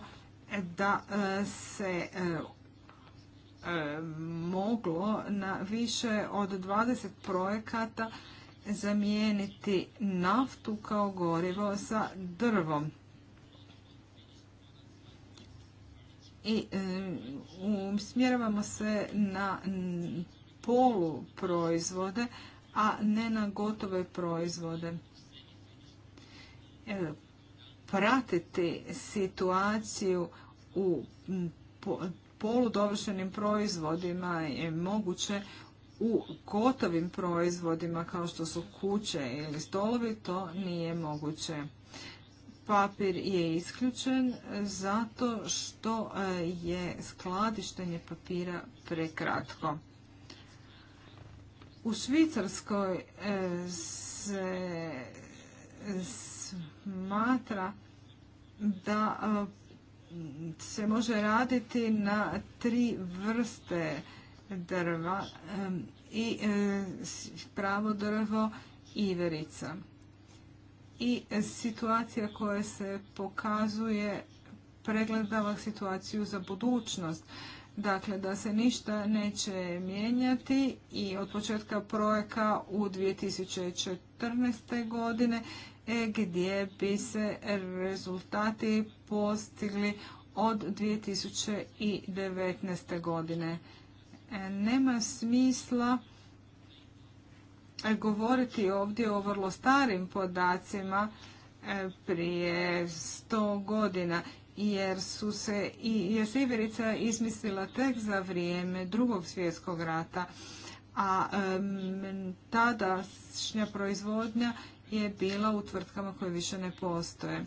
da e, se e, moglo na više od 20 projekata zamijeniti naftu kao gorivo sa drvom. I usmjeravamo se na poluproizvode, a ne na gotove proizvode. E, pratiti situaciju u poludovršenim proizvodima je moguće u gotovim proizvodima kao što su kuće ili stolovi, to nije moguće. Papir je isključen zato što e, je skladištenje papira prekratko. U Švicarskoj e, se smatra da e, se može raditi na tri vrste drva e, i pravo drvo iverica. I situacija koja se pokazuje pregledava situaciju za budućnost. Dakle, da se ništa neće mijenjati i od početka projeka u 2014. godine e, gdje bi se rezultati postigli od 2019. godine. E, nema smisla e, govoriti ovdje o vrlo starim podacima prije 100 godina jer su se i je izmislila tek za vrijeme drugog svjetskog rata, a tadašnja proizvodnja je bila u tvrtkama koje više ne postoje.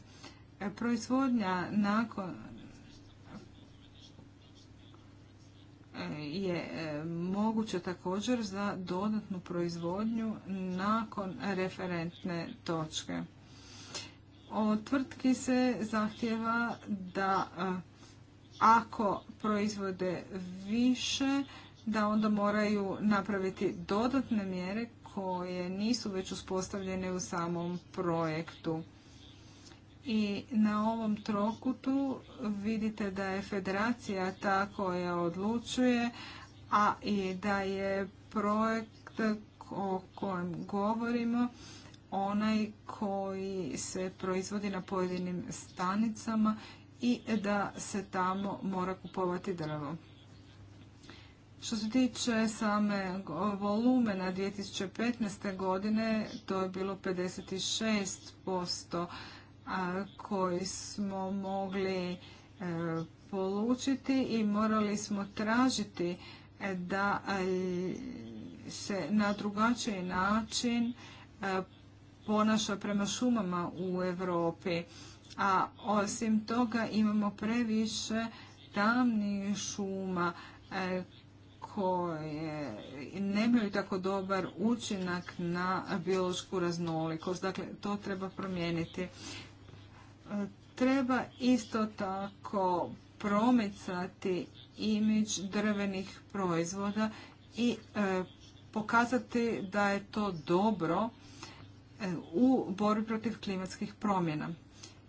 E, proizvodnja nakon e, je e, moguća također za dodatnu proizvodnju nakon referentne točke od tvrtki se zahtjeva da ako proizvode više, da onda moraju napraviti dodatne mjere koje nisu već uspostavljene u samom projektu. I na ovom trokutu vidite da je federacija ta koja odlučuje, a i da je projekt o kojem govorimo onaj koji se proizvodi na pojedinim stanicama i da se tamo mora kupovati drvo. Što se tiče same volumena 2015. godine, to je bilo 56% koji smo mogli e, polučiti i morali smo tražiti e, da e, se na drugačiji način ponaša prema šumama u Europi. A osim toga imamo previše tamnih šuma e, koje nemaju tako dobar učinak na biološku raznolikost. Dakle, to treba promijeniti. E, treba isto tako promicati imidž drvenih proizvoda i e, pokazati da je to dobro E, u borbi protiv klimatskih promjena.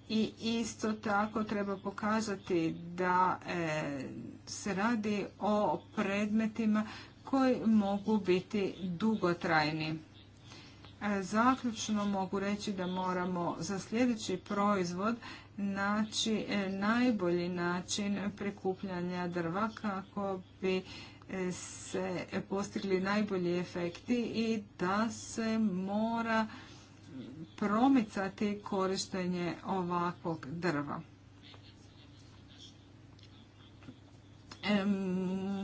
I isto tako treba pokazati da e, se radi o predmetima koji mogu biti dugotrajni. E, zaključno mogu reći da moramo za sljedeći proizvod naći najbolji način prikupljanja drva kako bi se postigli najbolji efekti i da se mora promicati korištenje ovakvog drva.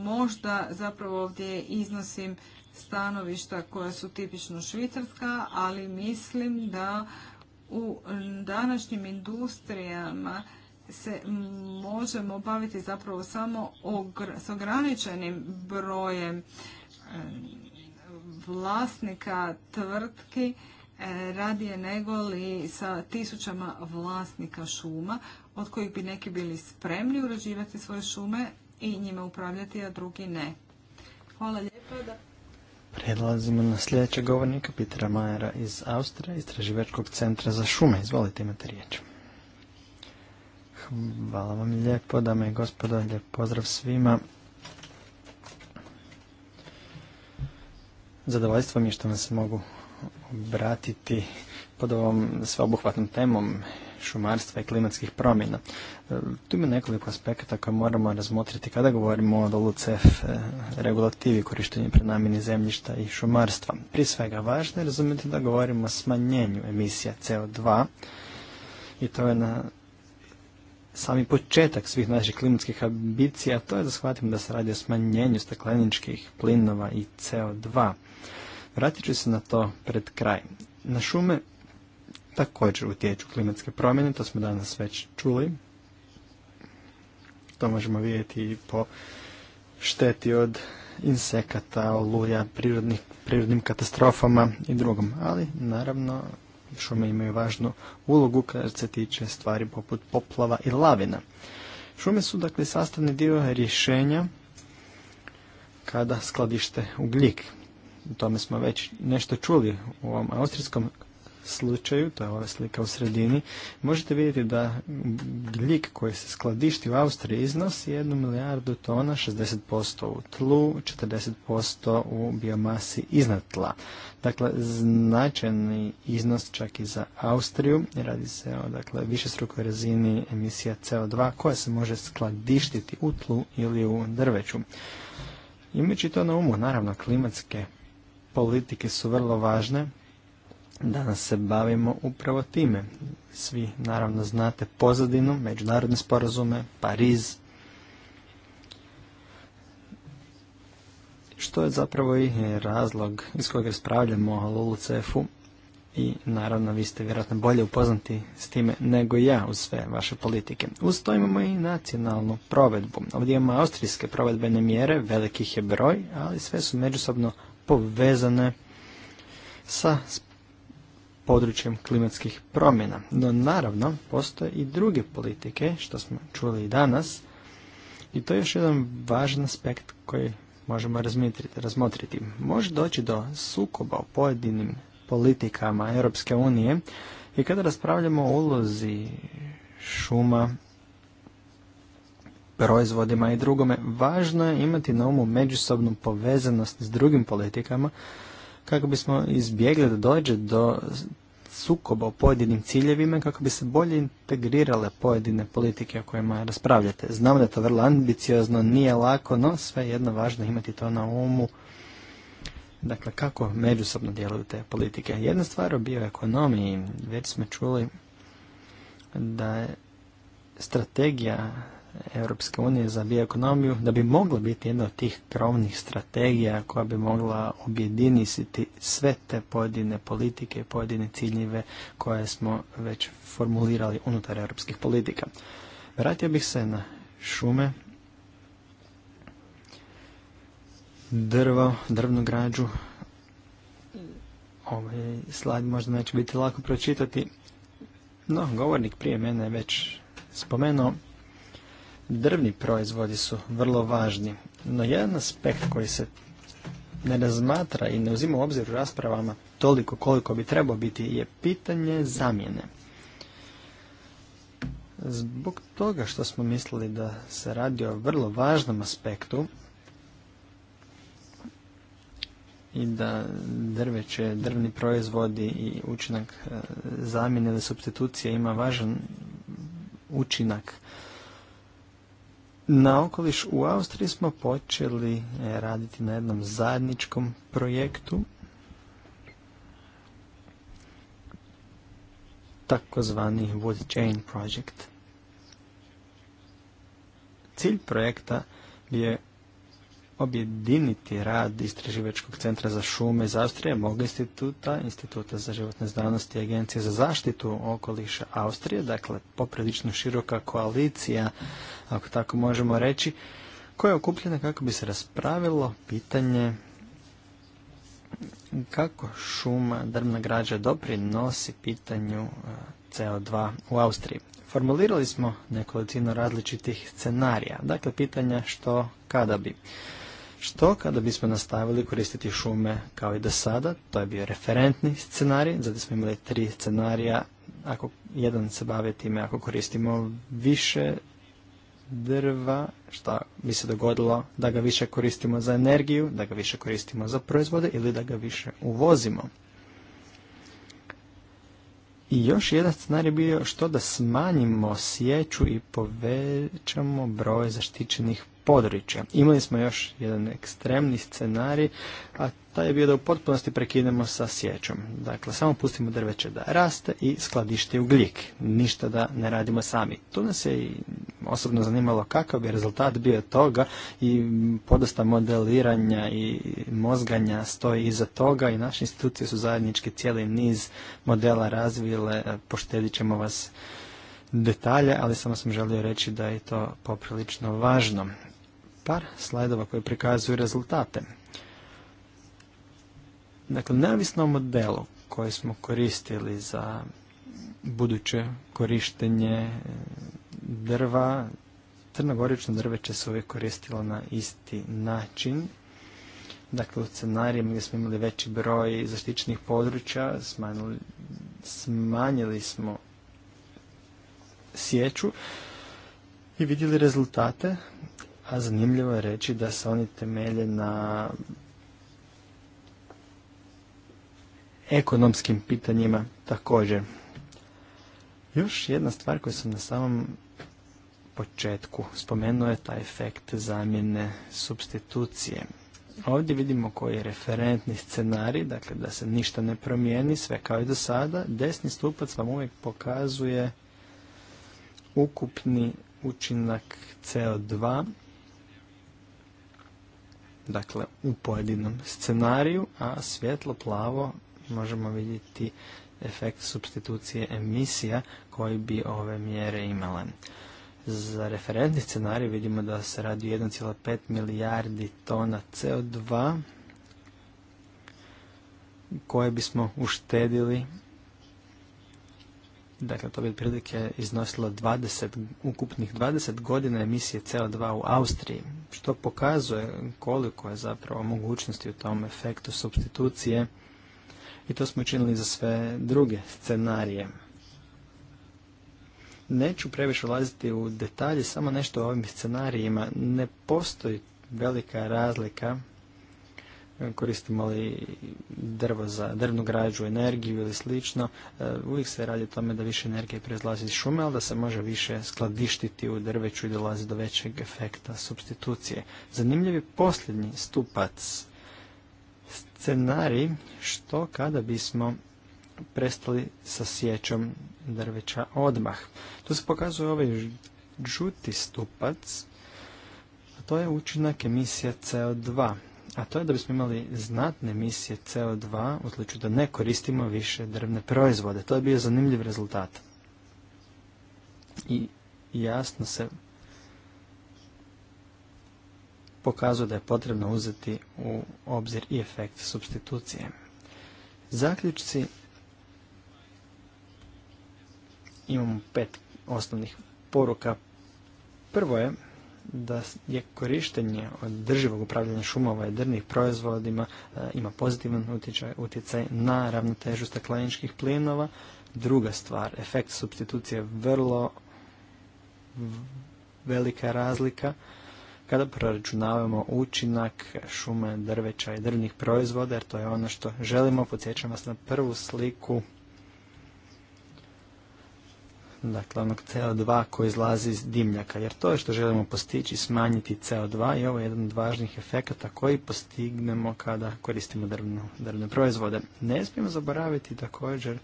možda zapravo ovdje iznosim stanovišta koja su tipično švicarska, ali mislim da u današnjim industrijama se možemo baviti zapravo samo s ograničenim brojem vlasnika tvrtki E, radije nego li sa tisućama vlasnika šuma od kojih bi neki bili spremni uređivati svoje šume i njime upravljati, a drugi ne. Hvala lijepa. Predlazimo na sljedećeg govornika Pitera Majera iz Austrije, istraživačkog centra za šume. Izvolite, imate riječ. Hvala vam lijepo, dame i gospodo, lijep pozdrav svima. Zadovoljstvo mi je što vam se mogu obratiti pod ovom sveobuhvatnom temom šumarstva i klimatskih promjena. E, tu ima nekoliko aspekata koje moramo razmotriti kada govorimo o LUCF e, regulativi korištenja prenamjeni zemljišta i šumarstva. Prije svega važno je razumjeti da govorimo o smanjenju emisija CO2 i to je na sami početak svih naših klimatskih ambicija, to je da shvatimo da se radi o smanjenju stakleničkih plinova i CO2. Vratit ću se na to pred kraj. Na šume također utječu klimatske promjene, to smo danas već čuli. To možemo vidjeti i po šteti od insekata, oluja, prirodnih, prirodnim katastrofama i drugom. Ali, naravno, šume imaju važnu ulogu kada se tiče stvari poput poplava i lavina. Šume su, dakle, sastavni dio rješenja kada skladište ugljik o tome smo već nešto čuli u ovom austrijskom slučaju, to je ova slika u sredini, možete vidjeti da gljik koji se skladišti u Austriji iznosi 1 milijardu tona, 60% u tlu, 40% u biomasi iznad tla. Dakle, značajni iznos čak i za Austriju, radi se o dakle, višestrukoj razini emisija CO2 koja se može skladištiti u tlu ili u drveću. Imajući to na umu, naravno, klimatske politike su vrlo važne. Danas se bavimo upravo time. Svi naravno znate pozadinu, međunarodne sporazume, Pariz. Što je zapravo i razlog iz kojeg raspravljamo o LULUCF-u i naravno vi ste vjerojatno bolje upoznati s time nego ja uz sve vaše politike. Uz to imamo i nacionalnu provedbu. Ovdje imamo austrijske provedbene mjere, velikih je broj, ali sve su međusobno povezane sa područjem klimatskih promjena. No naravno, postoje i druge politike, što smo čuli i danas, i to je još jedan važan aspekt koji možemo razmotriti. Može doći do sukoba u pojedinim politikama Europske unije i kada raspravljamo o ulozi šuma proizvodima i drugome, važno je imati na umu međusobnu povezanost s drugim politikama kako bismo izbjegli da dođe do sukoba o pojedinim ciljevima kako bi se bolje integrirale pojedine politike o kojima raspravljate. Znamo da je to vrlo ambiciozno, nije lako, no jedno važno imati to na umu. Dakle, kako međusobno djeluju te politike. Jedna stvar o bioekonomiji, već smo čuli da je strategija Europske unije za bioekonomiju, da bi mogla biti jedna od tih krovnih strategija koja bi mogla objediniti sve te pojedine politike i pojedine ciljeve koje smo već formulirali unutar europskih politika. Vratio bih se na šume, drvo, drvnu građu. Ovaj slajd možda neće biti lako pročitati, no govornik prije mene je već spomenuo Drvni proizvodi su vrlo važni, no jedan aspekt koji se ne razmatra i ne uzima u obzir u raspravama toliko koliko bi trebao biti je pitanje zamjene. Zbog toga što smo mislili da se radi o vrlo važnom aspektu i da drveće, drvni proizvodi i učinak e, zamjene ili substitucije ima važan učinak na okoliš u Austriji smo počeli e, raditi na jednom zajedničkom projektu takozvani Wood Chain Project. Cilj projekta je objediniti rad Istraživačkog centra za šume iz Austrije, mog instituta, Instituta za životne znanosti i Agencije za zaštitu okoliša Austrije, dakle poprilično široka koalicija, ako tako možemo reći, koja je okupljena kako bi se raspravilo pitanje kako šuma drvna građa doprinosi pitanju e, CO2 u Austriji. Formulirali smo nekolicino različitih scenarija, dakle pitanja što kada bi. Što kada bismo nastavili koristiti šume kao i do sada, to je bio referentni scenarij, zato smo imali tri scenarija, ako jedan se bavi time, ako koristimo više drva, što bi se dogodilo da ga više koristimo za energiju, da ga više koristimo za proizvode ili da ga više uvozimo. I još jedan scenarij bio što da smanjimo sjeću i povećamo broj zaštićenih područja. Imali smo još jedan ekstremni scenarij, a taj je bio da u potpunosti prekinemo sa sjećom. Dakle, samo pustimo drveće da raste i skladište ugljik. Ništa da ne radimo sami. Tu nas je i osobno zanimalo kakav bi rezultat bio toga i podosta modeliranja i mozganja stoji iza toga i naše institucije su zajednički cijeli niz modela razvile. Poštedit ćemo vas detalje, ali samo sam želio reći da je to poprilično važno par slajdova koje prikazuju rezultate. Dakle, neovisno o modelu koji smo koristili za buduće korištenje e, drva, crnogorično drveće se uvijek koristilo na isti način. Dakle, u scenarijima gdje smo imali veći broj zaštićenih područja, smanjili, smanjili smo sjeću i vidjeli rezultate a zanimljivo je reći da se oni temelje na ekonomskim pitanjima također. Još jedna stvar koju sam na samom početku spomenuo je taj efekt zamjene substitucije. Ovdje vidimo koji je referentni scenarij, dakle da se ništa ne promijeni, sve kao i do sada. Desni stupac vam uvijek pokazuje ukupni učinak CO2 dakle u pojedinom scenariju, a svjetlo plavo možemo vidjeti efekt substitucije emisija koji bi ove mjere imale. Za referentni scenarij vidimo da se radi 1,5 milijardi tona CO2 koje bismo uštedili Dakle, to bi prilike iznosilo 20, ukupnih 20 godina emisije CO2 u Austriji, što pokazuje koliko je zapravo mogućnosti u tom efektu substitucije i to smo učinili za sve druge scenarije. Neću previše ulaziti u detalje, samo nešto o ovim scenarijima. Ne postoji velika razlika E, koristimo li drvo za drvnu građu, energiju ili slično, e, uvijek se radi o tome da više energije prezlazi iz šume, ali da se može više skladištiti u drveću i dolazi do većeg efekta substitucije. Zanimljiv je posljednji stupac scenarij što kada bismo prestali sa sjećom drveća odmah. Tu se pokazuje ovaj žuti stupac, a to je učinak emisija CO2 a to je da bismo imali znatne emisije CO2 u slučaju da ne koristimo više drvne proizvode. To je bio zanimljiv rezultat. I jasno se pokazuje da je potrebno uzeti u obzir i efekt substitucije. Zaključci imamo pet osnovnih poruka. Prvo je da je korištenje održivog upravljanja šumova i drnih proizvodima e, ima pozitivan utjecaj na ravnotežu stakleničkih plinova. Druga stvar, efekt substitucije je vrlo velika razlika kada proračunavamo učinak šume, drveća i drvnih proizvoda, jer to je ono što želimo. Podsjećam vas na prvu sliku dakle onog CO2 koji izlazi iz dimljaka, jer to je što želimo postići, smanjiti CO2 i ovo je jedan od važnih efekata koji postignemo kada koristimo drvne proizvode. Ne smijemo zaboraviti također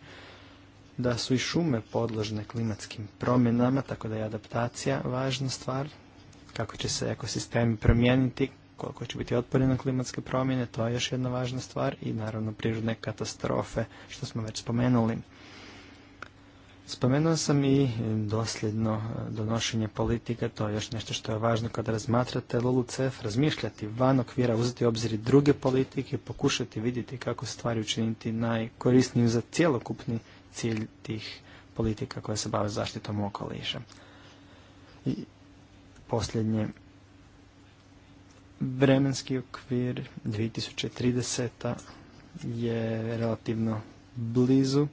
da su i šume podložne klimatskim promjenama, tako da je adaptacija važna stvar, kako će se ekosistemi promijeniti, koliko će biti otporni na klimatske promjene, to je još jedna važna stvar i naravno prirodne katastrofe, što smo već spomenuli. Spomenuo sam i dosljedno e, donošenje politike, to je još nešto što je važno kada razmatrate LULUCF, razmišljati van okvira, uzeti obzir druge politike, pokušati vidjeti kako stvari učiniti najkorisnijim za cijelokupni cilj tih politika koje se bave zaštitom okoliša. I posljednje, vremenski okvir 2030. je relativno blizu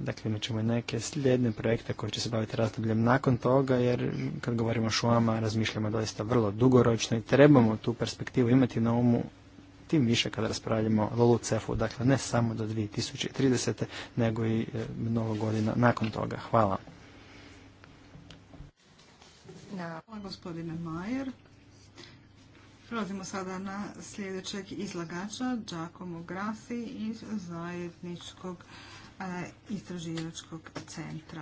Dakle, imat ćemo neke slijedne projekte koje će se baviti razdobljem nakon toga, jer kad govorimo o šumama, razmišljamo doista vrlo dugoročno i trebamo tu perspektivu imati na umu tim više kada raspravljamo o cefu dakle ne samo do 2030. nego i e, mnogo godina nakon toga. Hvala. Hvala gospodine Majer. Prelazimo sada na sljedećeg izlagača, Giacomo Grassi iz zajedničkog E, istraživačkog centra.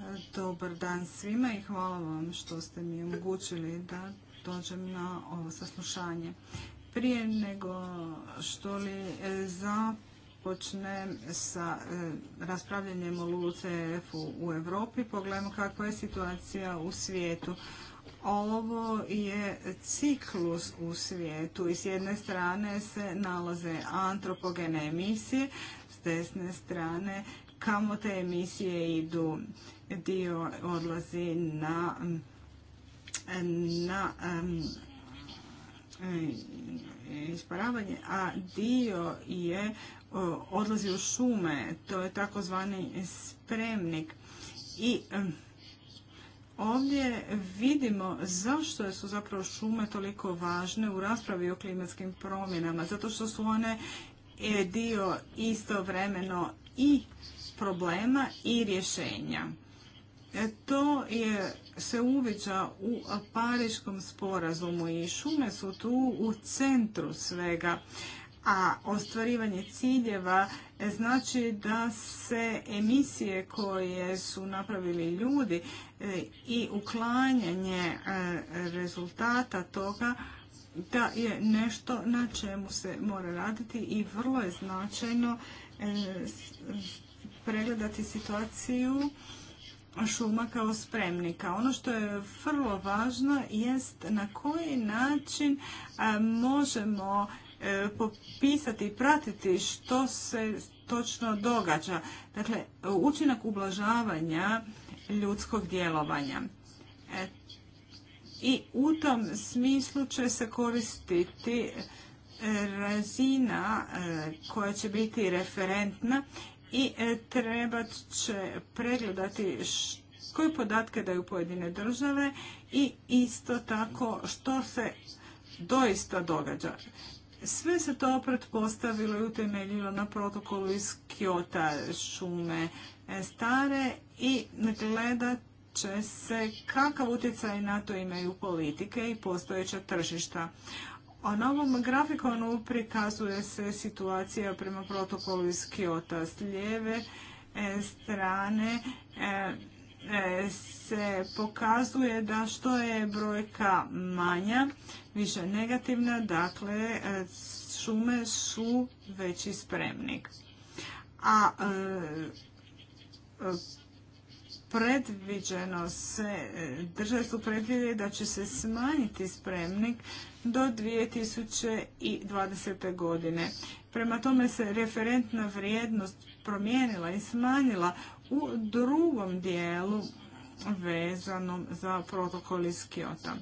E, dobar dan svima i hvala vam što ste mi omogućili da dođem na ovo saslušanje. Prije nego što li e, započnem sa raspravljanjem o LULUCF-u u Europi, pogledamo kakva je situacija u svijetu. Ovo je ciklus u svijetu i s jedne strane se nalaze antropogene emisije, s desne strane kamo te emisije idu, dio odlazi na, isparavanje, a dio je odlazi u šume, to je takozvani spremnik. I Ovdje vidimo zašto su zapravo šume toliko važne u raspravi o klimatskim promjenama, zato što su one dio istovremeno i problema i rješenja. E, to se uviđa u Pariškom sporazumu i šume su tu u centru svega a ostvarivanje ciljeva znači da se emisije koje su napravili ljudi e, i uklanjanje e, rezultata toga da je nešto na čemu se mora raditi i vrlo je značajno e, pregledati situaciju šuma kao spremnika. Ono što je vrlo važno jest na koji način možemo E, popisati i pratiti što se točno događa. Dakle, učinak ublažavanja ljudskog djelovanja. E, I u tom smislu će se koristiti e, razina koja će biti referentna i treba će pregledati koje podatke daju pojedine države i isto tako što se doista događa. Sve se to pretpostavilo i utemeljilo na protokolu iz Kiota šume e, stare i gledat će se kakav utjecaj na to imaju politike i postojeća tržišta. O novom ovom grafikonu prikazuje se situacija prema protokolu iz Kiota s lijeve e, strane e, se pokazuje da što je brojka manja, više negativna, dakle šume su veći spremnik. A e, predviđeno se, države su predvidjeli da će se smanjiti spremnik do 2020. godine. Prema tome se referentna vrijednost promijenila i smanjila u drugom dijelu vezanom za protokol iz Kiota.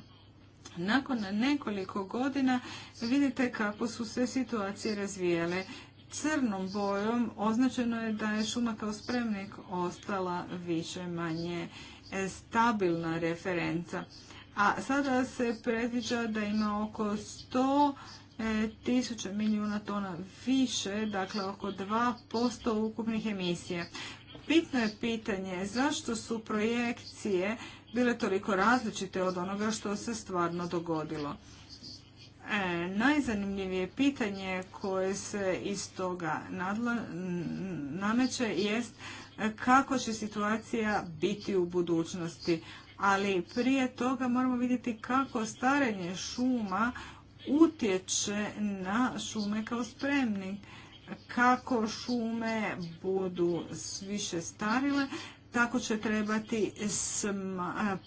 Nakon nekoliko godina vidite kako su se situacije razvijele. Crnom bojom označeno je da je šuma kao spremnik ostala više manje stabilna referenca. A sada se predviđa da ima oko 100.000 e, milijuna tona više, dakle oko 2% ukupnih emisija. Bitno je pitanje zašto su projekcije bile toliko različite od onoga što se stvarno dogodilo. E, najzanimljivije pitanje koje se iz toga nameće jest kako će situacija biti u budućnosti. Ali prije toga moramo vidjeti kako starenje šuma utječe na šume kao spremnik kako šume budu više starile, tako će trebati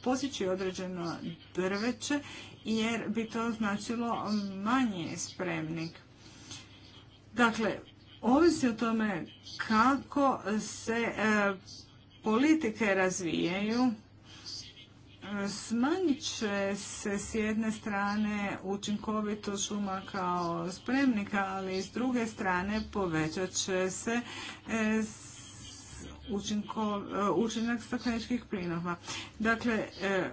posjeći određeno drveće jer bi to značilo manje spremnik. Dakle, ovisi o tome kako se politike razvijaju smanjit će se s jedne strane učinkovito šuma kao spremnika, ali s druge strane povećat će se e, e, učinak stakleničkih plinova. Dakle, e,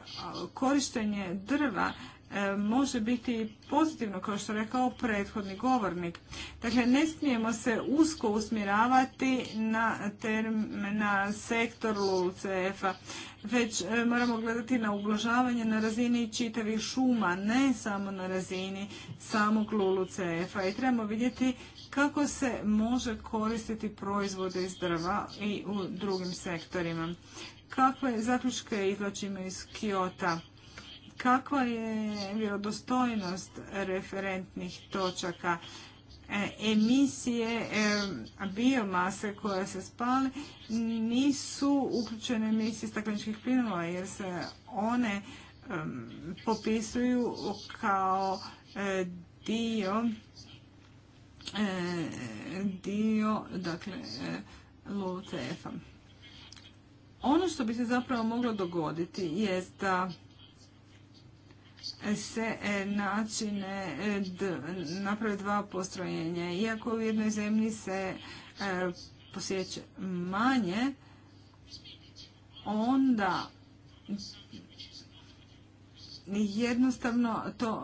korištenje drva E, može biti pozitivno, kao što je rekao prethodni govornik. Dakle, ne smijemo se usko usmjeravati na, term, na sektor LULCF-a, već e, moramo gledati na ublažavanje na razini čitavih šuma, ne samo na razini samog LULCF-a. I trebamo vidjeti kako se može koristiti proizvode iz drva i u drugim sektorima. Kakve zaključke izlačimo iz Kiota? kakva je vjerodostojnost referentnih točaka e, emisije e, biomase koja se spali nisu uključene emisije stakleničkih plinova jer se one popisuju kao e, dio dio dakle Ono što bi se zapravo moglo dogoditi jest da se e, načine e, naprave dva postrojenja. Iako u jednoj zemlji se e, posjeće manje, onda jednostavno to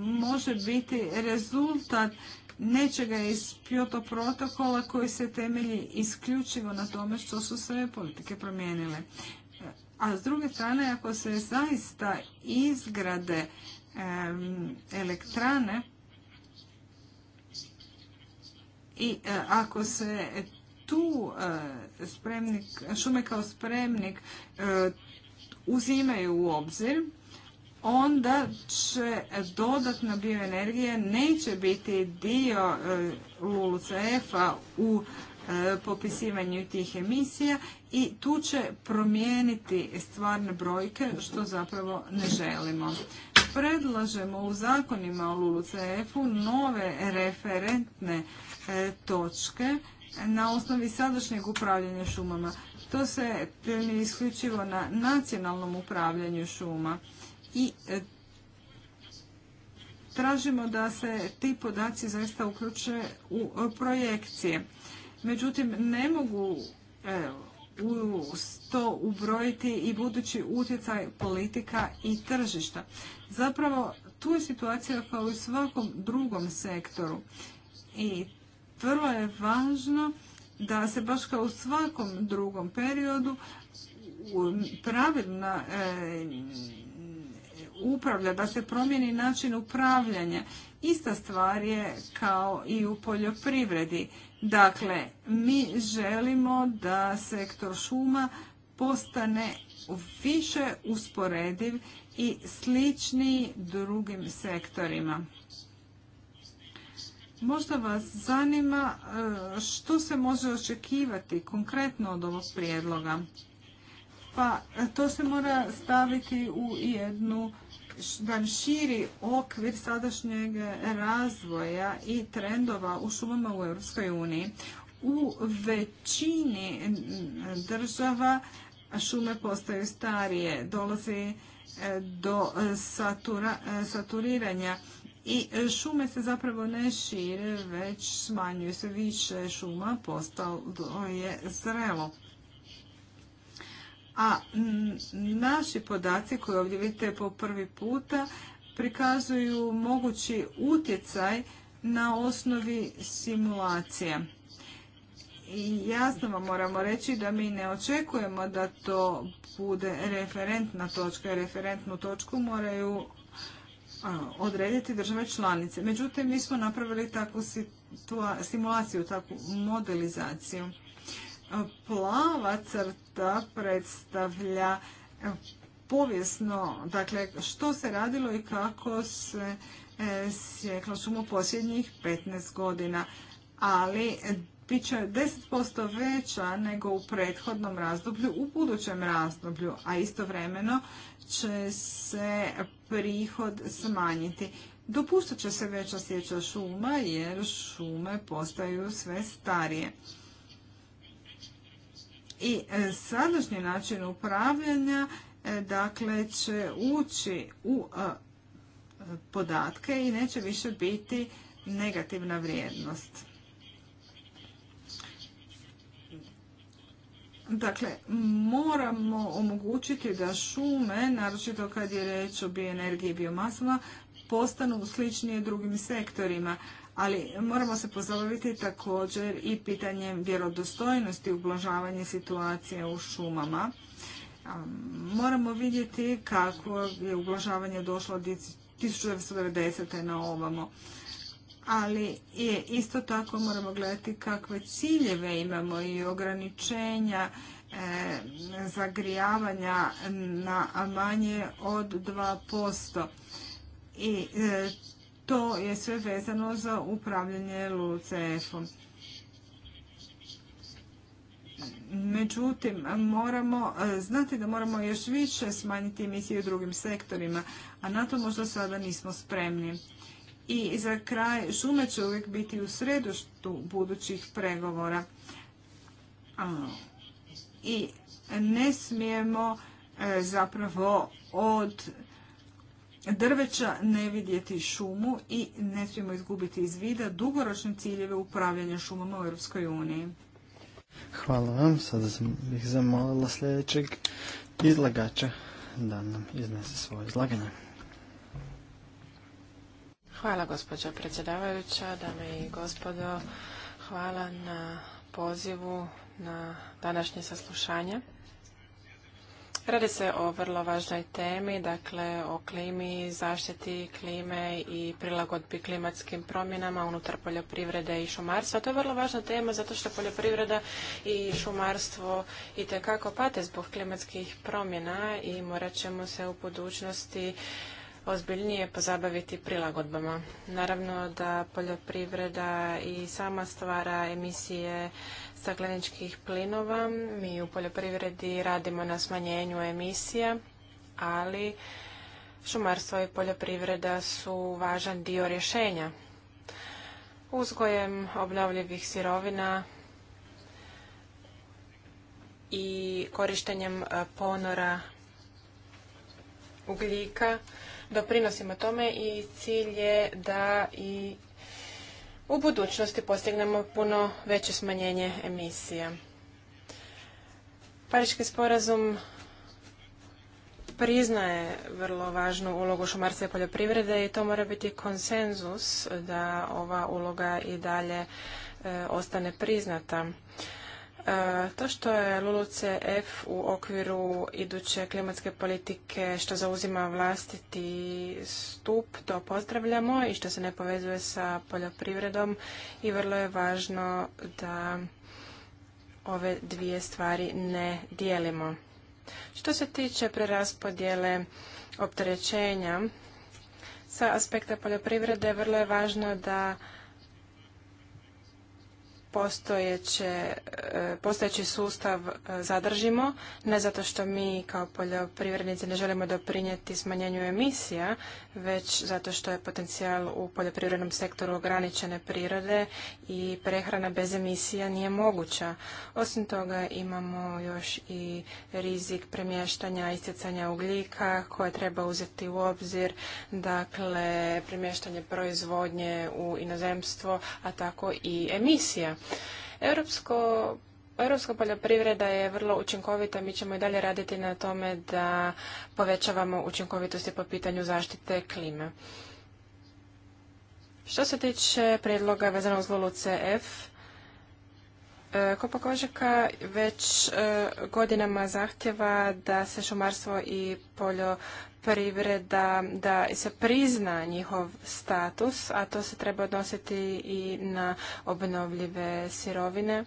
može biti rezultat nečega iz Kyoto protokola koji se temelji isključivo na tome što su se politike promijenile. A s druge strane, ako se zaista izgrade elektrane i e, ako se tu e, spremnik, šume kao spremnik e, uzimaju u obzir, onda će dodatna bioenergija neće biti dio LULUCF-a u E, popisivanju tih emisija i tu će promijeniti stvarne brojke što zapravo ne želimo. Predlažemo u zakonima o LULUCF-u nove referentne e, točke na osnovi sadašnjeg upravljanja šumama. To se temelji isključivo na nacionalnom upravljanju šuma i e, tražimo da se ti podaci zaista uključe u projekcije. Međutim, ne mogu to ubrojiti i budući utjecaj politika i tržišta. Zapravo, tu je situacija kao i u svakom drugom sektoru. I vrlo je važno da se baš kao u svakom drugom periodu pravilna e, upravlja, da se promijeni način upravljanja. Ista stvar je kao i u poljoprivredi. Dakle, mi želimo da sektor šuma postane više usporediv i slični drugim sektorima. Možda vas zanima e, što se može očekivati konkretno od ovog prijedloga. Pa e, to se mora staviti u jednu jedan širi okvir sadašnjeg razvoja i trendova u šumama u Europskoj uniji. U većini država šume postaju starije, dolazi e, do e, e, saturiranja i šume se zapravo ne šire, već smanjuju se više šuma, postalo je zrelo. A mm, naši podaci koje ovdje vidite po prvi puta prikazuju mogući utjecaj na osnovi simulacije. I jasno vam moramo reći da mi ne očekujemo da to bude referentna točka. Referentnu točku moraju odrediti države članice. Međutim, mi smo napravili takvu simulaciju, takvu modelizaciju plava crta predstavlja povijesno, dakle što se radilo i kako se e, sjeklo šumo posljednjih 15 godina, ali bit će 10% veća nego u prethodnom razdoblju, u budućem razdoblju, a istovremeno će se prihod smanjiti. Dopustit će se veća sjeća šuma jer šume postaju sve starije. I e, sadašnji način upravljanja e, dakle će ući u e, podatke i neće više biti negativna vrijednost. Dakle, moramo omogućiti da šume, naročito kad je reč o bioenergiji i biomasama, postanu sličnije drugim sektorima ali moramo se pozabaviti također i pitanjem vjerodostojnosti ublažavanja situacije u šumama. Moramo vidjeti kako je ublažavanje došlo od 1990. na ovamo. Ali isto tako moramo gledati kakve ciljeve imamo i ograničenja e, zagrijavanja na manje od 2%. I e, to je sve vezano za upravljanje LULCF-om. Međutim, moramo znati da moramo još više smanjiti emisije u drugim sektorima, a na to možda sada nismo spremni. I za kraj, šume će uvijek biti u središtu budućih pregovora. I ne smijemo e, zapravo od drveća, ne vidjeti šumu i ne smijemo izgubiti iz vida dugoročne ciljeve upravljanja šumama u Europskoj uniji. Hvala vam. Sada bih zamolila sljedećeg izlagača da nam iznese svoje izlaganje. Hvala gospođo predsjedavajuća, dame i gospodo. Hvala na pozivu na današnje saslušanje. Radi se o vrlo važnoj temi, dakle o klimi, zaštiti klime i prilagodbi klimatskim promjenama unutar poljoprivrede i šumarstva. To je vrlo važna tema zato što poljoprivreda i šumarstvo i tekako pate zbog klimatskih promjena i morat ćemo se u budućnosti ozbiljnije pozabaviti prilagodbama. Naravno da poljoprivreda i sama stvara emisije stakleničkih plinova. Mi u poljoprivredi radimo na smanjenju emisija, ali šumarstvo i poljoprivreda su važan dio rješenja. Uzgojem obnovljivih sirovina i korištenjem ponora ugljika doprinosimo tome i cilj je da i u budućnosti postignemo puno veće smanjenje emisija. Pariški sporazum priznaje vrlo važnu ulogu šumarstva i poljoprivrede i to mora biti konsenzus da ova uloga i dalje e, ostane priznata. E, to što je LULUCF u okviru iduće klimatske politike što zauzima vlastiti stup, to pozdravljamo i što se ne povezuje sa poljoprivredom i vrlo je važno da ove dvije stvari ne dijelimo. Što se tiče preraspodjele opterećenja, sa aspekta poljoprivrede vrlo je važno da postojeće, e, postojeći sustav e, zadržimo, ne zato što mi kao poljoprivrednici ne želimo doprinijeti smanjenju emisija, već zato što je potencijal u poljoprivrednom sektoru ograničene prirode i prehrana bez emisija nije moguća. Osim toga imamo još i rizik premještanja istjecanja ugljika koje treba uzeti u obzir, dakle premještanje proizvodnje u inozemstvo, a tako i emisija. Europsko Europska poljoprivreda je vrlo učinkovita, mi ćemo i dalje raditi na tome da povećavamo učinkovitosti po pitanju zaštite klime. Što se tiče predloga vezano uz CF... E, Kopa Kožaka već e, godinama zahtjeva da se šumarstvo i poljoprivreda, da se prizna njihov status, a to se treba odnositi i na obnovljive sirovine.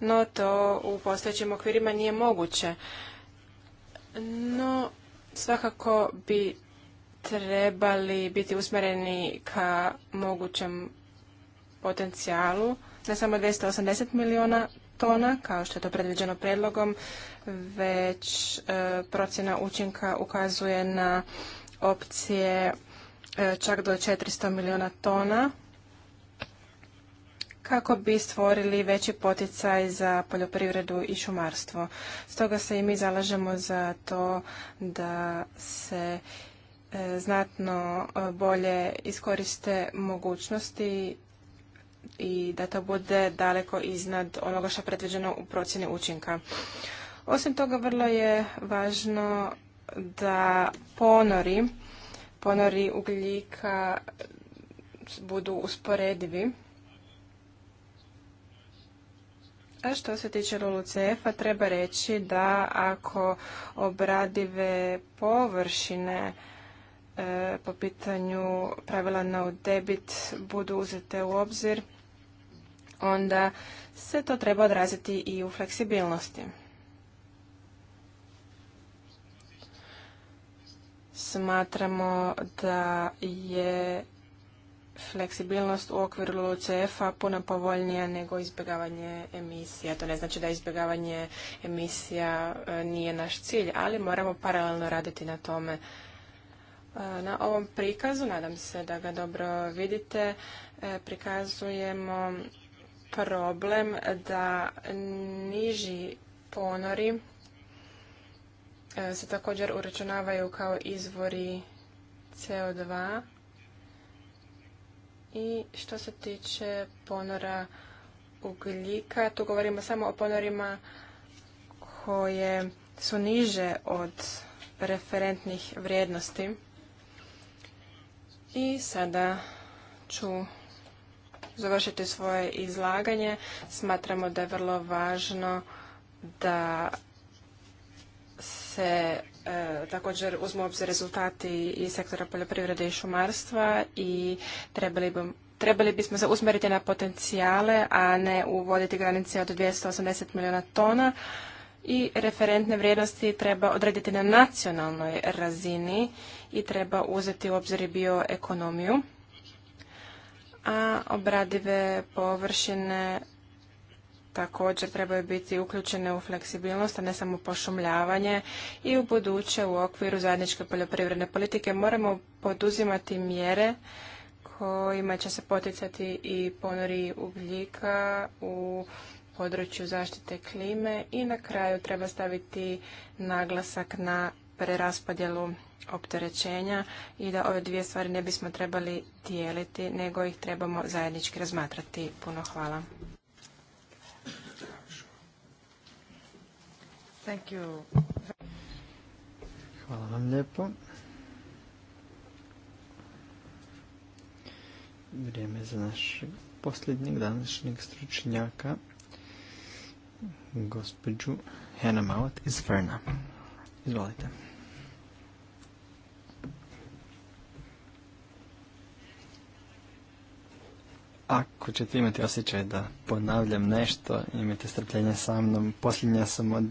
No to u postojećim okvirima nije moguće. No svakako bi trebali biti usmjereni ka mogućem potencijalu Ne samo 280 milijuna tona, kao što je to predviđeno predlogom, već e, procjena učinka ukazuje na opcije e, čak do 400 milijuna tona kako bi stvorili veći poticaj za poljoprivredu i šumarstvo. Stoga se i mi zalažemo za to da se e, znatno bolje iskoriste mogućnosti i da to bude daleko iznad onoga što je predviđeno u procjeni učinka. Osim toga, vrlo je važno da ponori, ponori ugljika budu usporedivi. A što se tiče LULUCF-a, treba reći da ako obradive površine e, po pitanju pravila no debit budu uzete u obzir, onda se to treba odraziti i u fleksibilnosti. Smatramo da je fleksibilnost u okviru LUCF-a puno povoljnija nego izbjegavanje emisija. To ne znači da izbjegavanje emisija e, nije naš cilj, ali moramo paralelno raditi na tome. E, na ovom prikazu, nadam se da ga dobro vidite, e, prikazujemo problem da niži ponori e, se također uračunavaju kao izvori CO2 i što se tiče ponora ugljika, tu govorimo samo o ponorima koje su niže od referentnih vrijednosti. I sada ću završiti svoje izlaganje. Smatramo da je vrlo važno da se e, također uzmu obzir rezultati i sektora poljoprivrede i šumarstva i trebali trebali bismo se usmeriti na potencijale, a ne uvoditi granice od 280 milijuna tona i referentne vrijednosti treba odrediti na nacionalnoj razini i treba uzeti u obzir bioekonomiju a obradive površine također trebaju biti uključene u fleksibilnost, a ne samo pošumljavanje i u buduće u okviru zajedničke poljoprivredne politike moramo poduzimati mjere kojima će se poticati i ponori ugljika u području zaštite klime i na kraju treba staviti naglasak na preraspodjelu opterećenja i da ove dvije stvari ne bismo trebali dijeliti, nego ih trebamo zajednički razmatrati. Puno hvala. Thank you. Hvala vam lijepo. Vrijeme za našeg posljednjeg današnjeg stručnjaka, gospođu Hena Maut iz Verna. Izvolite. Ako ćete imati osjećaj da ponavljam nešto, imajte strpljenje sa mnom. Posljednja sam od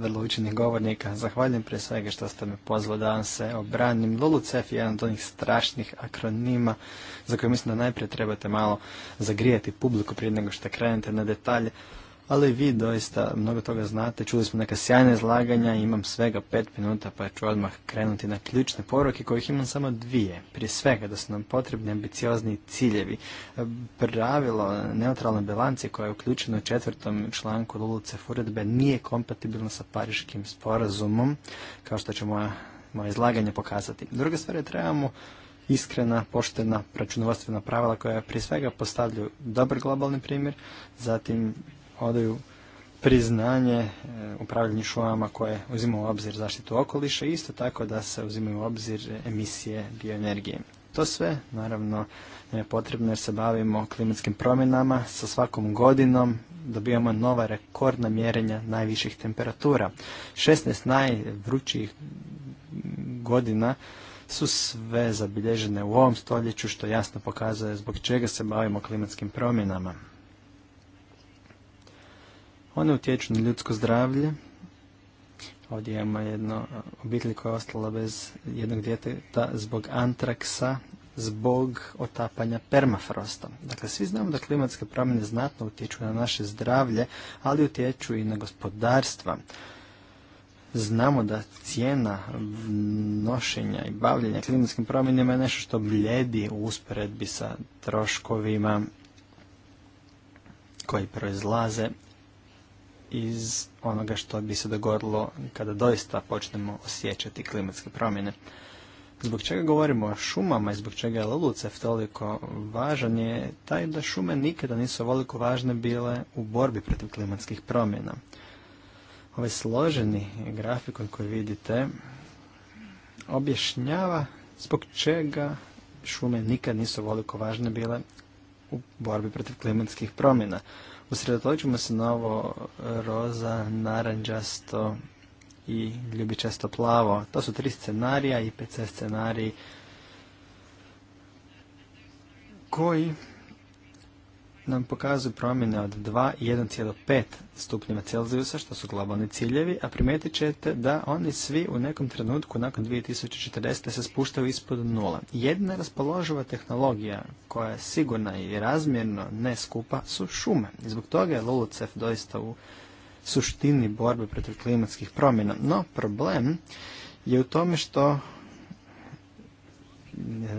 vrlo učenih govornika. Zahvaljujem prije svega što ste me pozvali da vam se obranim. LULUCEF je jedan od onih strašnih akronima za koje mislim da najprije trebate malo zagrijati publiku prije nego što krenete na detalje ali vi doista mnogo toga znate. Čuli smo neka sjajna izlaganja, imam svega pet minuta pa ću odmah krenuti na ključne poruke kojih imam samo dvije. Prije svega da su nam potrebni ambiciozni ciljevi. Pravilo neutralne bilance, koja je uključeno u četvrtom članku LULUCEF uredbe nije kompatibilno sa pariškim sporazumom, kao što će moja, moje izlaganje pokazati. Druga stvar je trebamo iskrena, poštena računovodstvena pravila koja prije svega postavljaju dobar globalni primjer, zatim odaju priznanje e, upravljanju šumama koje uzimaju u obzir zaštitu okoliša i isto tako da se uzimaju u obzir emisije bioenergije. To sve naravno je potrebno jer se bavimo klimatskim promjenama. Sa svakom godinom dobijamo nova rekordna mjerenja najviših temperatura. 16 najvrućih godina su sve zabilježene u ovom stoljeću što jasno pokazuje zbog čega se bavimo klimatskim promjenama. One utječu na ljudsko zdravlje. Ovdje imamo jedno obitelj koja je ostala bez jednog djeteta zbog antraksa, zbog otapanja permafrosta. Dakle, svi znamo da klimatske promjene znatno utječu na naše zdravlje, ali utječu i na gospodarstva. Znamo da cijena nošenja i bavljenja klimatskim promjenama je nešto što bljedi u usporedbi sa troškovima koji proizlaze iz onoga što bi se dogodilo kada doista počnemo osjećati klimatske promjene. Zbog čega govorimo o šumama i zbog čega je Lucef toliko važan je taj da šume nikada nisu ovoliko važne bile u borbi protiv klimatskih promjena. Ovaj složeni grafikon koji vidite objašnjava zbog čega šume nikad nisu ovoliko važne bile u borbi protiv klimatskih promjena. Usredotočimo se na ovo roza, naranđasto i ljubičasto plavo. To su tri scenarija, i pet scenariji koji nam pokazuju promjene od 2 i 1,5 stupnjeva Celzijusa, što su globalni ciljevi, a primetit ćete da oni svi u nekom trenutku nakon 2040. se spuštaju ispod nula. Jedna raspoloživa tehnologija koja je sigurna i razmjerno ne skupa su šume. I zbog toga je LULUCEF doista u suštini borbe protiv klimatskih promjena. No, problem je u tome što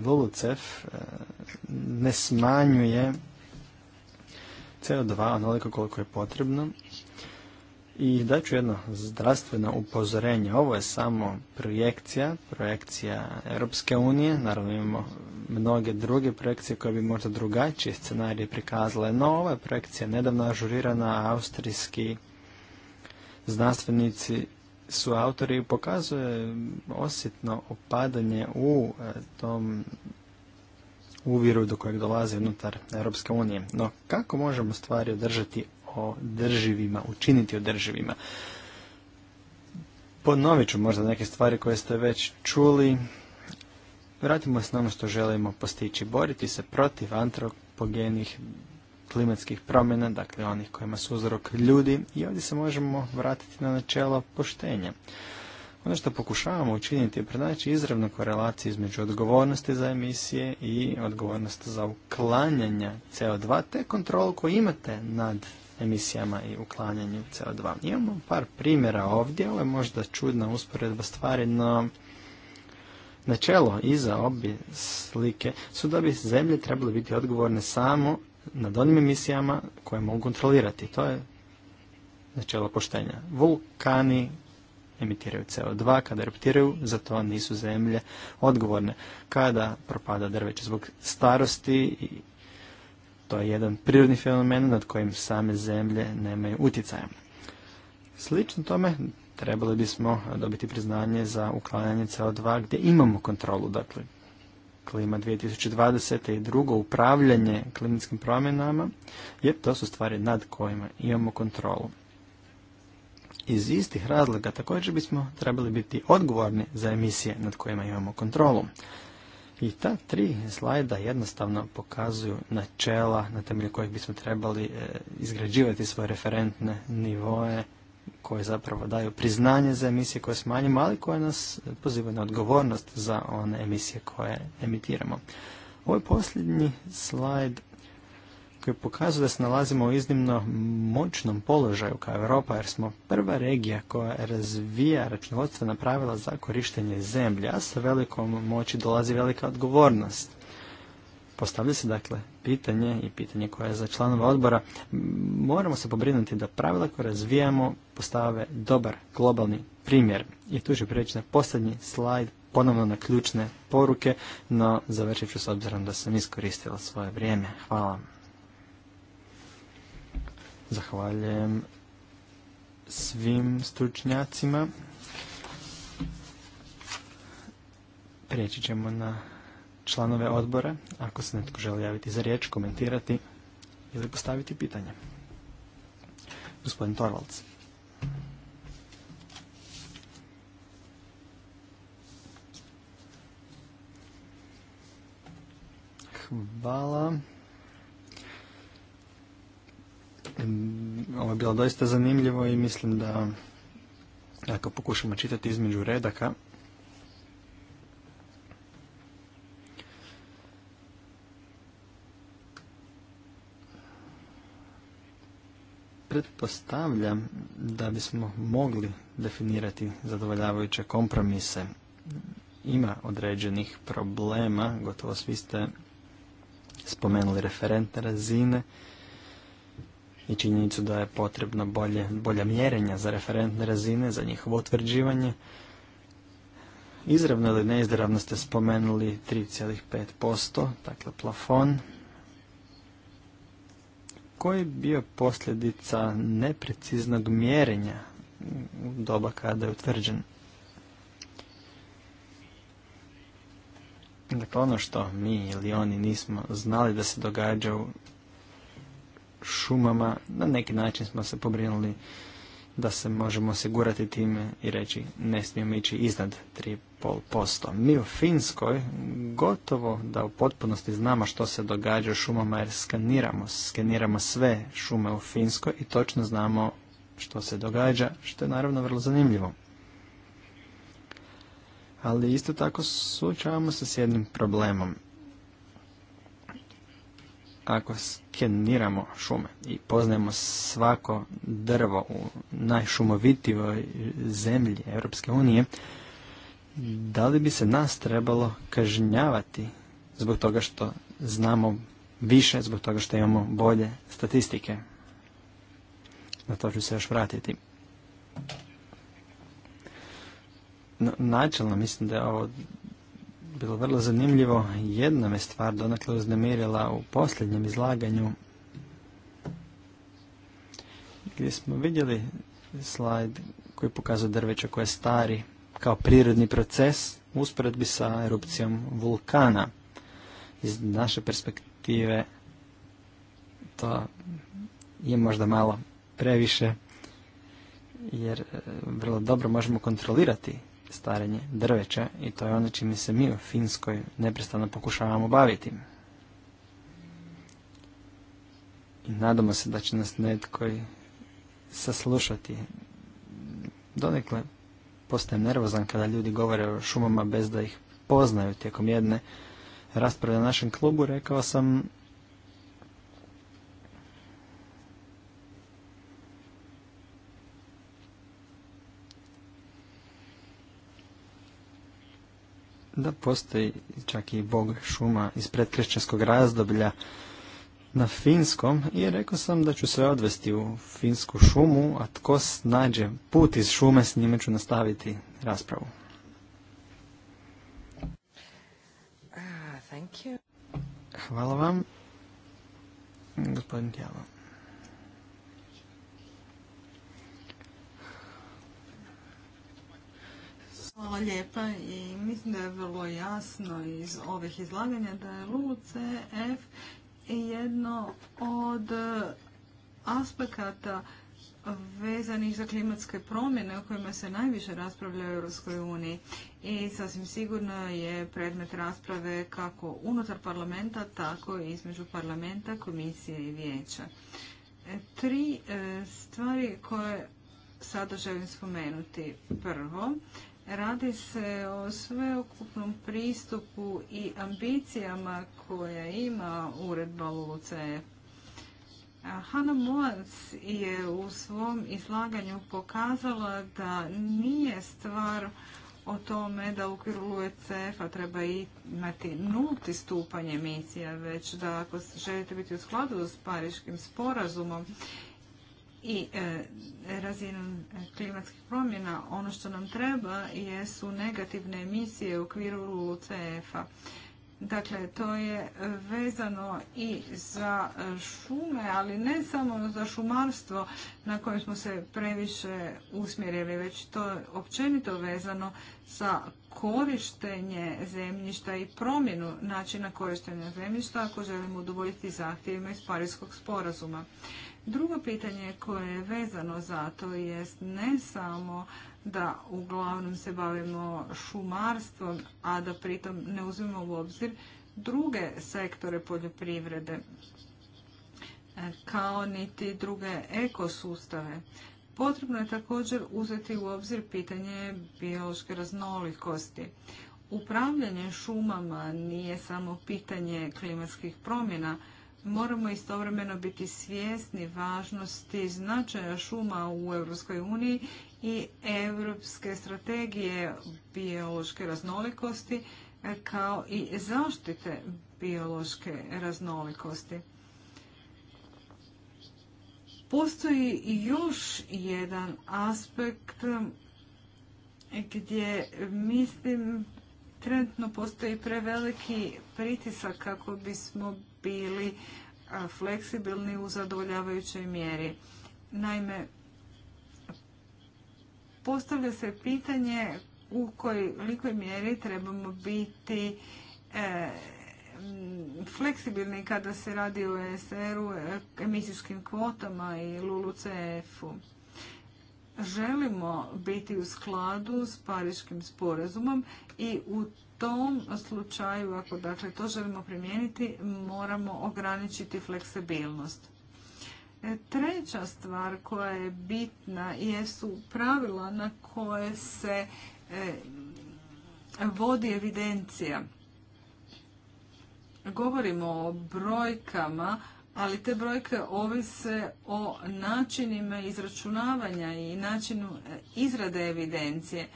LULUCEF eh, ne smanjuje CO2 onoliko koliko je potrebno. I daću jedno zdravstveno upozorenje. Ovo je samo projekcija, projekcija Europske unije. Naravno imamo mnoge druge projekcije koje bi možda drugačije scenarije prikazale, no ova je projekcija nedavno ažurirana, austrijski znanstvenici su autori i pokazuje osjetno opadanje u e, tom uviru do kojeg dolaze unutar Europske unije. No, kako možemo stvari održati održivima, učiniti održivima? Ponovit ću možda neke stvari koje ste već čuli. Vratimo se na ono što želimo postići. Boriti se protiv antropogenih klimatskih promjena, dakle onih kojima su uzrok ljudi. I ovdje se možemo vratiti na načelo poštenja. Ono što pokušavamo učiniti je pronaći izravnu korelaciju između odgovornosti za emisije i odgovornosti za uklanjanje CO2, te kontrolu koju imate nad emisijama i uklanjanju CO2. Imamo par primjera ovdje, ovo je možda čudna usporedba stvari, no načelo iza obje slike su da bi zemlje trebale biti odgovorne samo nad onim emisijama koje mogu kontrolirati. To je načelo poštenja. Vulkani, emitiraju CO2, kada eruptiraju, za to nisu zemlje odgovorne. Kada propada drveće zbog starosti, to je jedan prirodni fenomen nad kojim same zemlje nemaju utjecaja. Slično tome, trebali bismo dobiti priznanje za uklanjanje CO2 gdje imamo kontrolu, dakle klima 2020. i drugo upravljanje klimatskim promjenama, jer to su stvari nad kojima imamo kontrolu iz istih razloga također bismo trebali biti odgovorni za emisije nad kojima imamo kontrolu. I ta tri slajda jednostavno pokazuju načela na temelju kojih bismo trebali e, izgrađivati svoje referentne nivoe koje zapravo daju priznanje za emisije koje smanjimo, ali koje nas pozivaju na odgovornost za one emisije koje emitiramo. Ovaj posljednji slajd pokazuje da se nalazimo u iznimno moćnom položaju kao Europa jer smo prva regija koja razvija računovodstvena pravila za korištenje zemlje, a sa velikom moći dolazi velika odgovornost. Postavlja se dakle pitanje i pitanje koje je za članova odbora. Moramo se pobrinuti da pravila koje razvijamo postave dobar globalni primjer. I tu ću prijeći na posljednji slajd ponovno na ključne poruke, no završit ću s obzirom da sam iskoristila svoje vrijeme. Hvala Zahvaljujem svim stručnjacima. Prijeći ćemo na članove odbora, ako se netko želi javiti za riječ, komentirati ili postaviti pitanje. Gospodin Torvalds. Hvala. Ovo je bilo doista zanimljivo i mislim da ako pokušamo čitati između redaka, pretpostavljam da bismo mogli definirati zadovoljavajuće kompromise. Ima određenih problema, gotovo svi ste spomenuli referentne razine, i činjenicu da je potrebno bolje, bolja mjerenja za referentne razine, za njihovo utvrđivanje. Izravno ili neizravno ste spomenuli 3,5%, dakle plafon, koji je bio posljedica nepreciznog mjerenja u doba kada je utvrđen. Dakle, ono što mi ili oni nismo znali da se događa u šumama, na neki način smo se pobrinuli da se možemo osigurati time i reći ne smijemo ići iznad 3,5%. Mi u Finskoj gotovo da u potpunosti znamo što se događa u šumama jer skaniramo, skeniramo sve šume u Finskoj i točno znamo što se događa, što je naravno vrlo zanimljivo. Ali isto tako suočavamo se s jednim problemom ako skeniramo šume i poznajemo svako drvo u najšumovitijoj zemlji Europske unije, da li bi se nas trebalo kažnjavati zbog toga što znamo više, zbog toga što imamo bolje statistike? Na to ću se još vratiti. načelno mislim da je ovo bilo vrlo zanimljivo. Jedna me stvar donakle uznemirila u posljednjem izlaganju gdje smo vidjeli slajd koji pokazuje drveće koje je stari kao prirodni proces u usporedbi sa erupcijom vulkana. Iz naše perspektive to je možda malo previše jer e, vrlo dobro možemo kontrolirati starenje drveća i to je ono čime se mi u Finskoj neprestano pokušavamo baviti. I nadamo se da će nas netko saslušati. Donekle postajem nervozan kada ljudi govore o šumama bez da ih poznaju tijekom jedne rasprave na našem klubu. Rekao sam da postoji čak i bog šuma iz predkršćanskog razdoblja na finskom i rekao sam da ću sve odvesti u finsku šumu, a tko snađe put iz šume s njime ću nastaviti raspravu. Ah, Hvala vam. Gospodin Hvala lijepa i mislim da je vrlo jasno iz ovih izlaganja da je LULU-CF jedno od aspekata vezanih za klimatske promjene o kojima se najviše raspravlja u Europskoj uniji i sasvim sigurno je predmet rasprave kako unutar parlamenta, tako i između parlamenta, komisije i vijeća. E, tri e, stvari koje sada želim spomenuti. Prvo, Radi se o sveukupnom pristupu i ambicijama koje ima uredba Luce. Hanna Moas je u svom izlaganju pokazala da nije stvar o tome da u okviru a treba imati nulti stupanj emisija, već da ako želite biti u skladu s Pariškim sporazumom i e, razinom e, klimatskih promjena, ono što nam treba jesu negativne emisije u okviru LUCF-a. Dakle, to je vezano i za šume, ali ne samo za šumarstvo na kojem smo se previše usmjerili, već to je općenito vezano za korištenje zemljišta i promjenu načina korištenja zemljišta ako želimo udovoljiti zahtjevima iz Parijskog sporazuma. Drugo pitanje koje je vezano za to jest ne samo da uglavnom se bavimo šumarstvom, a da pritom ne uzmemo u obzir druge sektore poljoprivrede, e, kao niti druge ekosustave. Potrebno je također uzeti u obzir pitanje biološke raznolikosti. Upravljanje šumama nije samo pitanje klimatskih promjena, moramo istovremeno biti svjesni važnosti značaja šuma u Europskoj uniji i europske strategije biološke raznolikosti e, kao i zaštite biološke raznolikosti. Postoji još jedan aspekt e, gdje mislim trenutno postoji preveliki pritisak kako bismo bili fleksibilni u zadovoljavajućoj mjeri. Naime, postavlja se pitanje u kojoj mjeri trebamo biti e, fleksibilni kada se radi o ESR-u, e, emisijskim kvotama i LULU-CF-u želimo biti u skladu s Pariškim sporazumom i u tom slučaju, ako dakle to želimo primijeniti, moramo ograničiti fleksibilnost. E, treća stvar koja je bitna jesu pravila na koje se e, vodi evidencija. Govorimo o brojkama ali te brojke ovise o načinima izračunavanja i načinu e, izrade evidencije.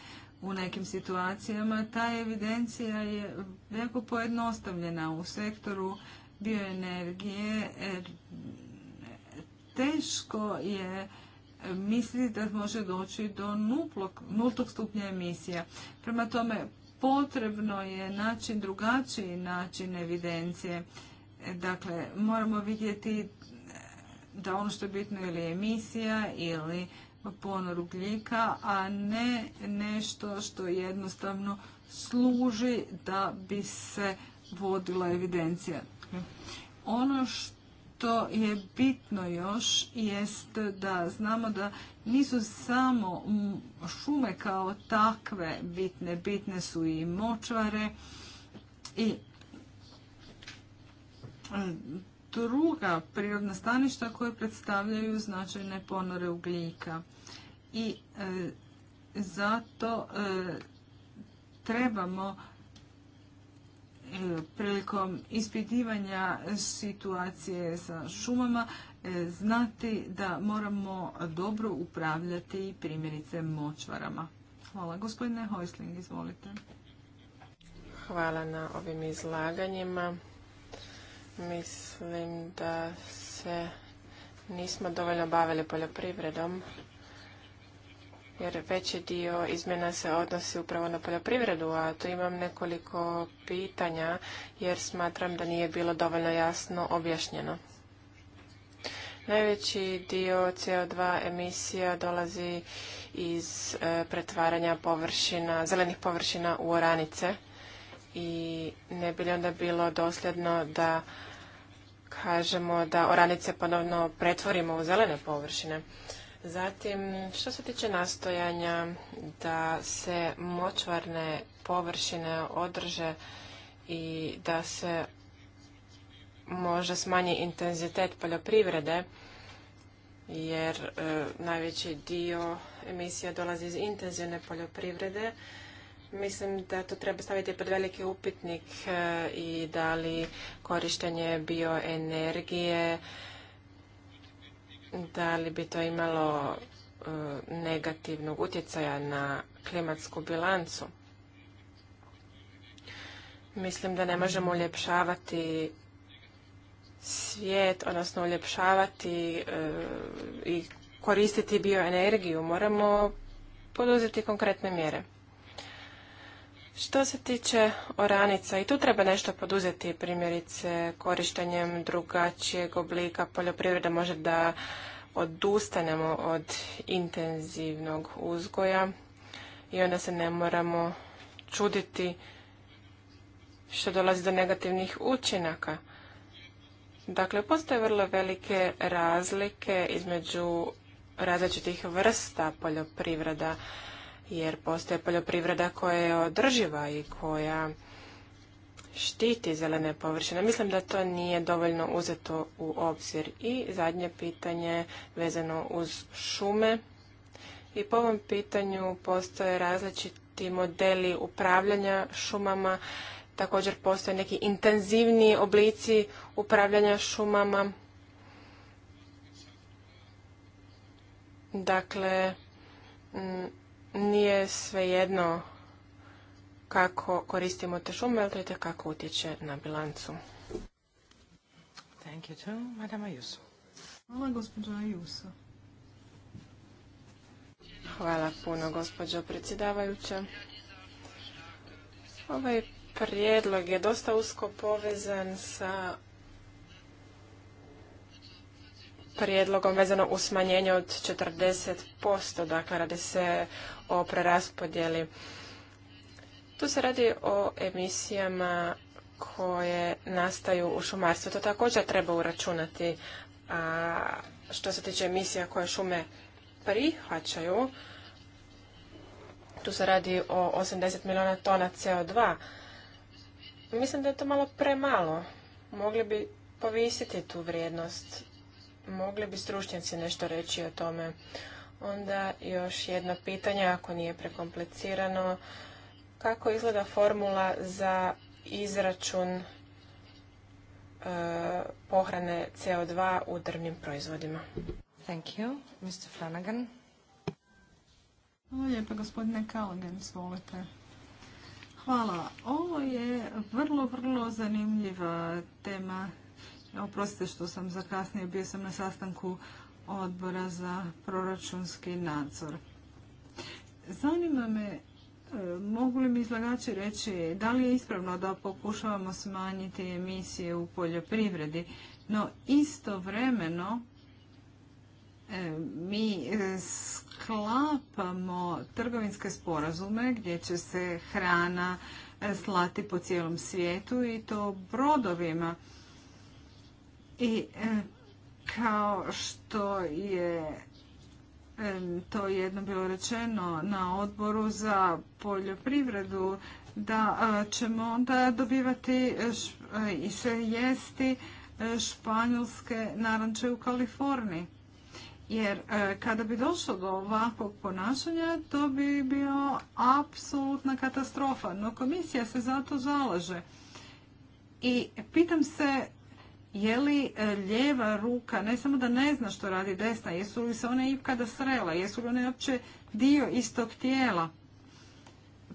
U nekim situacijama ta evidencija je jako pojednostavljena u sektoru bioenergije. E, teško je e, misliti da može doći do nultog stupnja emisija. Prema tome, potrebno je način drugačiji način evidencije Dakle, moramo vidjeti da ono što je bitno ili emisija ili ponor ugljika, a ne nešto što jednostavno služi da bi se vodila evidencija. Ono što je bitno još jest da znamo da nisu samo šume kao takve bitne, bitne su i močvare i druga prirodna staništa koje predstavljaju značajne ponore ugljika. I e, zato e, trebamo e, prilikom ispitivanja situacije sa šumama znati da moramo dobro upravljati primjerice močvarama. Hvala. Gospodine Hojsling, izvolite. Hvala na ovim izlaganjima. Mislim da se nismo dovoljno bavili poljoprivredom, jer veći dio izmjena se odnosi upravo na poljoprivredu, a tu imam nekoliko pitanja, jer smatram da nije bilo dovoljno jasno objašnjeno. Najveći dio CO2 emisija dolazi iz e, pretvaranja površina, zelenih površina u oranice i ne bi li onda bilo dosljedno da kažemo da oranice ponovno pretvorimo u zelene površine. Zatim, što se tiče nastojanja da se močvarne površine održe i da se može smanji intenzitet poljoprivrede, jer e, najveći dio emisija dolazi iz intenzivne poljoprivrede, Mislim da to treba staviti pod veliki upitnik e, i da li korištenje bioenergije, da li bi to imalo e, negativnog utjecaja na klimatsku bilancu. Mislim da ne možemo uljepšavati svijet, odnosno uljepšavati e, i koristiti bioenergiju. Moramo poduzeti konkretne mjere. Što se tiče oranica, i tu treba nešto poduzeti, primjerice korištenjem drugačijeg oblika poljoprivrede može da odustanemo od intenzivnog uzgoja i onda se ne moramo čuditi što dolazi do negativnih učinaka. Dakle, postoje vrlo velike razlike između različitih vrsta poljoprivreda jer postoje poljoprivreda koja je održiva i koja štiti zelene površine. Mislim da to nije dovoljno uzeto u obzir. I zadnje pitanje vezano uz šume. I po ovom pitanju postoje različiti modeli upravljanja šumama. Također postoje neki intenzivni oblici upravljanja šumama. Dakle, nije svejedno kako koristimo te šume, ali to kako utječe na bilancu. Thank you to Madame Ayuso. Hvala, Ayuso. Hvala puno, gospođo predsjedavajuća. Ovaj prijedlog je dosta usko povezan sa prijedlogom vezano uz smanjenje od 40%, dakle radi se o preraspodjeli. Tu se radi o emisijama koje nastaju u šumarstvu. To također treba uračunati. što se tiče emisija koje šume prihvaćaju, tu se radi o 80 milijuna tona CO2. Mislim da je to malo premalo. Mogli bi povisiti tu vrijednost Mogli bi stručnjaci nešto reći o tome? Onda još jedno pitanje, ako nije prekomplicirano. Kako izgleda formula za izračun e, pohrane CO2 u drvnim proizvodima? Thank you. Mr. Flanagan. Hvala lijepa, gospodine Callaghan, izvolite. Hvala. Ovo je vrlo, vrlo zanimljiva tema Oprostite što sam zakasnije bio sam na sastanku odbora za proračunski nadzor. Zanima me, e, mogu li mi izlagači reći da li je ispravno da pokušavamo smanjiti emisije u poljoprivredi, no istovremeno e, mi sklapamo trgovinske sporazume gdje će se hrana e, slati po cijelom svijetu i to brodovima i e, kao što je e, to jedno bilo rečeno na odboru za poljoprivredu, da e, ćemo onda dobivati i sve jesti španjolske naranče u Kaliforniji. Jer kada bi došlo do ovakvog ponašanja, to bi bio apsolutna katastrofa. No komisija se zato zalaže. I pitam se je li e, ljeva ruka ne samo da ne zna što radi desna, jesu li se one ikada srela, jesu li one uopće dio istog tijela.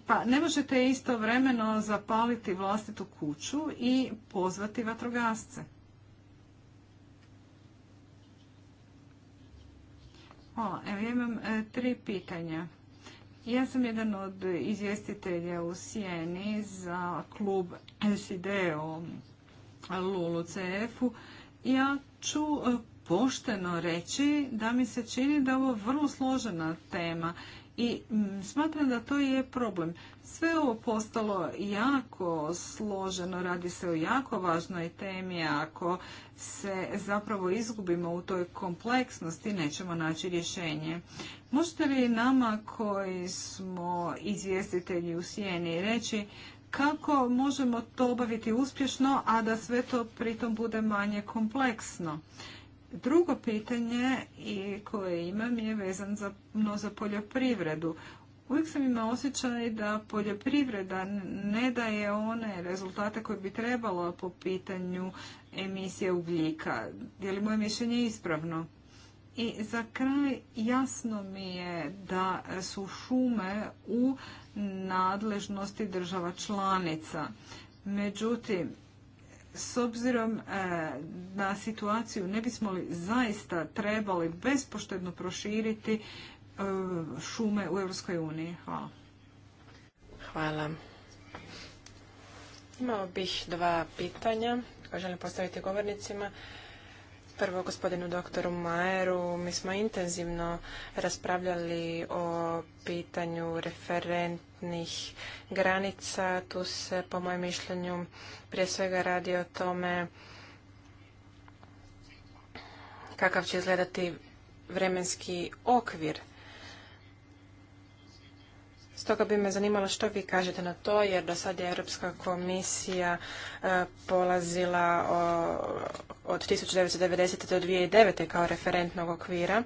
Pa ne možete istovremeno zapaliti vlastitu kuću i pozvati vatrogasce. Hvala. Evo imam e, tri pitanja. Ja sam jedan od izvjestitelja u Sijeni za klub SID o LULUCF-u, ja ću e, pošteno reći da mi se čini da je ovo vrlo složena tema i smatram da to je problem. Sve ovo postalo jako složeno, radi se o jako važnoj temi, ako se zapravo izgubimo u toj kompleksnosti, nećemo naći rješenje. Možete li nama koji smo izvjestitelji u Sijeni reći kako možemo to obaviti uspješno, a da sve to pritom bude manje kompleksno. Drugo pitanje koje imam je vezan za, no, za poljoprivredu. Uvijek sam imao osjećaj da poljoprivreda ne daje one rezultate koje bi trebalo po pitanju emisije ugljika. Je li moje mišljenje ispravno? I za kraj jasno mi je da su šume u nadležnosti država članica. Međutim, s obzirom e, na situaciju ne bismo li zaista trebali bespoštedno proširiti e, šume u Europskoj uniji? Hvala. Hvala. Imao bih dva pitanja koja želim postaviti govornicima. Prvo gospodinu doktoru Majeru, mi smo intenzivno raspravljali o pitanju referentnih granica. Tu se, po mojem mišljenju, prije svega radi o tome kakav će izgledati vremenski okvir Stoga bi me zanimalo što vi kažete na to, jer do sad je Europska komisija e, polazila od 1990. do 2009. kao referentnog okvira.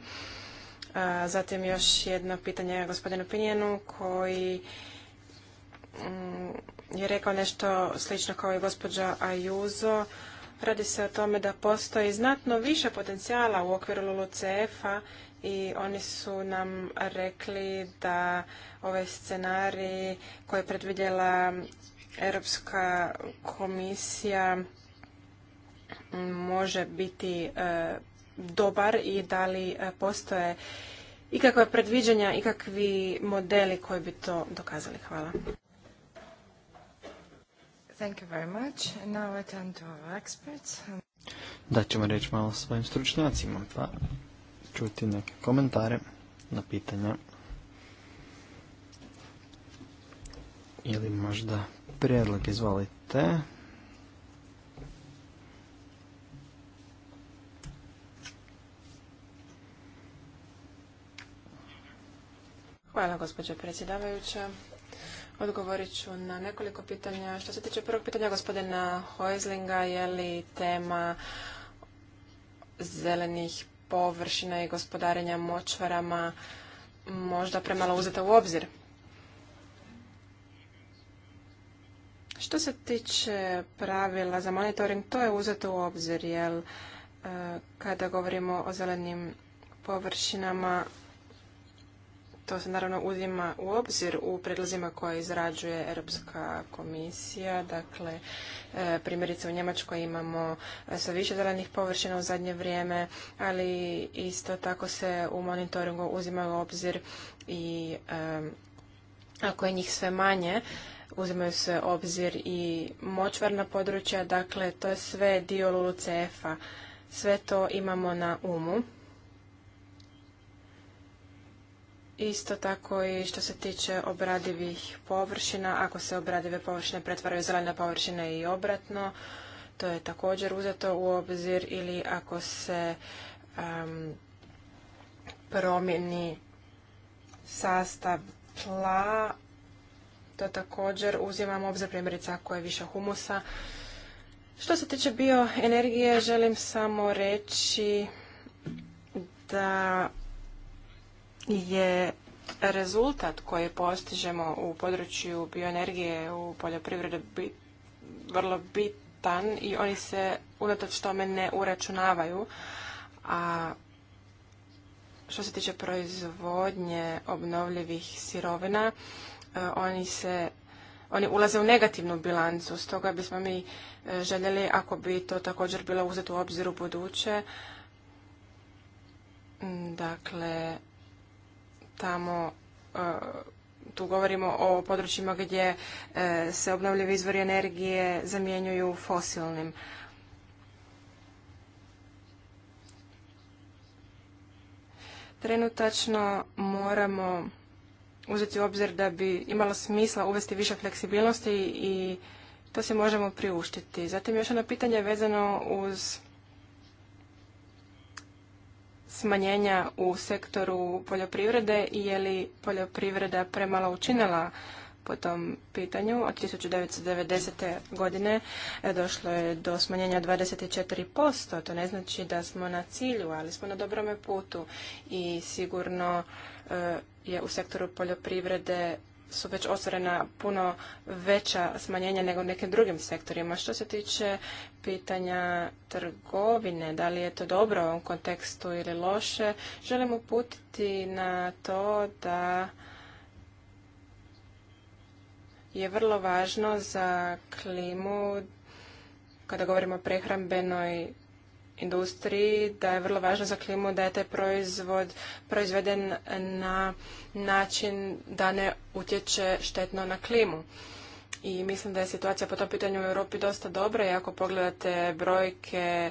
E, zatim još jedno pitanje gospodinu Pinjenu koji mm, je rekao nešto slično kao i gospođa Ajuzo. Radi se o tome da postoji znatno više potencijala u okviru LULUCF-a i oni su nam rekli da ovaj scenarij koji je predvidjela Europska komisija može biti e, dobar i da li e, postoje ikakva predviđanja, ikakvi modeli koji bi to dokazali. Hvala. Thank you Da ćemo reći malo svojim stručnjacima, pa čuti neke komentare na pitanja ili možda prijedlog, izvolite. Hvala gospođo predsjedavajuća. Odgovorit ću na nekoliko pitanja. Što se tiče prvog pitanja gospodina Hojzlinga, je li tema zelenih površina i gospodarenja močvarama možda premalo uzeta u obzir. Što se tiče pravila za monitoring, to je uzeto u obzir, jer e, kada govorimo o zelenim površinama, to se naravno uzima u obzir u predlozima koje izrađuje Europska komisija. Dakle, e, primjerice u Njemačkoj imamo e, sve više zelenih površina u zadnje vrijeme, ali isto tako se u monitoringu uzima u obzir i e, ako je njih sve manje, uzimaju se obzir i močvarna područja, dakle to je sve dio LULUCF-a. Sve to imamo na umu Isto tako i što se tiče obradivih površina, ako se obradive površine pretvaraju zelene površine i obratno, to je također uzeto u obzir ili ako se promjeni sastav tla, to također uzimam obzir primjerice ako je više humusa. Što se tiče bioenergije, želim samo reći da je rezultat koji postižemo u području bioenergije u poljoprivredi vrlo bitan i oni se unatoč tome ne uračunavaju. A što se tiče proizvodnje obnovljivih sirovina, e, oni se oni ulaze u negativnu bilancu, stoga bismo mi e, željeli, ako bi to također bilo uzeto u obzir u buduće, dakle, tamo e, tu govorimo o područjima gdje e, se obnovljivi izvori energije zamjenjuju fosilnim. Trenutačno moramo uzeti u obzir da bi imalo smisla uvesti više fleksibilnosti i to se možemo priuštiti. Zatim još jedno pitanje vezano uz smanjenja u sektoru poljoprivrede i je li poljoprivreda premalo učinila po tom pitanju. Od 1990. godine e, došlo je do smanjenja 24%. To ne znači da smo na cilju, ali smo na dobrome putu i sigurno e, je u sektoru poljoprivrede su već ostvarena puno veća smanjenja nego u nekim drugim sektorima. Što se tiče pitanja trgovine, da li je to dobro u ovom kontekstu ili loše, želim uputiti na to da je vrlo važno za klimu kada govorimo o prehrambenoj industriji, da je vrlo važno za klimu da je taj proizvod proizveden na način da ne utječe štetno na klimu. I mislim da je situacija po tom pitanju u Europi dosta dobra i ako pogledate brojke e,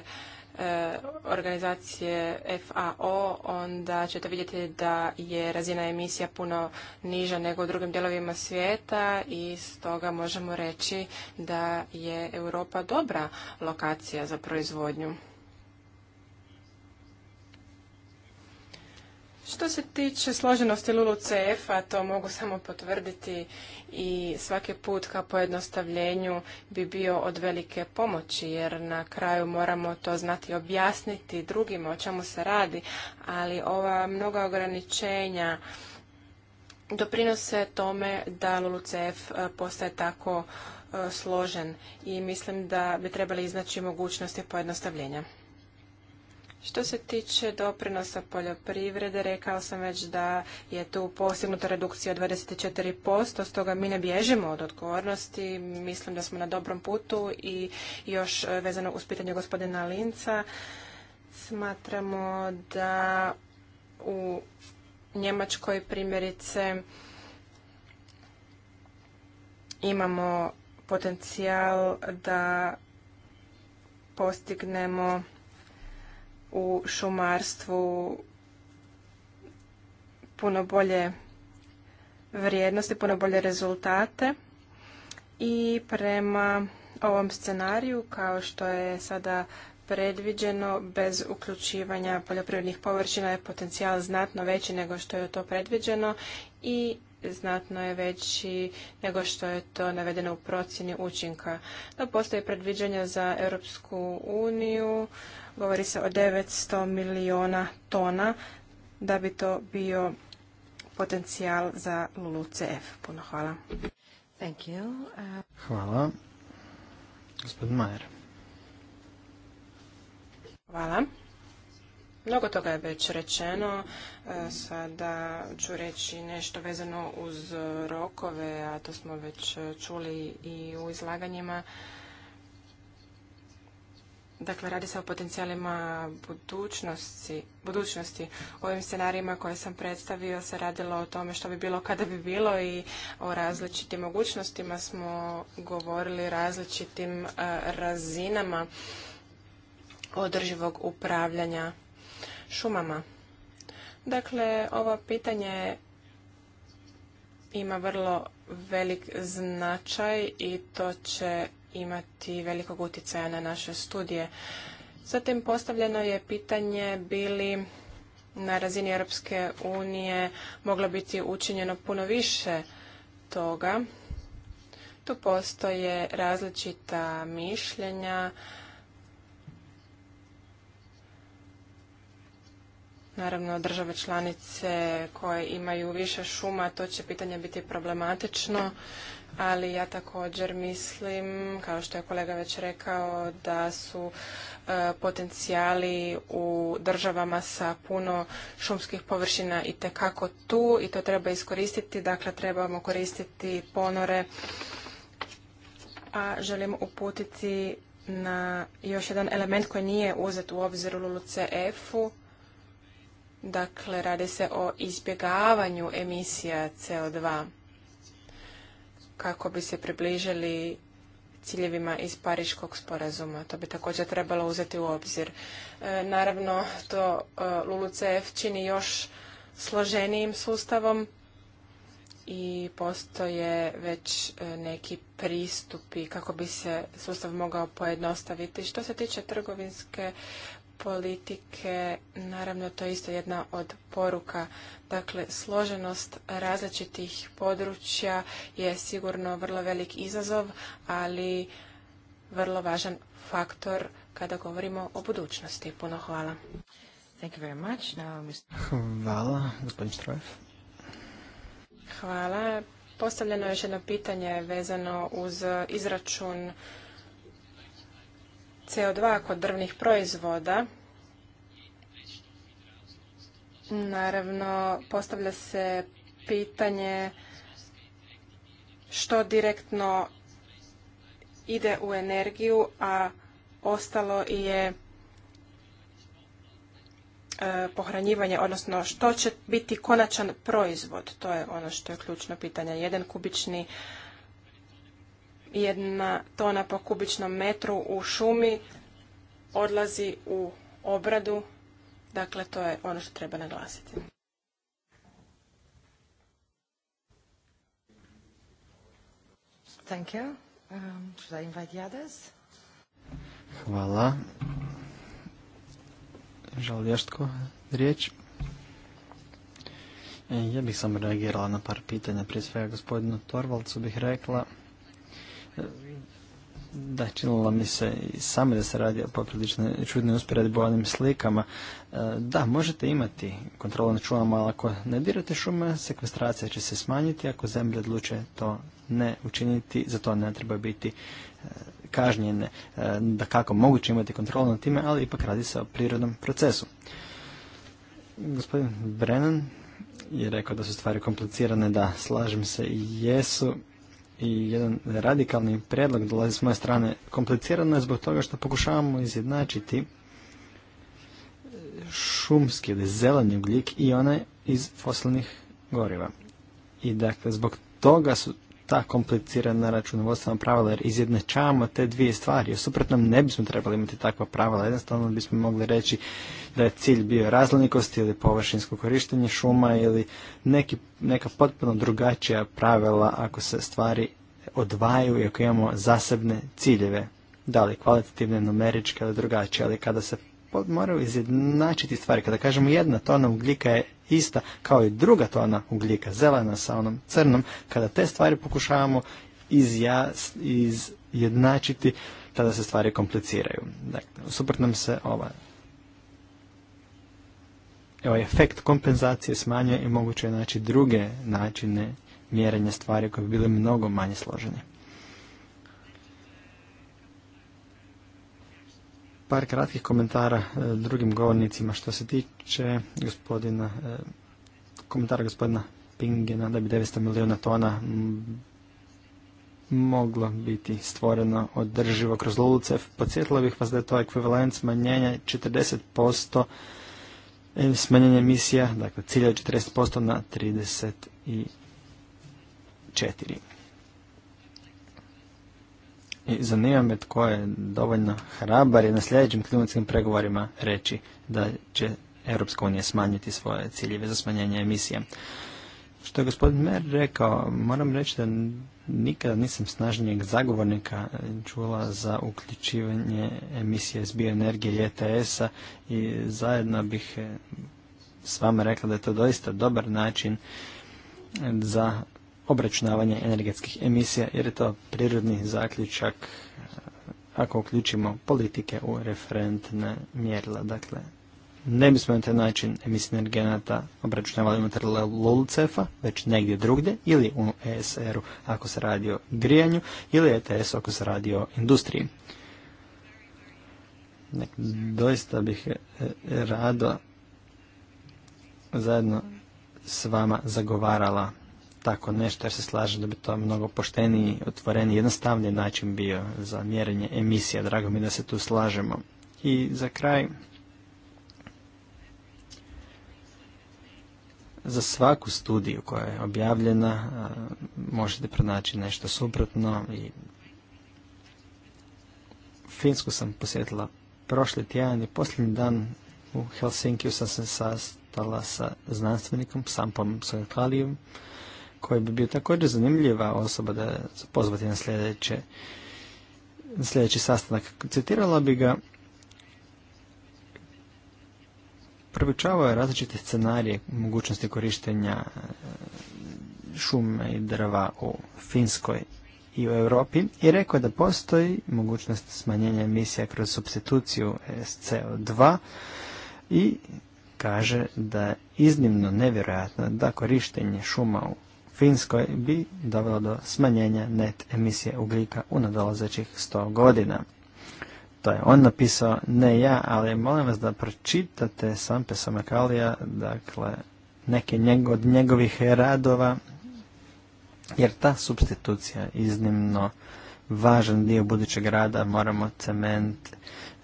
organizacije FAO, onda ćete vidjeti da je razina emisija puno niža nego u drugim dijelovima svijeta i stoga možemo reći da je Europa dobra lokacija za proizvodnju. Što se tiče složenosti LULUCF-a, to mogu samo potvrditi i svaki put ka pojednostavljenju bi bio od velike pomoći, jer na kraju moramo to znati objasniti drugima o čemu se radi, ali ova mnoga ograničenja doprinose tome da LULUCF e, postaje tako e, složen i mislim da bi trebali iznaći mogućnosti pojednostavljenja. Što se tiče doprinosa poljoprivrede, rekao sam već da je tu postignuta redukcija od 24%, stoga mi ne bježimo od odgovornosti, mislim da smo na dobrom putu i još e, vezano uz pitanje gospodina Linca, smatramo da u Njemačkoj primjerice imamo potencijal da postignemo u šumarstvu puno bolje vrijednosti, puno bolje rezultate i prema ovom scenariju kao što je sada predviđeno bez uključivanja poljoprivrednih površina je potencijal znatno veći nego što je to predviđeno i znatno je veći nego što je to navedeno u procjeni učinka. No, postoje predviđanja za Europsku uniju Govori se o 900 milijuna tona da bi to bio potencijal za LULUCF. Puno hvala. Thank you. Uh, hvala. Gospod Majer. Hvala. Mnogo toga je već rečeno. E, sada ću reći nešto vezano uz rokove, a to smo već čuli i u izlaganjima. Dakle, radi se o potencijalima budućnosti, budućnosti. U ovim scenarijima koje sam predstavio se radilo o tome što bi bilo kada bi bilo i o različitim mogućnostima smo govorili različitim e, razinama održivog upravljanja šumama. Dakle, ovo pitanje ima vrlo velik značaj i to će imati velikog utjecaja na naše studije. Zatim postavljeno je pitanje bili na razini Europske unije moglo biti učinjeno puno više toga. Tu postoje različita mišljenja. Naravno, države članice koje imaju više šuma, to će pitanje biti problematično ali ja također mislim, kao što je kolega već rekao, da su e, potencijali u državama sa puno šumskih površina i tekako tu i to treba iskoristiti, dakle trebamo koristiti ponore, a želim uputiti na još jedan element koji nije uzet u obzir u LULUCF-u, dakle radi se o izbjegavanju emisija CO2 kako bi se približili ciljevima iz Pariškog sporazuma. To bi također trebalo uzeti u obzir. E, naravno, to e, LULUCF čini još složenijim sustavom i postoje već e, neki pristupi kako bi se sustav mogao pojednostaviti. Što se tiče trgovinske politike, naravno to je isto jedna od poruka. Dakle, složenost različitih područja je sigurno vrlo velik izazov, ali vrlo važan faktor kada govorimo o budućnosti. Puno hvala. Hvala, gospodin Strojev. Hvala. Postavljeno je još jedno pitanje vezano uz izračun CO2 kod drvnih proizvoda, naravno postavlja se pitanje što direktno ide u energiju, a ostalo je e, pohranjivanje, odnosno što će biti konačan proizvod. To je ono što je ključno pitanje. Jedan kubični jedna tona po kubičnom metru u šumi odlazi u obradu. Dakle, to je ono što treba naglasiti. Thank you. Um, Hvala. Žal riječ? E, ja bih samo reagirala na par pitanja. Prije svega gospodinu Torvalcu bih rekla da činilo mi se i sami da se radi o poprilično čudnoj usporedbi onim slikama. E, da, možete imati kontrolu nad šumama, ali ako ne dirate šume, sekvestracija će se smanjiti, ako zemlje odluče to ne učiniti, za to ne treba biti e, kažnjene. E, da kako moguće imati kontrolu nad time, ali ipak radi se o prirodnom procesu. Gospodin Brennan je rekao da su stvari komplicirane, da slažem se i jesu i jedan radikalni predlog dolazi s moje strane. Komplicirano je zbog toga što pokušavamo izjednačiti šumski ili zeleni ugljik i one iz fosilnih goriva. I dakle, zbog toga su ta komplicirana računovodstvena pravila jer izjednačavamo te dvije stvari. U suprotnom ne bismo trebali imati takva pravila. Jednostavno bismo mogli reći da je cilj bio raznolikost ili površinsko korištenje šuma ili neki, neka potpuno drugačija pravila ako se stvari odvaju i ako imamo zasebne ciljeve da li kvalitativne, numeričke ili drugačije, ali kada se moraju izjednačiti stvari. Kada kažemo jedna tona ugljika je ista kao i druga tona ugljika, zelena sa onom crnom, kada te stvari pokušavamo izjednačiti, tada se stvari kompliciraju. Dakle, suprotnom se ova ovaj efekt kompenzacije smanjuje i moguće je naći druge načine mjerenja stvari koje bi bile mnogo manje složene. par kratkih komentara e, drugim govornicima što se tiče e, gospodina, e, komentara gospodina Pingena da bi 900 milijuna tona moglo biti stvoreno održivo kroz Lulucev. Podsjetila bih vas da je to ekvivalent smanjenja 40% smanjenja emisija, dakle cilja 40% na 34. I zanima me tko je dovoljno hrabar i na sljedećim klimatskim pregovorima reći da će Europska unija smanjiti svoje ciljeve za smanjenje emisija. Što je gospodin Mer rekao, moram reći da nikada nisam snažnijeg zagovornika čula za uključivanje emisije s bioenergije i ETS-a i zajedno bih eh, s vama rekla da je to doista dobar način za obračunavanje energetskih emisija jer je to prirodni zaključak e, ako uključimo politike u referentne mjerila. Dakle, ne bismo na taj način emisije energenata obračunavali unutar LULCEF-a, već negdje drugdje, ili u ESR-u ako se radi o grijanju, ili ETS-u ako se radi o industriji. doista bih e, e, rado zajedno s vama zagovarala tako nešto jer se slažem da bi to mnogo pošteniji, otvoreniji, jednostavniji način bio za mjerenje emisija. Drago mi da se tu slažemo. I za kraj, za svaku studiju koja je objavljena možete pronaći nešto suprotno i Finsku sam posjetila prošli tjedan i posljednji dan u Helsinkiju sam se sastala sa znanstvenikom Sampom Sonkalijem koji bi bio također zanimljiva osoba da pozvati na sljedeće na sljedeći sastanak. Citirala bi ga Prvičavao je različite scenarije mogućnosti korištenja eh, šume i drva u Finskoj i u Europi i rekao je da postoji mogućnost smanjenja emisija kroz substituciju SCO2 i kaže da je iznimno nevjerojatno da korištenje šuma u Finskoj bi dovelo do smanjenja net emisije ugljika u nadolazećih 100 godina. To je on napisao, ne ja, ali molim vas da pročitate Sampe Samakalija, dakle, neke od njegovih radova, jer ta substitucija je iznimno važan dio budućeg rada, moramo cement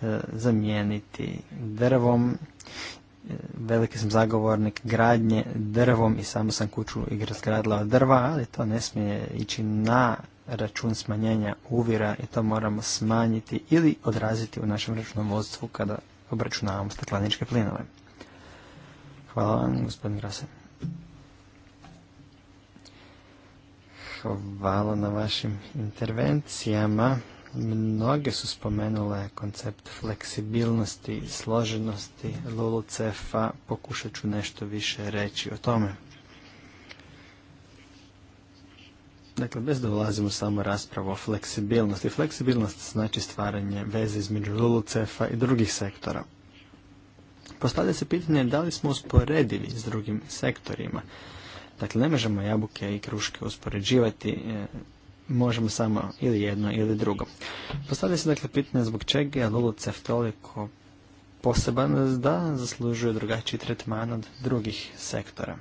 e, zamijeniti drvom veliki sam zagovornik gradnje drvom i samo sam kuću i od drva, ali to ne smije ići na račun smanjenja uvira i to moramo smanjiti ili odraziti u našem računovodstvu kada obračunavamo stakleničke plinove. Hvala vam, gospodin Grase. Hvala na vašim intervencijama. Mnoge su spomenule koncept fleksibilnosti i složenosti lulucefa, a Pokušat ću nešto više reći o tome. Dakle, bez da ulazimo samo raspravu o fleksibilnosti. Fleksibilnost znači stvaranje veze između lulucefa i drugih sektora. Postavlja se pitanje da li smo usporedivi s drugim sektorima. Dakle, ne možemo jabuke i kruške uspoređivati e, možemo samo ili jedno ili drugo. Postavlja se dakle pitanje zbog čega je LULUCEF toliko poseban da zaslužuje drugačiji tretman od drugih sektora.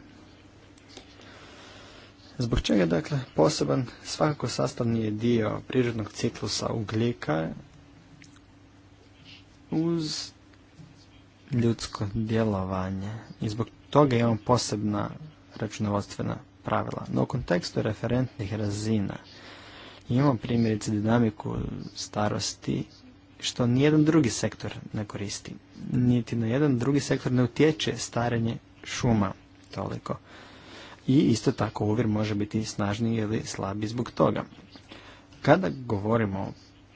Zbog čega dakle poseban svakako sastavni je dio prirodnog ciklusa ugljika uz ljudsko djelovanje i zbog toga imamo posebna računovodstvena pravila. No u kontekstu referentnih razina Imamo primjerice dinamiku starosti što nijedan drugi sektor ne koristi. Niti na jedan drugi sektor ne utječe staranje šuma toliko. I isto tako uvjer može biti snažniji ili slabiji zbog toga. Kada govorimo o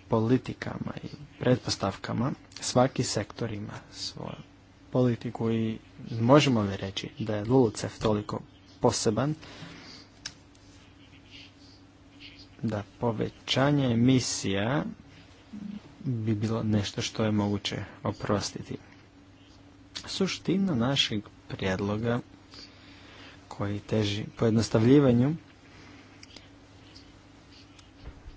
politikama i pretpostavkama, svaki sektor ima svoju politiku i možemo li reći da je lulucev toliko poseban da povećanje emisija bi bilo nešto što je moguće oprostiti. Suština našeg prijedloga koji teži pojednostavljivanju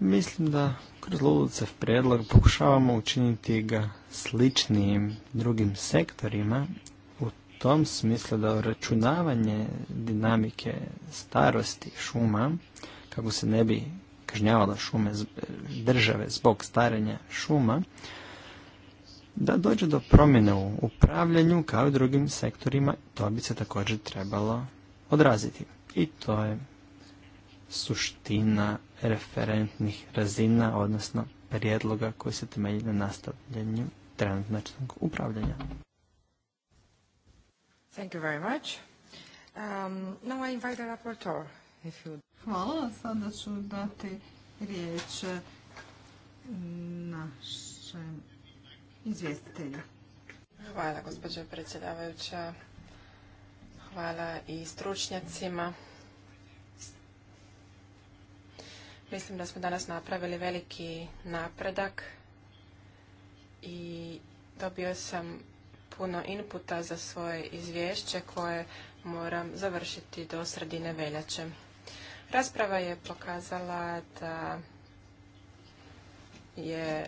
mislim da kroz Lulucev prijedlog pokušavamo učiniti ga sličnim drugim sektorima u tom smislu da računavanje dinamike starosti šuma kako se ne bi kažnjavala šume države zbog starenja šuma, da dođe do promjene u upravljanju kao i drugim sektorima, to bi se također trebalo odraziti. I to je suština referentnih razina, odnosno prijedloga koji se temelji na nastavljanju trenutnog upravljanja. Thank you very much. Um, now I invite the rapporteur, if you... Hvala. Sada ću dati riječ našem izvjestitelju. Hvala, gospođo predsjedavajuća. Hvala i stručnjacima. Mislim da smo danas napravili veliki napredak i dobio sam puno inputa za svoje izvješće koje moram završiti do sredine veljače. Rasprava je pokazala da je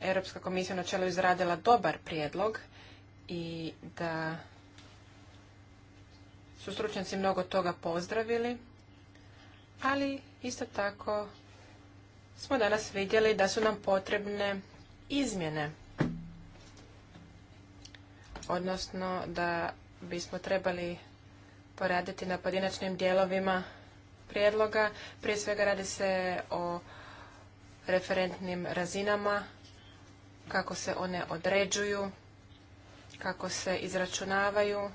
Europska komisija na čelu izradila dobar prijedlog i da su stručnjaci mnogo toga pozdravili, ali isto tako smo danas vidjeli da su nam potrebne izmjene, odnosno da bismo trebali poraditi na pojedinačnim dijelovima prijedloga. Prije svega radi se o referentnim razinama, kako se one određuju, kako se izračunavaju.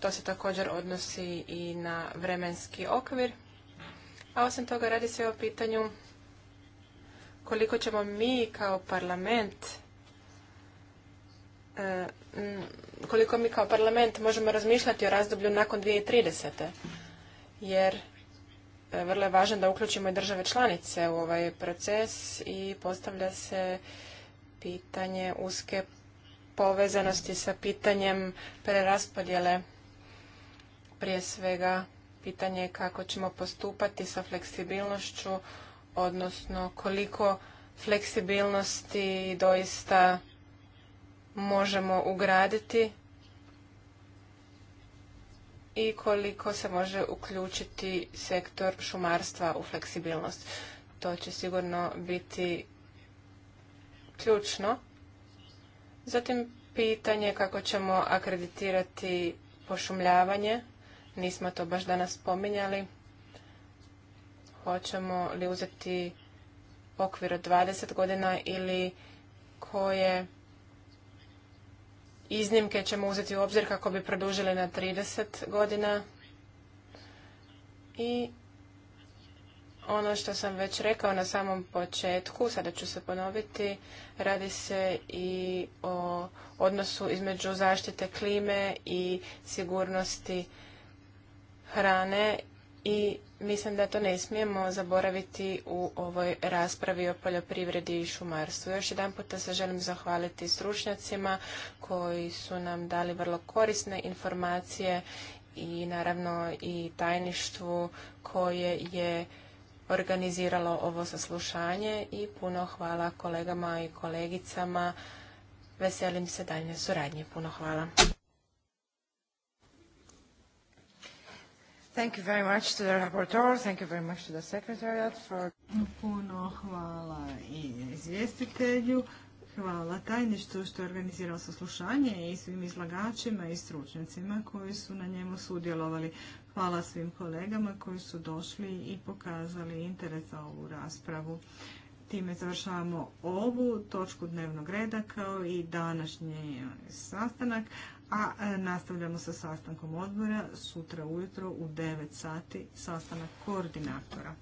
To se također odnosi i na vremenski okvir. A osim toga radi se o pitanju koliko ćemo mi kao parlament E, koliko mi kao parlament možemo razmišljati o razdoblju nakon 2030. Jer e, vrlo je važno da uključimo i države članice u ovaj proces i postavlja se pitanje uske povezanosti sa pitanjem preraspodjele. Prije svega pitanje je kako ćemo postupati sa fleksibilnošću, odnosno koliko fleksibilnosti doista možemo ugraditi i koliko se može uključiti sektor šumarstva u fleksibilnost. To će sigurno biti ključno. Zatim pitanje kako ćemo akreditirati pošumljavanje. Nismo to baš danas spominjali. Hoćemo li uzeti okvir od 20 godina ili koje Iznimke ćemo uzeti u obzir kako bi produžili na 30 godina. I ono što sam već rekao na samom početku, sada ću se ponoviti, radi se i o odnosu između zaštite klime i sigurnosti hrane i Mislim da to ne smijemo zaboraviti u ovoj raspravi o poljoprivredi i šumarstvu. Još jedan puta se želim zahvaliti stručnjacima koji su nam dali vrlo korisne informacije i naravno i tajništvu koje je organiziralo ovo saslušanje i puno hvala kolegama i kolegicama. Veselim se dalje suradnje. Puno hvala. Thank you very much to the rapporteur, thank you very much to the secretariat for... Puno hvala i izvjestitelju, hvala tajništu što je organizirao saslušanje i svim izlagačima i stručnjacima koji su na njemu sudjelovali. Hvala svim kolegama koji su došli i pokazali interes za ovu raspravu. Time završavamo ovu točku dnevnog reda kao i današnji sastanak a e, nastavljamo sa sastankom odbora sutra ujutro u 9 sati sastanak koordinatora.